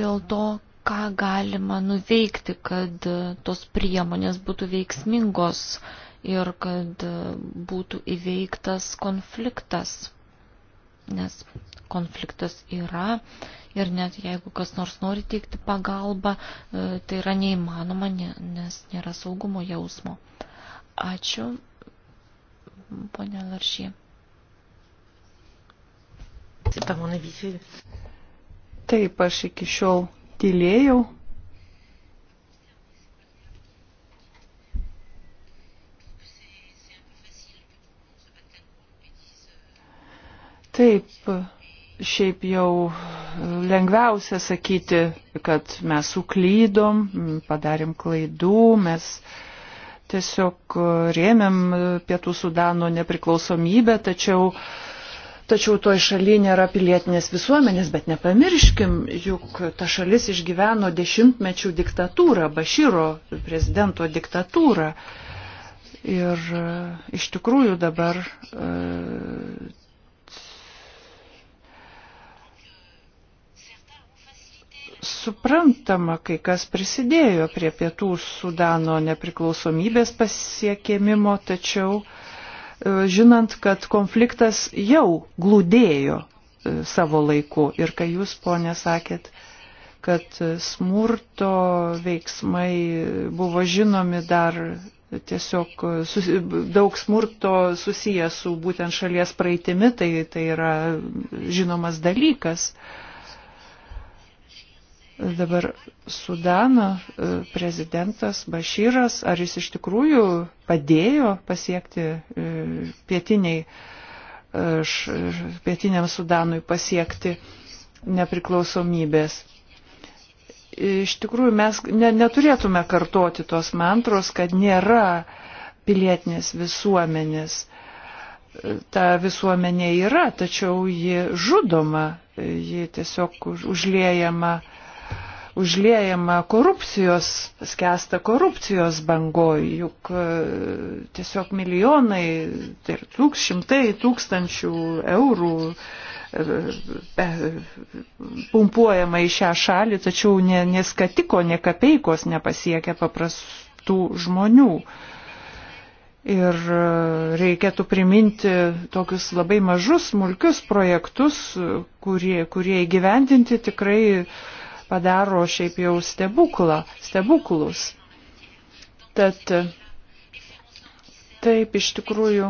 Dėl to, ką galima nuveikti, kad tos priemonės būtų veiksmingos ir kad būtų įveiktas konfliktas nes konfliktas yra ir net jeigu kas nors nori teikti pagalbą, e, tai yra neįmanoma, nes nėra saugumo jausmo. Ačiū, ponė Laršy. Taip, aš iki šiol tylėjau, Taip, šiaip jau lengviausia sakyti, kad mes suklydom, padarėm klaidų, mes tiesiog rėmėm Pietų Sudano nepriklausomybę, tačiau, tačiau toj šaly nėra pilietinės visuomenės, bet nepamirškim, juk ta šalis išgyveno dešimtmečių diktatūrą, Baširo prezidento diktatūrą. Ir e, iš tikrųjų dabar e, suprantama, kai kas prisidėjo prie pietų Sudano nepriklausomybės pasiekėmimo, tačiau e, žinant, kad konfliktas jau glūdėjo e, savo laiku ir kai jūs, ponė, sakėt, kad smurto veiksmai buvo žinomi dar tiesiog susi, daug smurto susijęs su būtent šalies praeitimi, tai, tai yra žinomas dalykas. Uh, dabar Sudano e, prezidentas Bašyras, ar jis iš tikrųjų padėjo pasiekti e, pietiniai, e, pietiniam Sudanui pasiekti nepriklausomybės. Iš tikrųjų mes ne, neturėtume kartoti tos mantros, kad nėra pilietinės visuomenės. Ta visuomenė yra, tačiau ji žudoma, ji tiesiog užliejama uh, užliejama korupcijos, skęsta korupcijos bangoj, juk e, tiesiog milijonai, tai ir tūks, šimtai tūkstančių eurų e, e, pumpuojama į šią šalį, tačiau neskatiko, ne kapeikos nepasiekia paprastų žmonių. Ir reikėtų priminti tokius labai mažus, smulkius projektus, kurie, kurie įgyvendinti tikrai uh, padaro šiaip jau stebuklą, stebuklus. Tad taip iš tikrųjų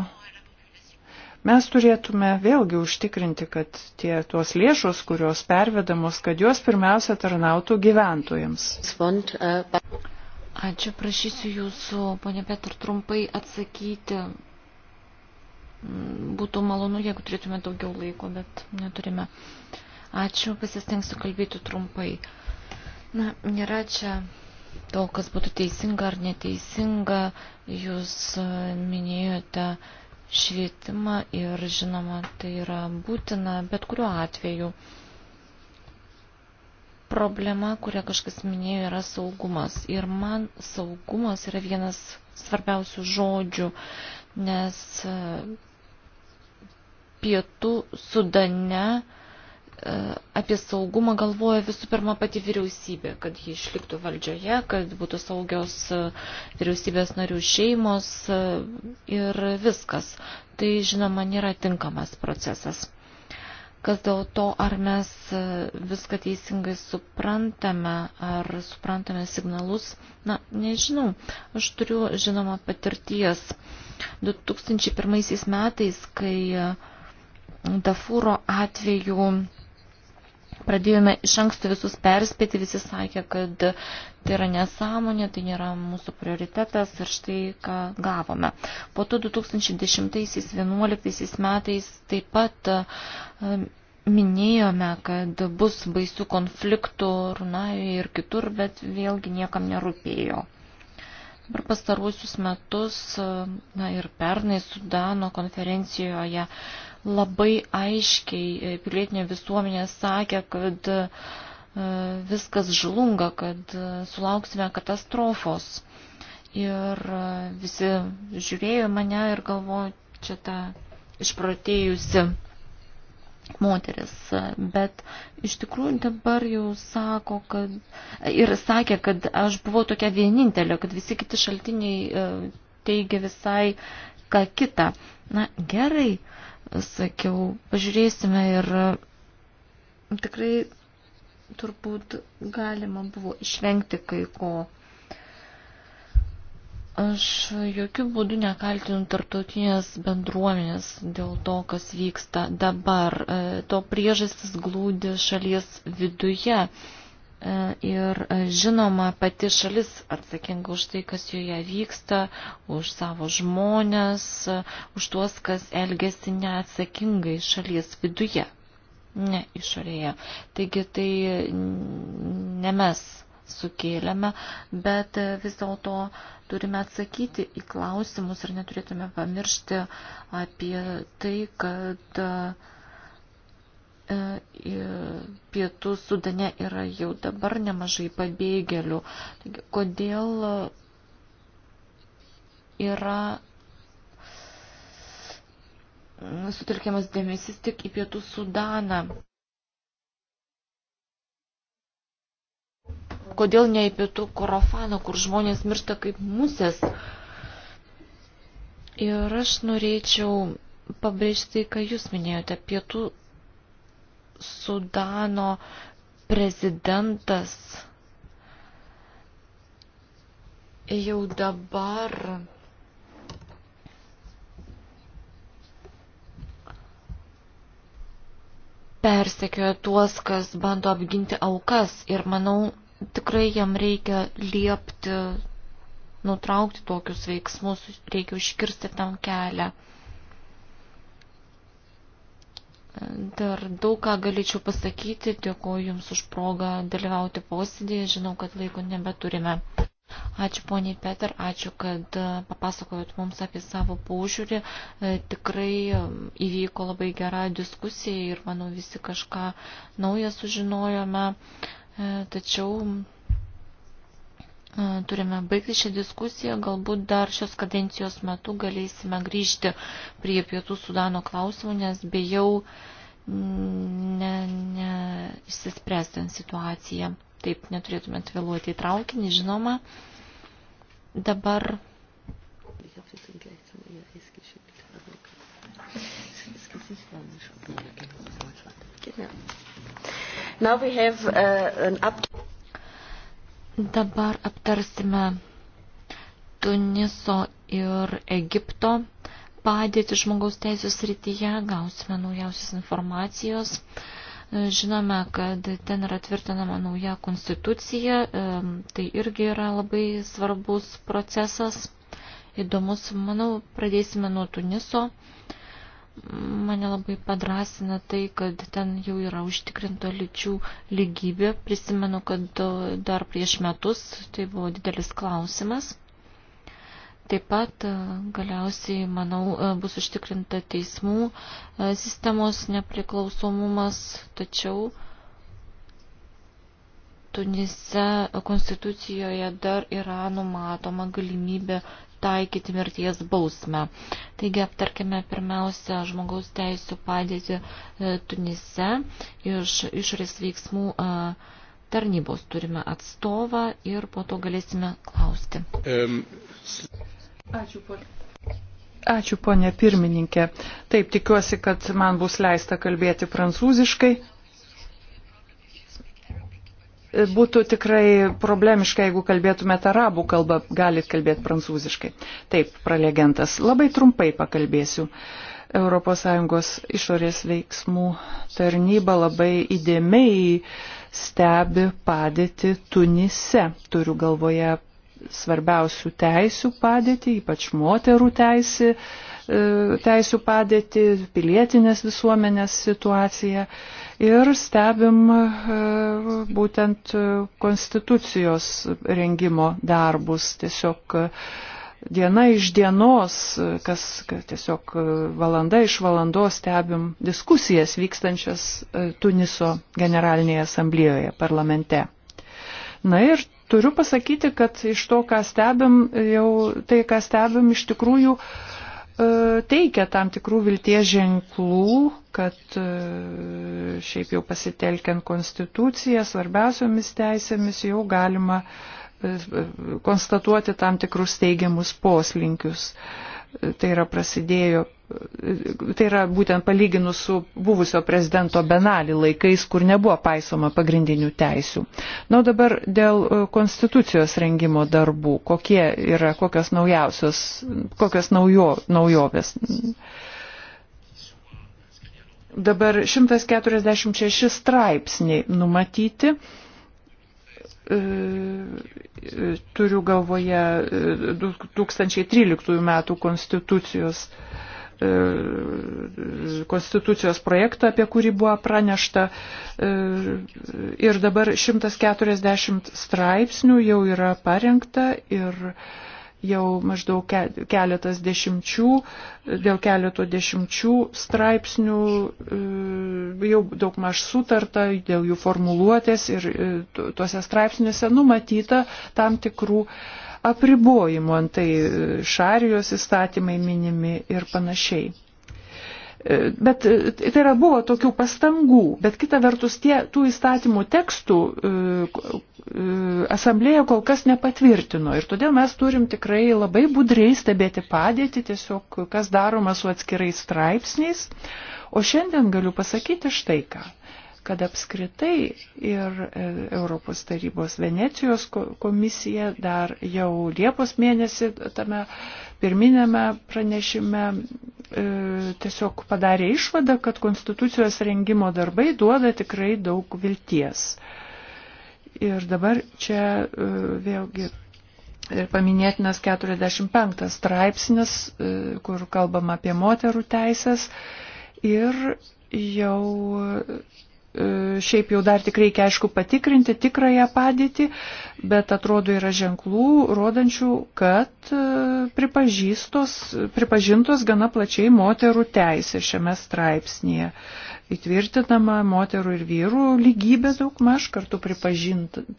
mes turėtume vėlgi užtikrinti, kad tie tuos lėšos, kurios pervedamos, kad jos pirmiausia tarnautų gyventojams. Ačiū, prašysiu jūsų, ponė Petr, trumpai atsakyti. Būtų malonu, jeigu turėtume daugiau laiko, bet neturime. Uh, Ačiū, pasistengsiu kalbėti trumpai. Na, nėra čia to, kas būtų teisinga ar neteisinga. Jūs e, minėjote švietimą ir, žinoma, tai yra būtina, bet kuriuo atveju. Problema, kurią kažkas minėjo, yra saugumas. Ir man saugumas yra vienas svarbiausių žodžių, nes e, pietų sudane apie saugumą galvoja visų pirma pati vyriausybė, kad ji išliktų valdžioje, kad būtų saugios e, vyriausybės narių šeimos e, ir viskas. Tai, žinoma, nėra tinkamas procesas. Kas dėl to, ar mes e, viską teisingai suprantame, ar suprantame signalus, na, nežinau. Aš turiu, žinoma, patirties. 2001 metais, kai Dafūro atveju pradėjome iš anksto visus perspėti, visi sakė, kad tai yra nesąmonė, tai nėra mūsų prioritetas ir štai ką gavome. Po to 2010-2011 metais taip pat e, minėjome, kad bus baisių konfliktų Runajoje ir kitur, bet vėlgi niekam nerūpėjo. Per pastarusius metus e, na, ir pernai Sudano konferencijoje labai aiškiai e, pilietinė visuomenė sakė, kad e, viskas žlunga, kad e, sulauksime katastrofos. Ir visi žiūrėjo mane ir galvojo, čia ta išpratėjusi moteris, bet iš tikrųjų dabar jau sako, kad ir sakė, kad aš buvau tokia vienintelė, kad visi kiti šaltiniai teigia visai ką kitą. Na gerai, sakiau, pažiūrėsime ir e, tikrai turbūt galima buvo išvengti kai ko. Aš jokių būdų nekaltinu tarptautinės bendruomenės dėl to, kas vyksta dabar. E, to priežastis glūdi šalies viduje. Ir e, žinoma, pati šalis atsakinga už tai, kas joje vyksta, už savo žmonės, už tuos, kas elgesi neatsakingai šalies viduje, ne išorėje. Taigi tai ne mes sukėlėme, bet e, vis dėlto turime atsakyti į klausimus ir neturėtume pamiršti apie tai, kad uh, E, pietų sudane yra jau dabar nemažai pabėgėlių. Taigi, kodėl yra sutelkiamas dėmesys tik į pietų sudaną? Kodėl ne į pietų korofaną, kur žmonės miršta kaip musės? Ir aš norėčiau pabrėžti, ką jūs minėjote, pietų Sudano prezidentas jau dabar persekioja tuos, kas bando apginti aukas ir manau tikrai jam reikia liepti nutraukti tokius veiksmus, reikia užkirsti tam kelią. Dar daug ką galėčiau pasakyti. Dėkuoju Jums už progą dalyvauti posėdėje. Žinau, kad laiko nebeturime. Ačiū poniai Peter, ačiū, kad e, papasakojot mums apie savo požiūrį. E, tikrai e, įvyko labai gera diskusija ir manau visi kažką naują sužinojome. Tačiau Turime baigti šią diskusiją, galbūt dar šios kadencijos metu galėsime grįžti prie pietų Sudano klausimų, nes bejau neišsispręsti mm, ne, ne situaciją. Taip neturėtumėt vėluoti į traukinį, žinoma. Dabar. Now we have uh, an up Dabar aptarsime Tuniso ir Egipto padėti žmogaus teisų srityje, gausime naujausios informacijos. Žinome, kad ten yra tvirtinama nauja konstitucija, tai irgi yra labai svarbus procesas. Įdomus, manau, pradėsime nuo Tuniso. Mane labai padrasina tai, kad ten jau yra užtikrinta lyčių lygybė. Prisimenu, kad dar prieš metus tai buvo didelis klausimas. Taip pat e, galiausiai, manau, e, bus užtikrinta teismų e, sistemos nepriklausomumas, tačiau Tunise konstitucijoje dar yra numatoma galimybė taikyti mirties bausmę. Taigi aptarkime pirmiausia žmogaus teisų padėti e, Tunise iš išorės veiksmų e, tarnybos turime atstovą ir po to galėsime klausti. Ačiū, ponė. Ačiū, ponė pirmininkė. Taip, tikiuosi, kad man bus leista kalbėti prancūziškai būtų tikrai problemiška, jeigu kalbėtumėte arabų kalbą, galit kalbėti prancūziškai. Taip, pralegentas. Labai trumpai pakalbėsiu. ES išorės veiksmų tarnyba labai įdėmiai stebi padėti Tunise. Turiu galvoje svarbiausių teisių padėtį, ypač moterų teisį E, teisų padėtį, pilietinės visuomenės situaciją ir stebim e, būtent konstitucijos rengimo darbus. Tiesiog e, diena iš dienos, kas tiesiog valanda iš valandos stebim diskusijas vykstančias Tuniso generalinėje asamblėjoje parlamente. Na ir turiu pasakyti, kad iš to, ką stebim, jau tai, ką stebim, iš tikrųjų uh, E, teikia tam tikrų vilties ženklų, kad e, šiaip jau pasitelkiant konstituciją svarbiausiomis teisėmis jau galima e, konstatuoti tam tikrus teigiamus poslinkius. Uh, tai yra prasidėjo, tai yra būtent palyginus su buvusio prezidento Benali laikais, kur nebuvo paisoma pagrindinių teisių. Na, dabar dėl e, konstitucijos rengimo darbų, kokie yra, kokios naujausios, kokios naujo, naujovės. Dabar 146 straipsniai numatyti E, e, turiu galvoje 2013 e, metų konstitucijos konstitucijos projektą, apie kurį buvo pranešta. Ir dabar 140 straipsnių jau yra parengta ir jau maždaug keletas dešimčių, dėl keleto dešimčių straipsnių e, jau daug maž sutarta, dėl jų formuluotės ir e, tuose straipsniuose numatyta tam tikrų apribojimų, antai e, šarijos įstatymai minimi ir panašiai. Bet e, tai yra buvo tokių pastangų, bet kita vertus tie, tų įstatymų tekstų e, e, asamblėje kol kas nepatvirtino ir todėl mes turim tikrai labai budriai stebėti padėtį, tiesiog kas daroma su atskirais straipsniais. O šiandien galiu pasakyti štai ką kad apskritai ir Europos tarybos Venecijos komisija dar jau Liepos mėnesį tame uh, pirminėme pranešime e, tiesiog padarė išvadą, kad konstitucijos rengimo darbai duoda tikrai daug vilties. Ir dabar čia e, vėlgi ir e, paminėtinas 45 straipsnis, kur kalbama apie moterų teisės. Ir jau E, šiaip jau dar tik reikia, aišku, patikrinti tikrąją padėtį, bet atrodo yra ženklų, rodančių, kad e, pripažintos gana plačiai moterų teisė šiame straipsnėje. Įtvirtinama moterų ir vyrų lygybė daug maž, kartu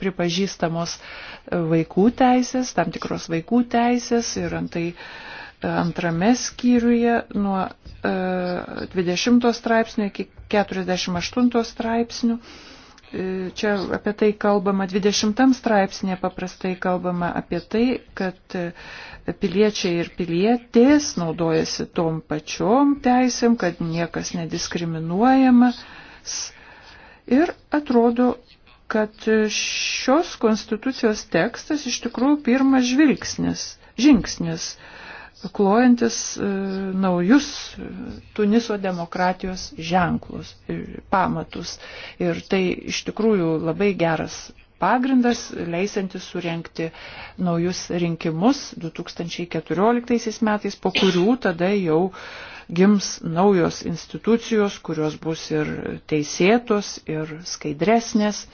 pripažįstamos vaikų teisės, tam tikros vaikų teisės ir antai e, antrame skyriuje nuo 20 straipsnio iki 48 straipsnių. E, čia apie tai kalbama 20 straipsnėje paprastai kalbama apie tai, kad e, piliečiai ir pilietės naudojasi tom pačiom teisėm, kad niekas nediskriminuojamas. Ir atrodo, kad šios konstitucijos tekstas iš tikrųjų pirmas žvilgsnis, žingsnis. žingsnis klojantis e, naujus e, Tuniso demokratijos ženklus ir pamatus. Ir tai iš tikrųjų labai geras pagrindas, leisantis surenkti naujus rinkimus 2014 metais, po kurių tada jau gims naujos institucijos, kurios bus ir teisėtos, ir skaidresnės.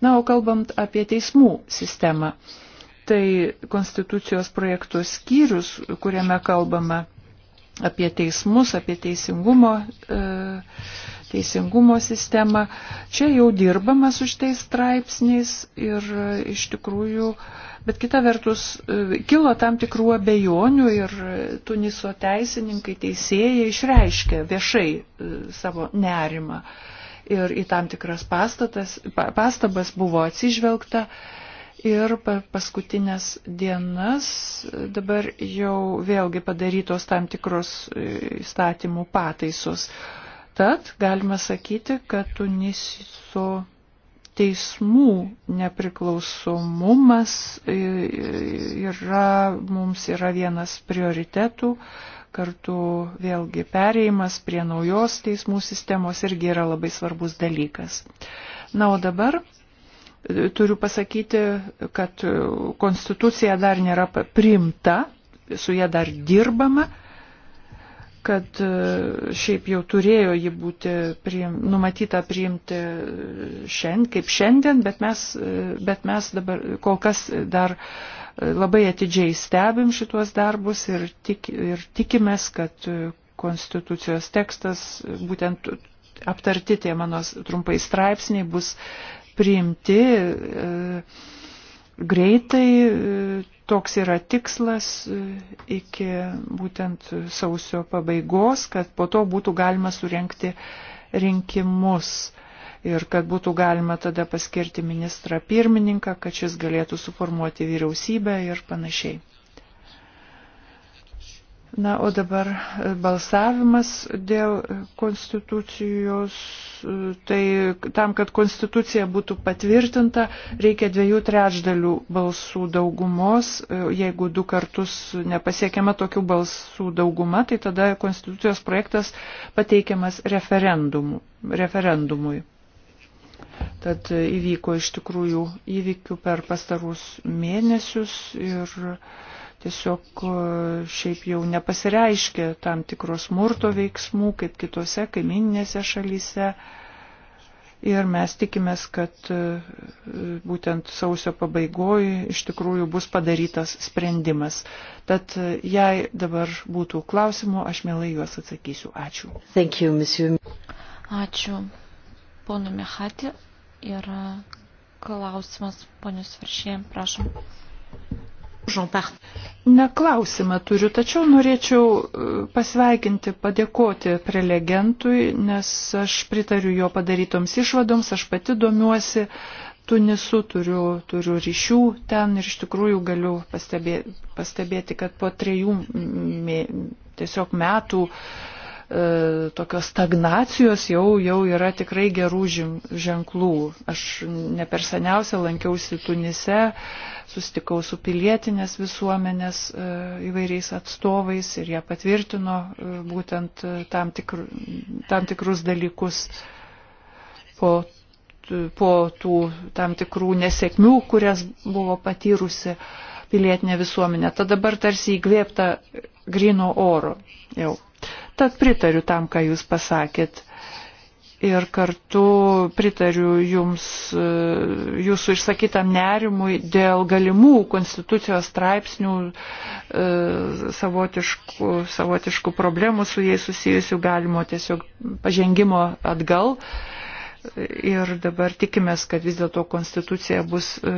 Na, o kalbant apie teismų sistemą, tai Konstitucijos projektų skyrius, kuriame kalbama apie teismus, apie teisingumo, e, teisingumo sistemą. Čia jau dirbama su šitais straipsniais ir e, iš tikrųjų, bet kita vertus, e, kilo tam tikrų abejonių ir Tuniso teisininkai, teisėjai išreiškė viešai savo nerimą. Ir į tam tikras pastatas, pastabas buvo atsižvelgta Ir per paskutinės dienas dabar jau vėlgi padarytos tam tikros e, įstatymų pataisos. Tad galima sakyti, kad Tuniso teismų nepriklausomumas e, yra, mums yra vienas prioritetų kartu vėlgi pereimas prie naujos teismų sistemos irgi yra labai svarbus dalykas. Na, o dabar turiu pasakyti, kad konstitucija dar nėra priimta, su ją dar dirbama, kad e, šiaip jau turėjo ji būti priim, numatyta priimti šiandien, kaip šiandien, bet mes, e, bet mes dabar kol kas dar e, labai atidžiai stebim šituos darbus ir, tik, ir tikimės, kad konstitucijos tekstas būtent aptarti tie mano trumpai straipsniai bus priimti e, greitai. E, toks yra tikslas e, iki būtent sausio pabaigos, kad po to būtų galima surenkti rinkimus ir kad būtų galima tada paskirti ministrą pirmininką, kad šis galėtų suformuoti vyriausybę ir panašiai. Na, o dabar e, balsavimas dėl konstitucijos. E, tai tam, kad konstitucija būtų patvirtinta, reikia dviejų trečdalių balsų daugumos. E, jeigu du kartus nepasiekiama tokių balsų dauguma, tai tada konstitucijos projektas pateikiamas referendumu, referendumui. Tad įvyko iš tikrųjų įvykių per pastarus mėnesius ir uh, tiesiog e, šiaip jau nepasireiškia tam tikros smurto veiksmų, kaip kitose kaiminėse šalyse. Ir mes tikimės, kad e, būtent sausio pabaigoje iš tikrųjų bus padarytas sprendimas. Tad e, jei dabar būtų klausimų, aš mielai juos atsakysiu. Ačiū. Thank you, monsieur. Ačiū. Pono Mehati yra klausimas, ponios Viršėjim, prašom. Neklausimą turiu, tačiau norėčiau e, pasveikinti, padėkoti prelegentui, nes aš pritariu jo padarytoms išvadoms, aš pati domiuosi Tunisu, turiu, turiu ryšių ten ir iš tikrųjų galiu pastebėti, pastebėti kad po trejų mė, tiesiog metų uh, E, tokios stagnacijos jau, jau yra tikrai gerų ženklų. Aš ne per seniausia lankiausi Tunise, sustikau su pilietinės visuomenės e, įvairiais atstovais ir jie patvirtino e, būtent tam, tikr, tam tikrus dalykus po po tų tam tikrų nesėkmių, kurias buvo patyrusi pilietinė visuomenė. Ta dabar tarsi įkvėpta grino oro jau. Tad pritariu tam, ką Jūs pasakėt. Ir kartu pritariu jums, e, jūsų išsakytam nerimui dėl galimų konstitucijos straipsnių e, savotiškų, savotiškų problemų su jais susijusių galimo tiesiog pažengimo atgal. Ir dabar tikimės, kad vis dėlto konstitucija bus e,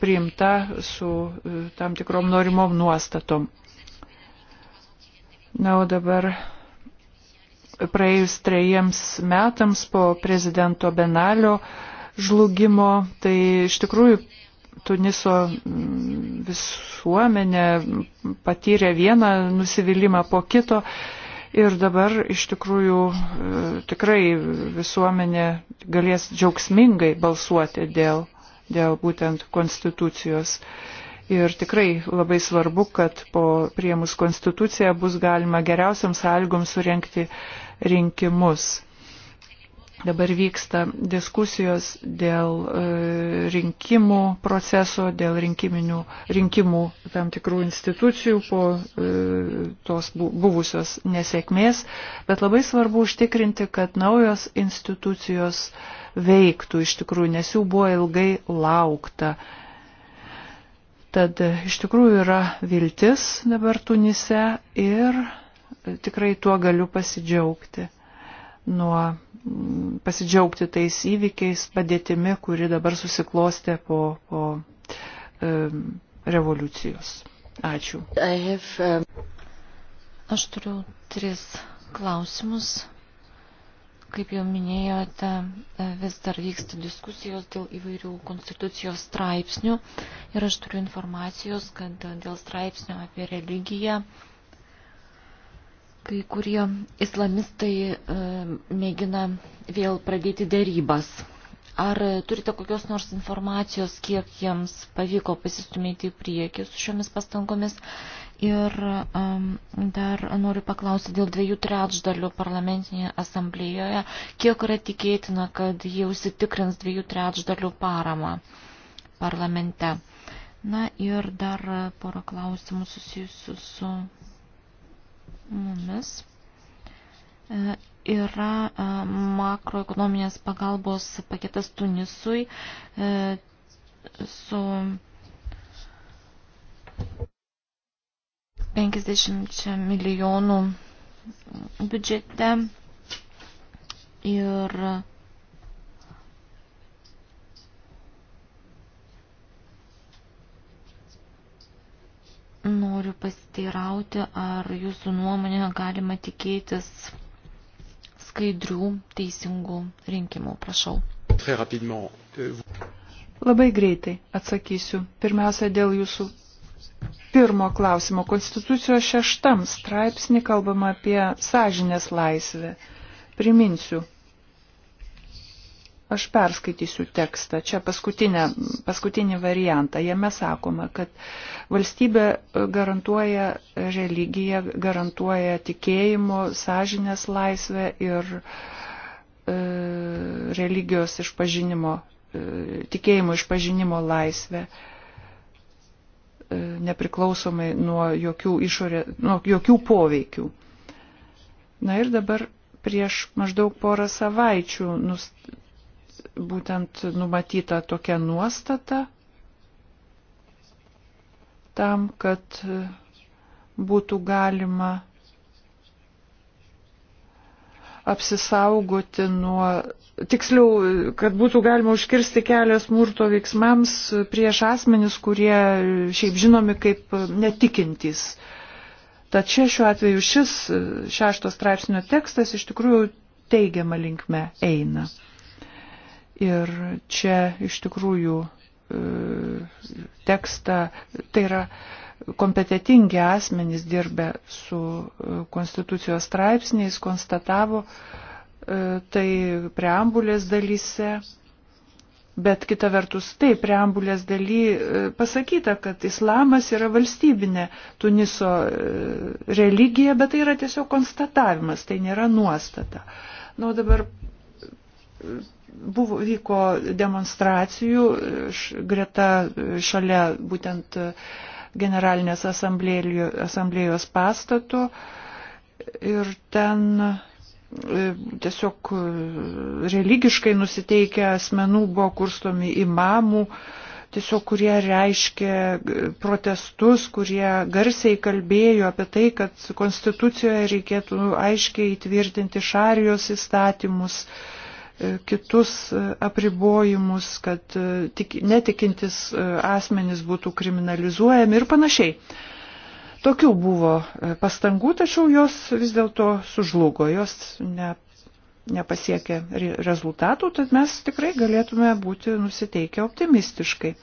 priimta su tam tikrom norimom nuostatom. Na, o dabar praėjus trejiems metams po prezidento Benalio žlugimo, tai iš tikrųjų Tuniso mm, visuomenė patyrė vieną nusivylimą po kito ir dabar iš tikrųjų e, tikrai visuomenė galės džiaugsmingai balsuoti dėl, dėl būtent konstitucijos. Uh, Ir tikrai labai svarbu, kad po priemus konstituciją bus galima geriausiams sąlygoms surenkti rinkimus. Dabar vyksta diskusijos dėl e, rinkimų proceso, dėl rinkimų tam tikrų institucijų po e, tos buvusios nesėkmės, bet labai svarbu užtikrinti, kad naujos institucijos veiktų iš tikrųjų, nes jų buvo ilgai laukta Tad e, iš tikrųjų yra viltis dabar Tunise ir tikrai tuo galiu pasidžiaugti. Nuo pasidžiaugti tais įvykiais, padėtimi, kuri dabar susiklostė po, po um, revoliucijos. Ačiū. Have, um... Aš turiu tris klausimus. Kaip jau minėjote, e, vis dar vyksta diskusijos dėl įvairių konstitucijos straipsnių ir aš turiu informacijos, kad dėl straipsnio apie religiją kai kurie islamistai e, mėgina vėl pradėti dėrybas. Ar turite kokios nors informacijos, kiek jiems pavyko pasistumėti į priekį su šiomis pastangomis Ir um, dar noriu paklausti dėl dviejų trečdalių parlamentinėje asamblėjoje, kiek yra tikėtina, kad jie užsitikrins dviejų trečdalių paramą parlamente. Na ir dar porą klausimų susijusių su mumis. E, yra e, makroekonominės pagalbos paketas Tunisui e, su 50 milijonų biudžete ir noriu pasiteirauti, ar jūsų nuomonė galima tikėtis skaidrių teisingų rinkimų. Prašau. Labai greitai atsakysiu. Pirmiausia, dėl jūsų pirmo klausimo. Konstitucijos šeštam straipsnį kalbama apie sąžinės laisvę. Priminsiu. Aš perskaitysiu tekstą. Čia paskutinę, paskutinį variantą. Jame sakoma, kad valstybė garantuoja religiją, garantuoja tikėjimo, sąžinės laisvę ir e, religijos išpažinimo, e, tikėjimo išpažinimo laisvę. E, E, nepriklausomai nuo jokių išorė, nuo jokių poveikių. Na ir dabar prieš maždaug porą savaičių nus, būtent numatyta tokia nuostata tam, kad e, būtų galima apsisaugoti nuo, tiksliau, kad būtų galima užkirsti kelią smurto veiksmams prieš asmenis, kurie šiaip žinomi kaip netikintys. Tačiau šiuo atveju šis šešto straipsnio tekstas iš tikrųjų teigiama linkme eina. Ir čia iš tikrųjų e, tekstą, tai yra kompetitingi asmenys dirbę su e, konstitucijos straipsniais konstatavo e, tai preambulės dalyse. Bet kita vertus, taip, preambulės daly e, pasakyta, kad islamas yra valstybinė Tuniso religija, bet tai yra tiesiog konstatavimas, tai nėra nuostata. Na, nu, o dabar buvo, vyko demonstracijų greta šalia būtent generalinės asamblėjos pastatu ir ten e, tiesiog e, religiškai nusiteikę asmenų buvo kurstomi imamų, tiesiog kurie reiškė e, protestus, kurie garsiai kalbėjo apie tai, kad konstitucijoje reikėtų aiškiai įtvirtinti šarijos įstatymus, uh, E, kitus e, apribojimus, kad e, tik, netikintis asmenys būtų kriminalizuojami ir panašiai. Tokių buvo pastangų, tačiau jos vis dėlto sužlugo, jos ne, nepasiekė rezultatų, tad mes tikrai galėtume būti nusiteikę optimistiškai.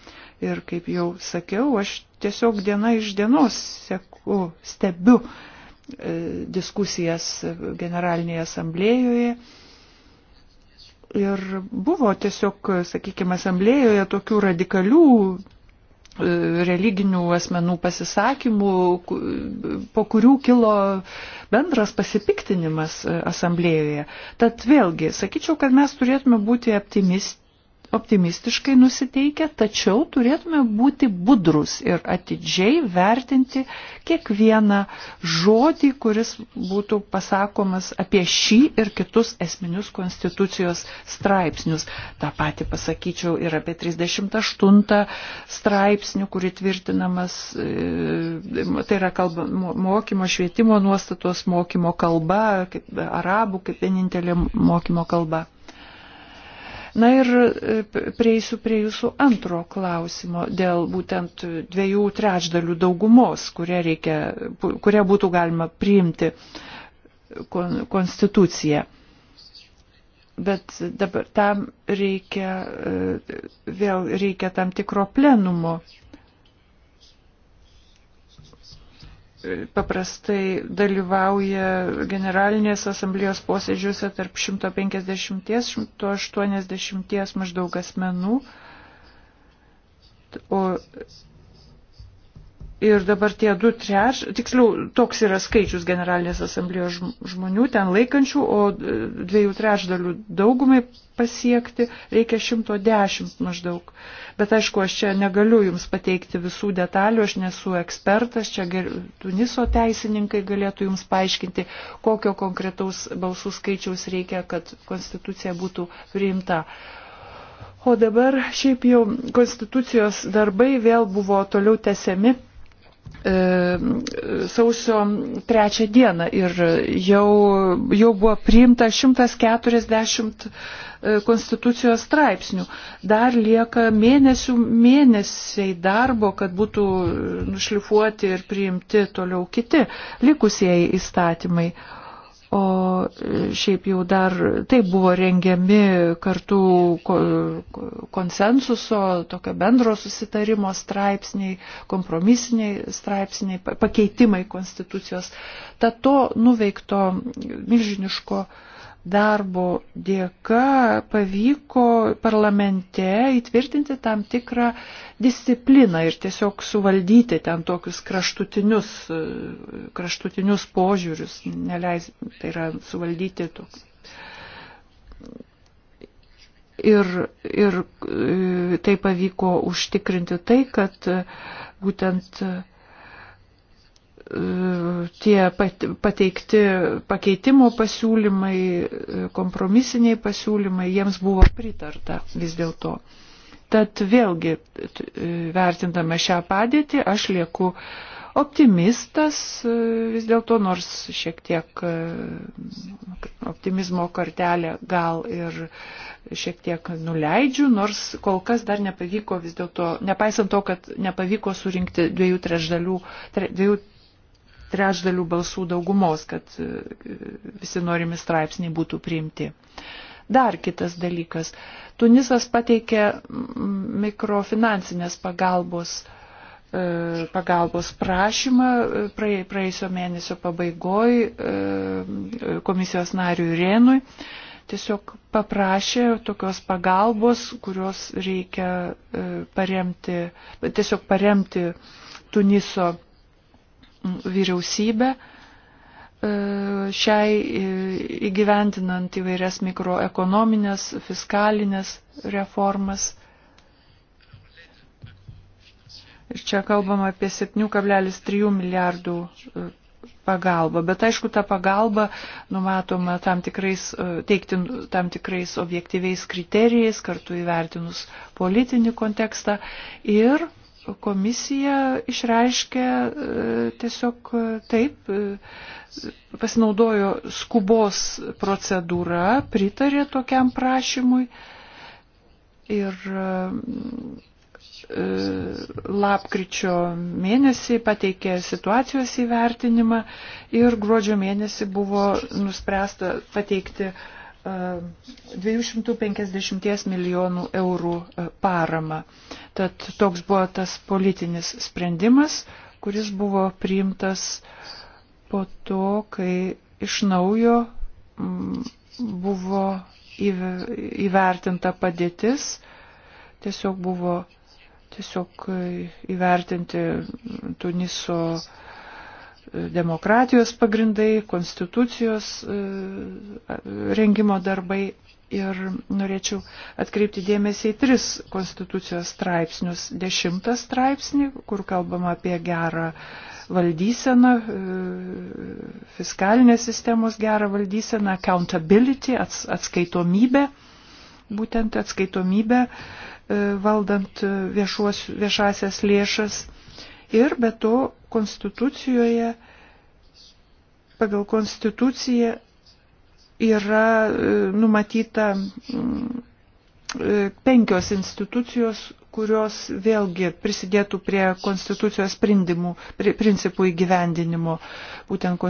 Ir kaip jau sakiau, aš tiesiog diena iš dienos seku, stebiu diskusijas generalinėje asamblėjoje Ir buvo tiesiog, sakykime, asamblėjoje tokių radikalių e, religinių asmenų pasisakymų, po kurių kilo bendras pasipiktinimas e, asamblėjoje. Tad vėlgi, sakyčiau, kad mes turėtume būti optimist, optimistiškai nusiteikę, tačiau turėtume būti budrus ir atidžiai vertinti kiekvieną žodį, kuris būtų pasakomas apie šį ir kitus esminius konstitucijos straipsnius. Ta pati pasakyčiau ir apie 38 straipsnių, kuri tvirtinamas, e, tai yra kalba, mokymo švietimo nuostatos, mokymo kalba, kaip, arabų kaip vienintelė mokymo kalba. Na ir e, prieisiu prie jūsų antro klausimo dėl būtent dviejų trečdalių daugumos, kurią, reikia, kurią būtų galima priimti kon, konstituciją. Bet dabar tam reikia, e, vėl reikia tam tikro plenumo paprastai dalyvauja generalinės asamblėjos posėdžiuose tarp 150-180 maždaug asmenų, o Ir dabar tie du treš, tiksliau, toks yra skaičius Generalinės asamblėjos žmonių ten laikančių, o e, dviejų trešdalių daugumai pasiekti reikia 110 maždaug. Bet aišku, aš čia negaliu jums pateikti visų detalių, aš nesu ekspertas, čia Tuniso teisininkai galėtų jums paaiškinti, kokio konkretaus balsų skaičiaus reikia, kad konstitucija būtų priimta. O dabar šiaip jau konstitucijos darbai vėl buvo toliau tesiami E, sausio trečią dieną ir jau, jau buvo priimta 140 e, konstitucijos straipsnių. Dar lieka mėnesių, mėnesiai darbo, kad būtų nušlifuoti ir priimti toliau kiti likusieji įstatymai. O e, šiaip jau dar taip buvo rengiami kartu konsensuso, tokio bendro susitarimo straipsniai, kompromisiniai straipsniai, pakeitimai konstitucijos. Tad to nuveikto milžiniško uh, darbo dėka pavyko parlamente įtvirtinti tam tikrą discipliną ir tiesiog suvaldyti ten tokius kraštutinius, kraštutinius požiūrius, neleis, tai yra suvaldyti toks. Ir, ir e, tai pavyko užtikrinti tai, kad būtent tie pateikti pakeitimo pasiūlymai, kompromisiniai pasiūlymai, jiems buvo pritarta vis dėlto. Tad vėlgi, e, vertindama šią padėtį, aš lieku optimistas e, vis dėlto, nors šiek tiek e, optimizmo kartelė gal ir šiek tiek nuleidžiu, nors kol kas dar nepavyko vis dėlto, nepaisant to, kad nepavyko surinkti dviejų trešdalių, tre, dviejų trečdalių balsų daugumos, kad e, visi norimi straipsniai būtų priimti. Dar kitas dalykas. Tunisas pateikė mikrofinansinės pagalbos, e, pagalbos prašymą e, praėjusio mėnesio pabaigoj komisijos nariui Rėnui. Tiesiog paprašė tokios pagalbos, kurios reikia paremti, tiesiog paremti Tuniso vyriausybę e, šiai e, įgyventinant įvairias mikroekonominės, fiskalinės reformas. Ir čia kalbama apie 7,3 milijardų e, pagalbą. Bet aišku, ta pagalba numatoma tam tikrais, teikti tam tikrais objektyviais kriterijais, kartu įvertinus politinį kontekstą. Ir komisija išreiškė e, tiesiog e, taip, e, pasinaudojo skubos procedūra, pritarė tokiam prašymui ir lapkričio mėnesį pateikė situacijos įvertinimą ir gruodžio mėnesį buvo nuspręsta pateikti uh, 250 milijonų eurų e, paramą. Tad toks buvo tas politinis sprendimas, kuris buvo priimtas po to, kai iš naujo mm, buvo įvertinta padėtis, tiesiog buvo tiesiog e, įvertinti Tuniso uh, demokratijos pagrindai, konstitucijos e, rengimo darbai. Ir norėčiau atkreipti dėmesį į tris konstitucijos straipsnius. Dešimtas straipsnį, kur kalbama apie gerą valdyseną, e, fiskalinės sistemos gerą valdyseną, accountability, ats, atskaitomybę, būtent atskaitomybę e, valdant viešuos, viešasias lėšas ir be to konstitucijoje, pagal konstituciją yra e, numatyta mm, e, penkios institucijos, kurios vėlgi prisidėtų prie konstitucijos sprendimų, prie principų įgyvendinimo, būtent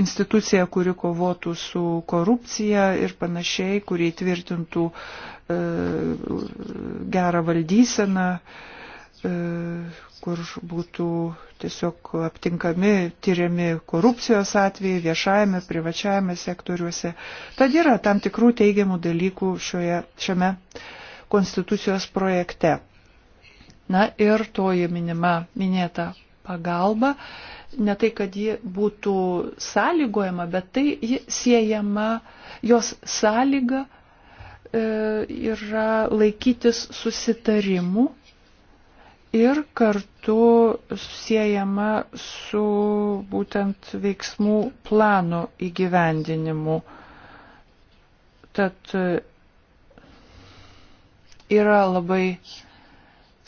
institucija, kuri kovotų su korupcija ir panašiai, kurie tvirtintų e, gerą valdyseną, e, kur būtų tiesiog aptinkami, tyriami korupcijos atvejai viešajame, privačiajame sektoriuose. Tad yra tam tikrų teigiamų dalykų šioje, šiame konstitucijos projekte. Na ir toji minima, minėta pagalba, ne tai, kad ji būtų sąlygojama, bet tai ji siejama, jos sąlyga e, yra laikytis susitarimų ir kartu siejama su būtent veiksmų plano įgyvendinimu. Tad e, yra labai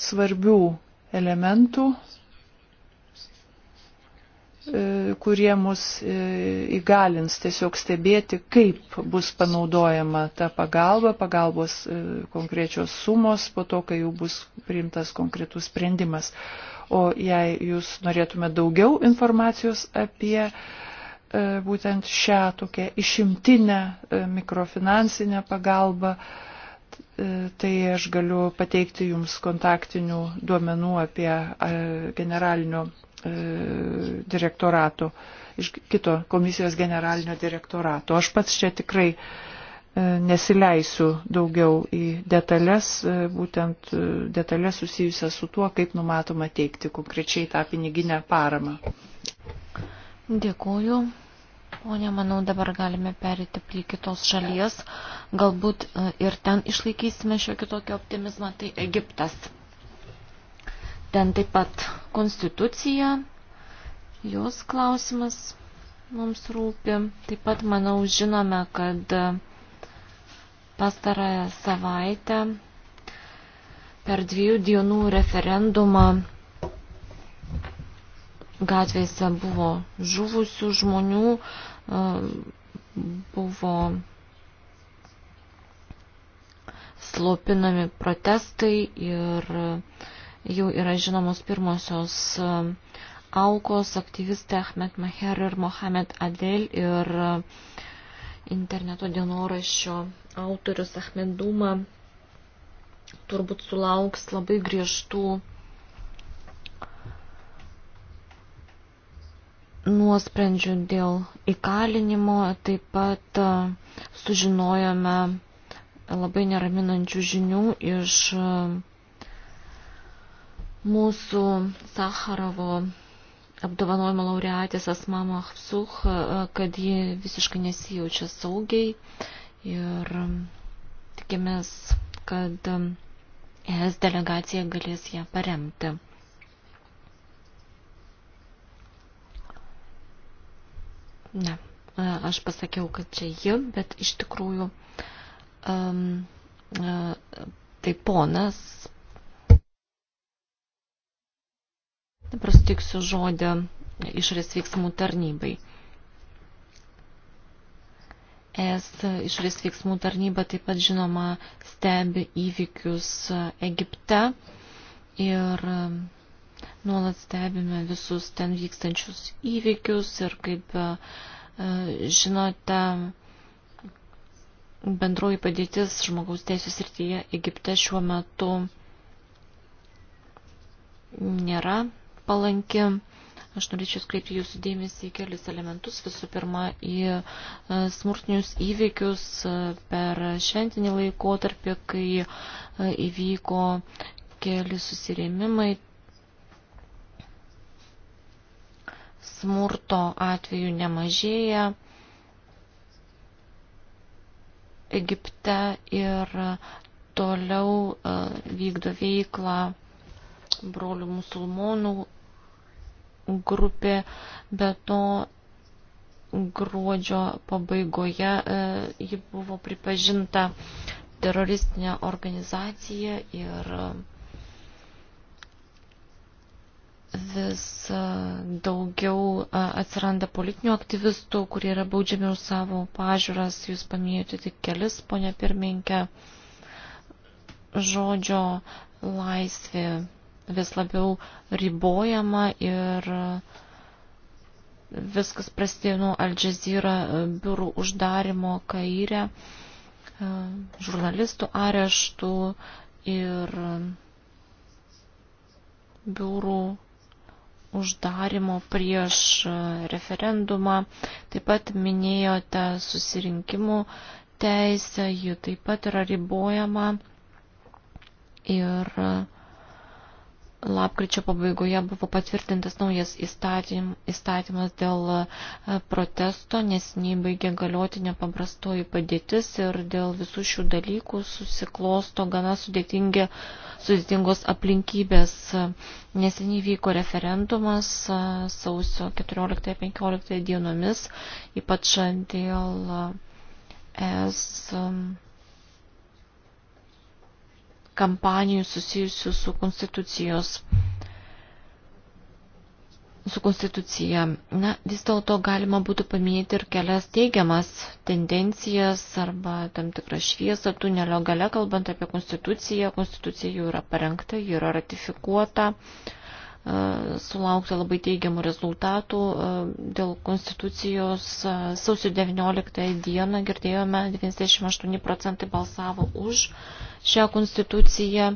svarbių elementų E, kurie mus e, įgalins tiesiog stebėti, kaip bus panaudojama ta pagalba, pagalbos e, konkrečios sumos po to, kai jau bus priimtas konkretus sprendimas. O jei jūs norėtumėte daugiau informacijos apie būtent šią tokią išimtinę mikrofinansinę pagalbą, tai aš galiu pateikti jums kontaktinių duomenų apie generalinio E, direktorato, iš kito komisijos generalinio direktorato. Aš pats čia tikrai e, nesileisiu daugiau į detalės, e, būtent detalės susijusias su tuo, kaip numatoma teikti konkrečiai tą piniginę paramą. Dėkuoju. O nemanau, dabar galime perėti prie kitos šalies. Galbūt ir ten išlaikysime šio kitokio optimizmą, tai Egiptas. Ten taip pat konstitucija, jos klausimas mums rūpi. Taip pat, manau, žinome, kad pastarąją savaitę per dviejų dienų referendumą gatvėse buvo žuvusių žmonių, buvo slopinami protestai ir uh, Jau yra žinomos pirmosios um, aukos, aktyvistai Ahmed Maher ir Mohamed Adel ir um, interneto dienoraščio autorius Ahmed Duma turbūt sulauks labai griežtų nuosprendžių dėl įkalinimo, taip pat um, sužinojome labai neraminančių žinių iš Mūsų Sakharovo apdovanojimo laureatės Asmama Hapsuch, e, kad ji visiškai nesijaučia saugiai ir e, tikimės, kad e, ES delegacija galės ją paremti. Ne, aš pasakiau, kad čia ji, bet iš tikrųjų um, tai ponas Dabar sutiksiu žodį išorės veiksmų tarnybai. Es išorės veiksmų tarnyba taip pat žinoma stebi įvykius Egipte ir nuolat stebime visus ten vykstančius įvykius ir kaip e, žinote, bendroji padėtis žmogaus teisų srityje Egipte šiuo metu nėra palanki. Aš norėčiau skreipti jūsų dėmesį į kelis elementus. Visų pirma, į e, smurtinius įvykius e, per šventinį laikotarpį, kai e, įvyko keli susirėmimai. Smurto atveju nemažėja. Egipte ir toliau vykdo veiklą brolių musulmonų grupė, bet to gruodžio pabaigoje e, ji buvo pripažinta teroristinė organizacija ir e, vis e, daugiau atsiranda politinių aktyvistų, kurie yra baudžiami už savo pažiūras. Jūs paminėjote tik kelis, ponia pirmininkė, žodžio laisvė vis labiau ribojama ir viskas prasidėjo nuo Al Jazeera e, biurų uždarimo Kairė, e, žurnalistų areštų ir biurų uždarimo prieš e, referendumą. Taip pat minėjote susirinkimų teisę, ji taip pat yra ribojama. Ir uh, Lapkričio pabaigoje buvo patvirtintas naujas įstatym, įstatymas dėl e, protesto, nes neįbaigė galioti nepaprastoji padėtis ir dėl visų šių dalykų susiklosto gana sudėtingos aplinkybės. Neseniai vyko referendumas e, sausio 14-15 dienomis, ypač dėl e, es kampanijų susijusių su konstitucijos su konstitucija. Na, vis dėlto galima būtų paminėti ir kelias teigiamas tendencijas arba tam tikrą šviesą tunelio gale, kalbant apie konstituciją. Konstitucija jau yra parengta, ji yra ratifikuota. Uh, E, sulaukta labai teigiamų rezultatų e, dėl konstitucijos. E, sausio 19 dieną girdėjome, 98 procentai balsavo už šią konstituciją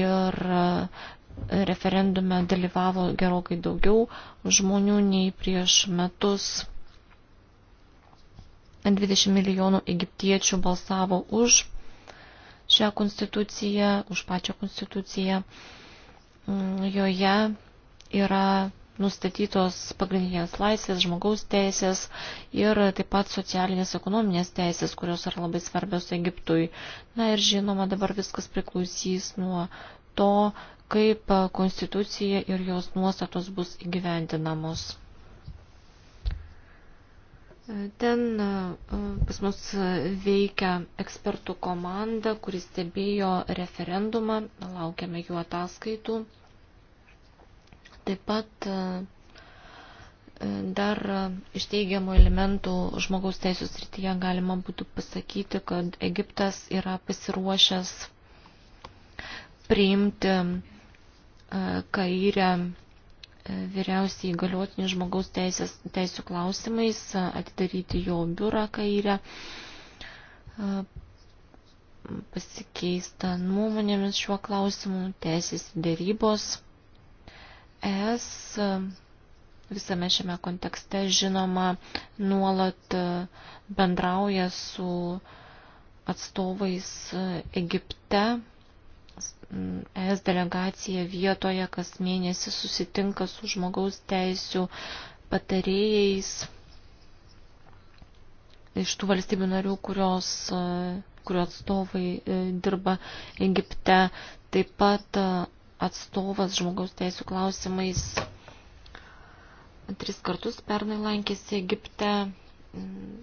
ir referendume dalyvavo gerokai daugiau žmonių nei prieš metus. 20 milijonų egiptiečių balsavo už šią konstituciją, už pačią konstituciją. Uh, Mm, joje yra nustatytos pagrindinės laisvės, žmogaus teisės ir taip pat socialinės ekonominės teisės, kurios yra labai svarbios Egiptui. Na ir žinoma, dabar viskas priklausys nuo to, kaip konstitucija ir jos nuostatos bus įgyvendinamos. Ten e, pas mus veikia ekspertų komanda, kuris stebėjo referendumą, laukiame jų ataskaitų. Taip pat e, dar iš teigiamų elementų žmogaus teisų srityje galima būtų pasakyti, kad Egiptas yra pasiruošęs priimti e, kairę vyriausiai įgaliotinį žmogaus teisės, teisų klausimais, atidaryti jo biurą kairę, pasikeista nuomonėmis šiuo klausimu, teisės dėrybos. Es visame šiame kontekste žinoma nuolat bendrauja su atstovais Egipte ES delegacija vietoje kas mėnesį susitinka su žmogaus teisų patarėjais iš tų valstybių narių, kurios, kurio atstovai e, dirba Egipte. Taip pat e, atstovas žmogaus teisų klausimais tris kartus pernai lankėsi Egipte. Mm,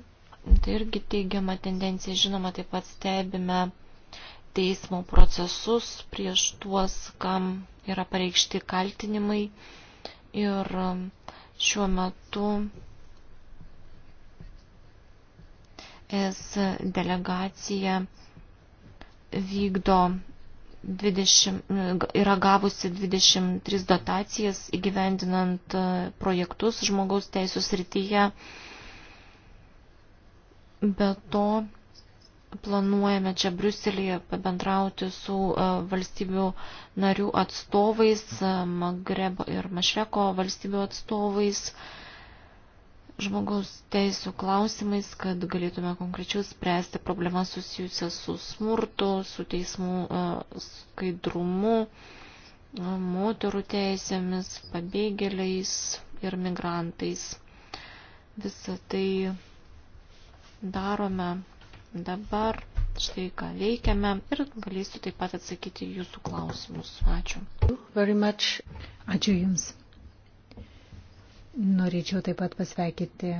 tai irgi teigiama tendencija, žinoma, taip pat stebime teismo procesus prieš tuos, kam yra pareikšti kaltinimai. Ir um, šiuo metu es delegacija vykdo 20, yra gavusi 23 dotacijas įgyvendinant e, projektus žmogaus teisų srityje. Be to planuojame čia Briuselėje pabendrauti su e, valstybių narių atstovais, e, Magrebo ir Mašreko valstybių atstovais, žmogaus teisų klausimais, kad galėtume konkrečiau spręsti problemas susijusias su smurtu, su teismų e, skaidrumu, moterų teisėmis, pabėgėliais ir migrantais. Visą tai darome dabar štai ką veikiame ir galėsiu taip pat atsakyti jūsų klausimus. Ačiū. Ačiū Jums. Norėčiau taip pat pasveikinti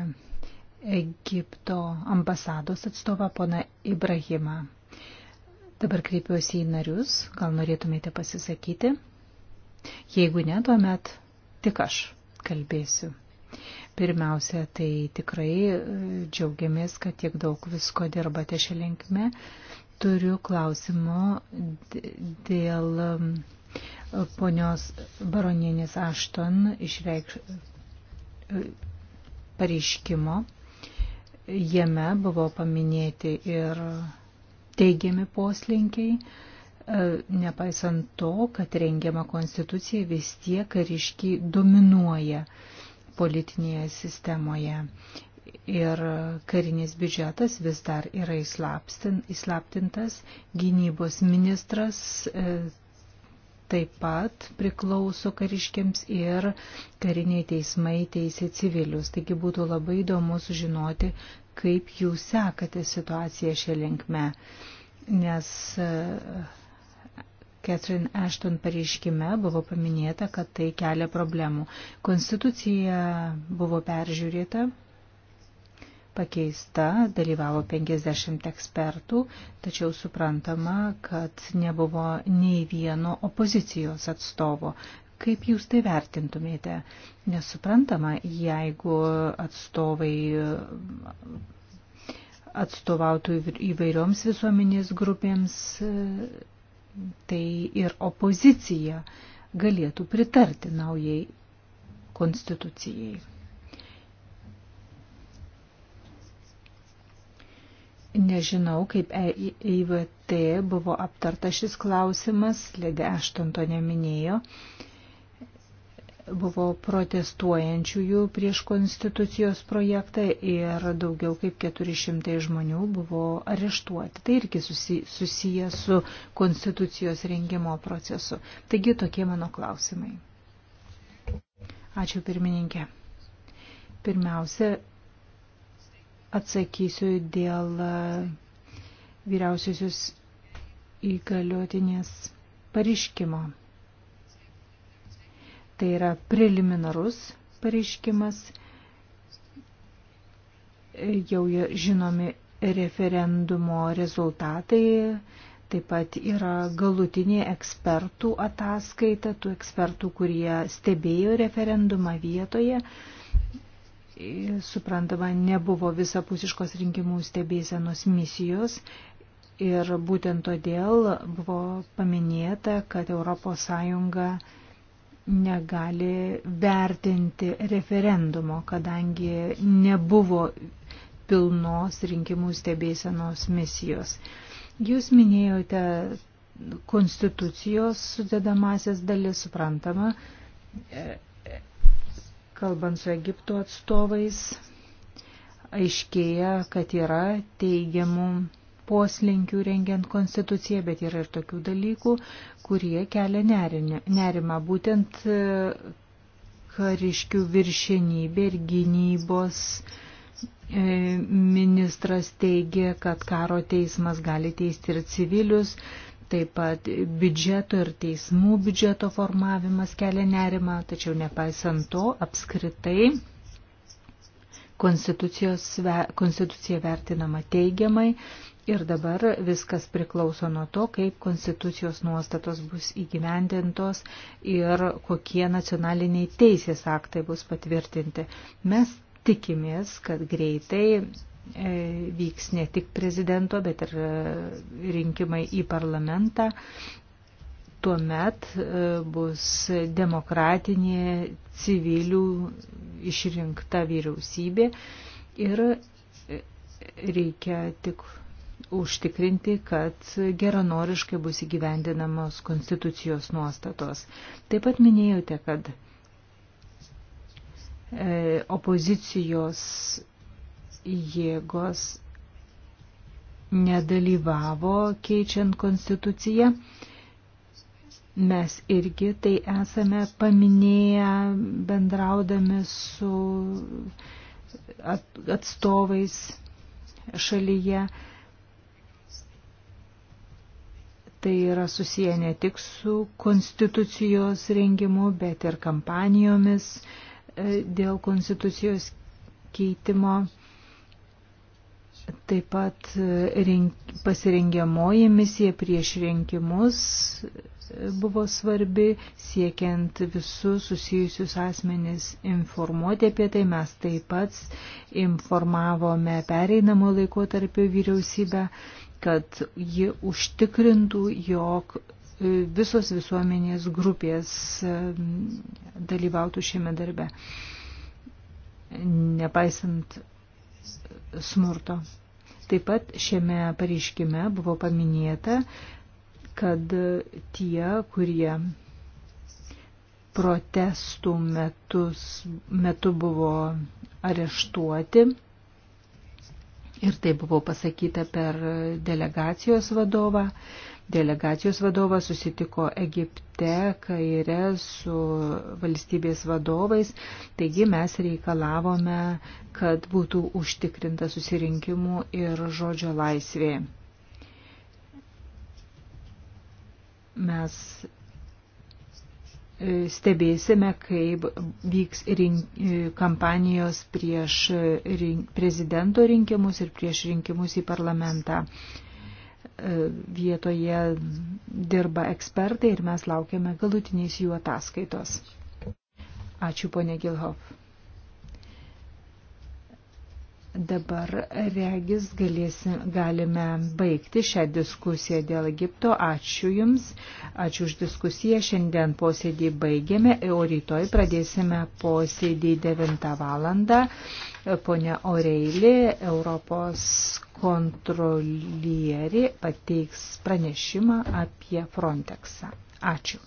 Egipto ambasados atstovą pona Ibrahimą. Dabar kreipiuosi į narius, gal norėtumėte pasisakyti? Jeigu ne, tuomet tik aš kalbėsiu. Pirmiausia, tai tikrai e, džiaugiamės, kad tiek daug visko dirbate šią linkmę. Turiu klausimų dėl e, ponios baronienės Ašton išreikš e, pareiškimo. Jame buvo paminėti ir teigiami poslinkiai nepaisant to, kad rengiama konstitucija vis tiek kariškiai dominuoja politinėje sistemoje. Ir karinis biudžetas vis dar yra įslaptintas, gynybos ministras e, taip pat priklauso kariškiams ir kariniai teismai teisė civilius. Taigi būtų labai įdomu sužinoti, kaip jūs sekate situaciją šią linkmę, nes e, Catherine Ashton pareiškime buvo paminėta, kad tai kelia problemų. Konstitucija buvo peržiūrėta, pakeista, dalyvavo 50 ekspertų, tačiau suprantama, kad nebuvo nei vieno opozicijos atstovo. Kaip jūs tai vertintumėte? Nesuprantama, jeigu atstovai atstovautų įvairioms visuomenės grupėms tai ir opozicija galėtų pritarti naujai konstitucijai. Nežinau, kaip EIVT buvo aptarta šis klausimas, Ledė Ašton to neminėjo. E buvo protestuojančiųjų prieš konstitucijos projektą ir daugiau kaip 400 žmonių buvo areštuoti. Tai irgi susiję su konstitucijos rengimo procesu. Taigi tokie mano klausimai. Ačiū pirmininkė. Pirmiausia, atsakysiu dėl vyriausiosios įgaliotinės pareiškimo. Tai yra preliminarus pareiškimas, jau žinomi referendumo rezultatai, taip pat yra galutinė ekspertų ataskaita, tų ekspertų, kurie stebėjo referendumą vietoje. Suprantama, nebuvo visapusiškos rinkimų stebėsenos misijos, Ir būtent todėl buvo paminėta, kad ES negali vertinti referendumo, kadangi nebuvo pilnos rinkimų stebėsenos misijos. Jūs minėjote konstitucijos sudėdamasias dalis, suprantama, e, kalbant su Egipto atstovais, aiškėja, kad yra teigiamų poslinkių rengiant konstituciją, bet yra ir tokių dalykų, kurie kelia nerimą. Būtent e, kariškių viršenybė ir gynybos e, ministras teigia, kad karo teismas gali teisti ir civilius, taip pat biudžeto ir teismų biudžeto formavimas kelia nerimą, tačiau nepaisant to apskritai konstitucija vertinama teigiamai Ir dabar viskas priklauso nuo to, kaip konstitucijos nuostatos bus įgyvendintos ir kokie nacionaliniai teisės aktai bus patvirtinti. Mes tikimės, kad greitai e, vyks ne tik prezidento, bet ir e, rinkimai į parlamentą. Tuomet e, bus demokratinė civilių išrinkta vyriausybė ir reikia tik užtikrinti, kad geranoriškai bus įgyvendinamos konstitucijos nuostatos. Taip pat minėjote, kad e, opozicijos jėgos nedalyvavo keičiant konstituciją. Mes irgi tai esame paminėję bendraudami su atstovais šalyje. Tai yra susiję ne tik su konstitucijos rengimu, bet ir kampanijomis e, dėl konstitucijos keitimo. Taip pat e, rink, pasirengiamoji misija prieš rinkimus e, buvo svarbi, siekiant visus susijusius asmenys informuoti apie tai. Mes taip pat informavome pereinamo laiko tarp vyriausybę kad ji užtikrintų, jog e, visos visuomenės grupės e, dalyvautų šiame darbe, nepaisant smurto. Taip pat šiame pareiškime buvo paminėta, kad tie, kurie protestų metus, metu buvo areštuoti, Ir tai buvo pasakyta per delegacijos vadovą. Delegacijos vadovas susitiko Egipte, Kaire su valstybės vadovais, taigi mes reikalavome, kad būtų užtikrinta susirinkimų ir žodžio laisvė. Mes stebėsime, kaip vyks rink, kampanijos prieš rink, prezidento rinkimus ir prieš rinkimus į parlamentą. E, vietoje dirba ekspertai ir mes laukiame galutiniais jų ataskaitos. Ačiū, ponė Gilhoff. Dabar regis galėsim, galime baigti šią diskusiją dėl Egipto. Ačiū Jums, ačiū už diskusiją. Šiandien posėdį baigėme, o rytoj pradėsime posėdį 9 val. Pone Oreilį, Europos kontrolieri pateiks pranešimą apie Frontexą. Ačiū.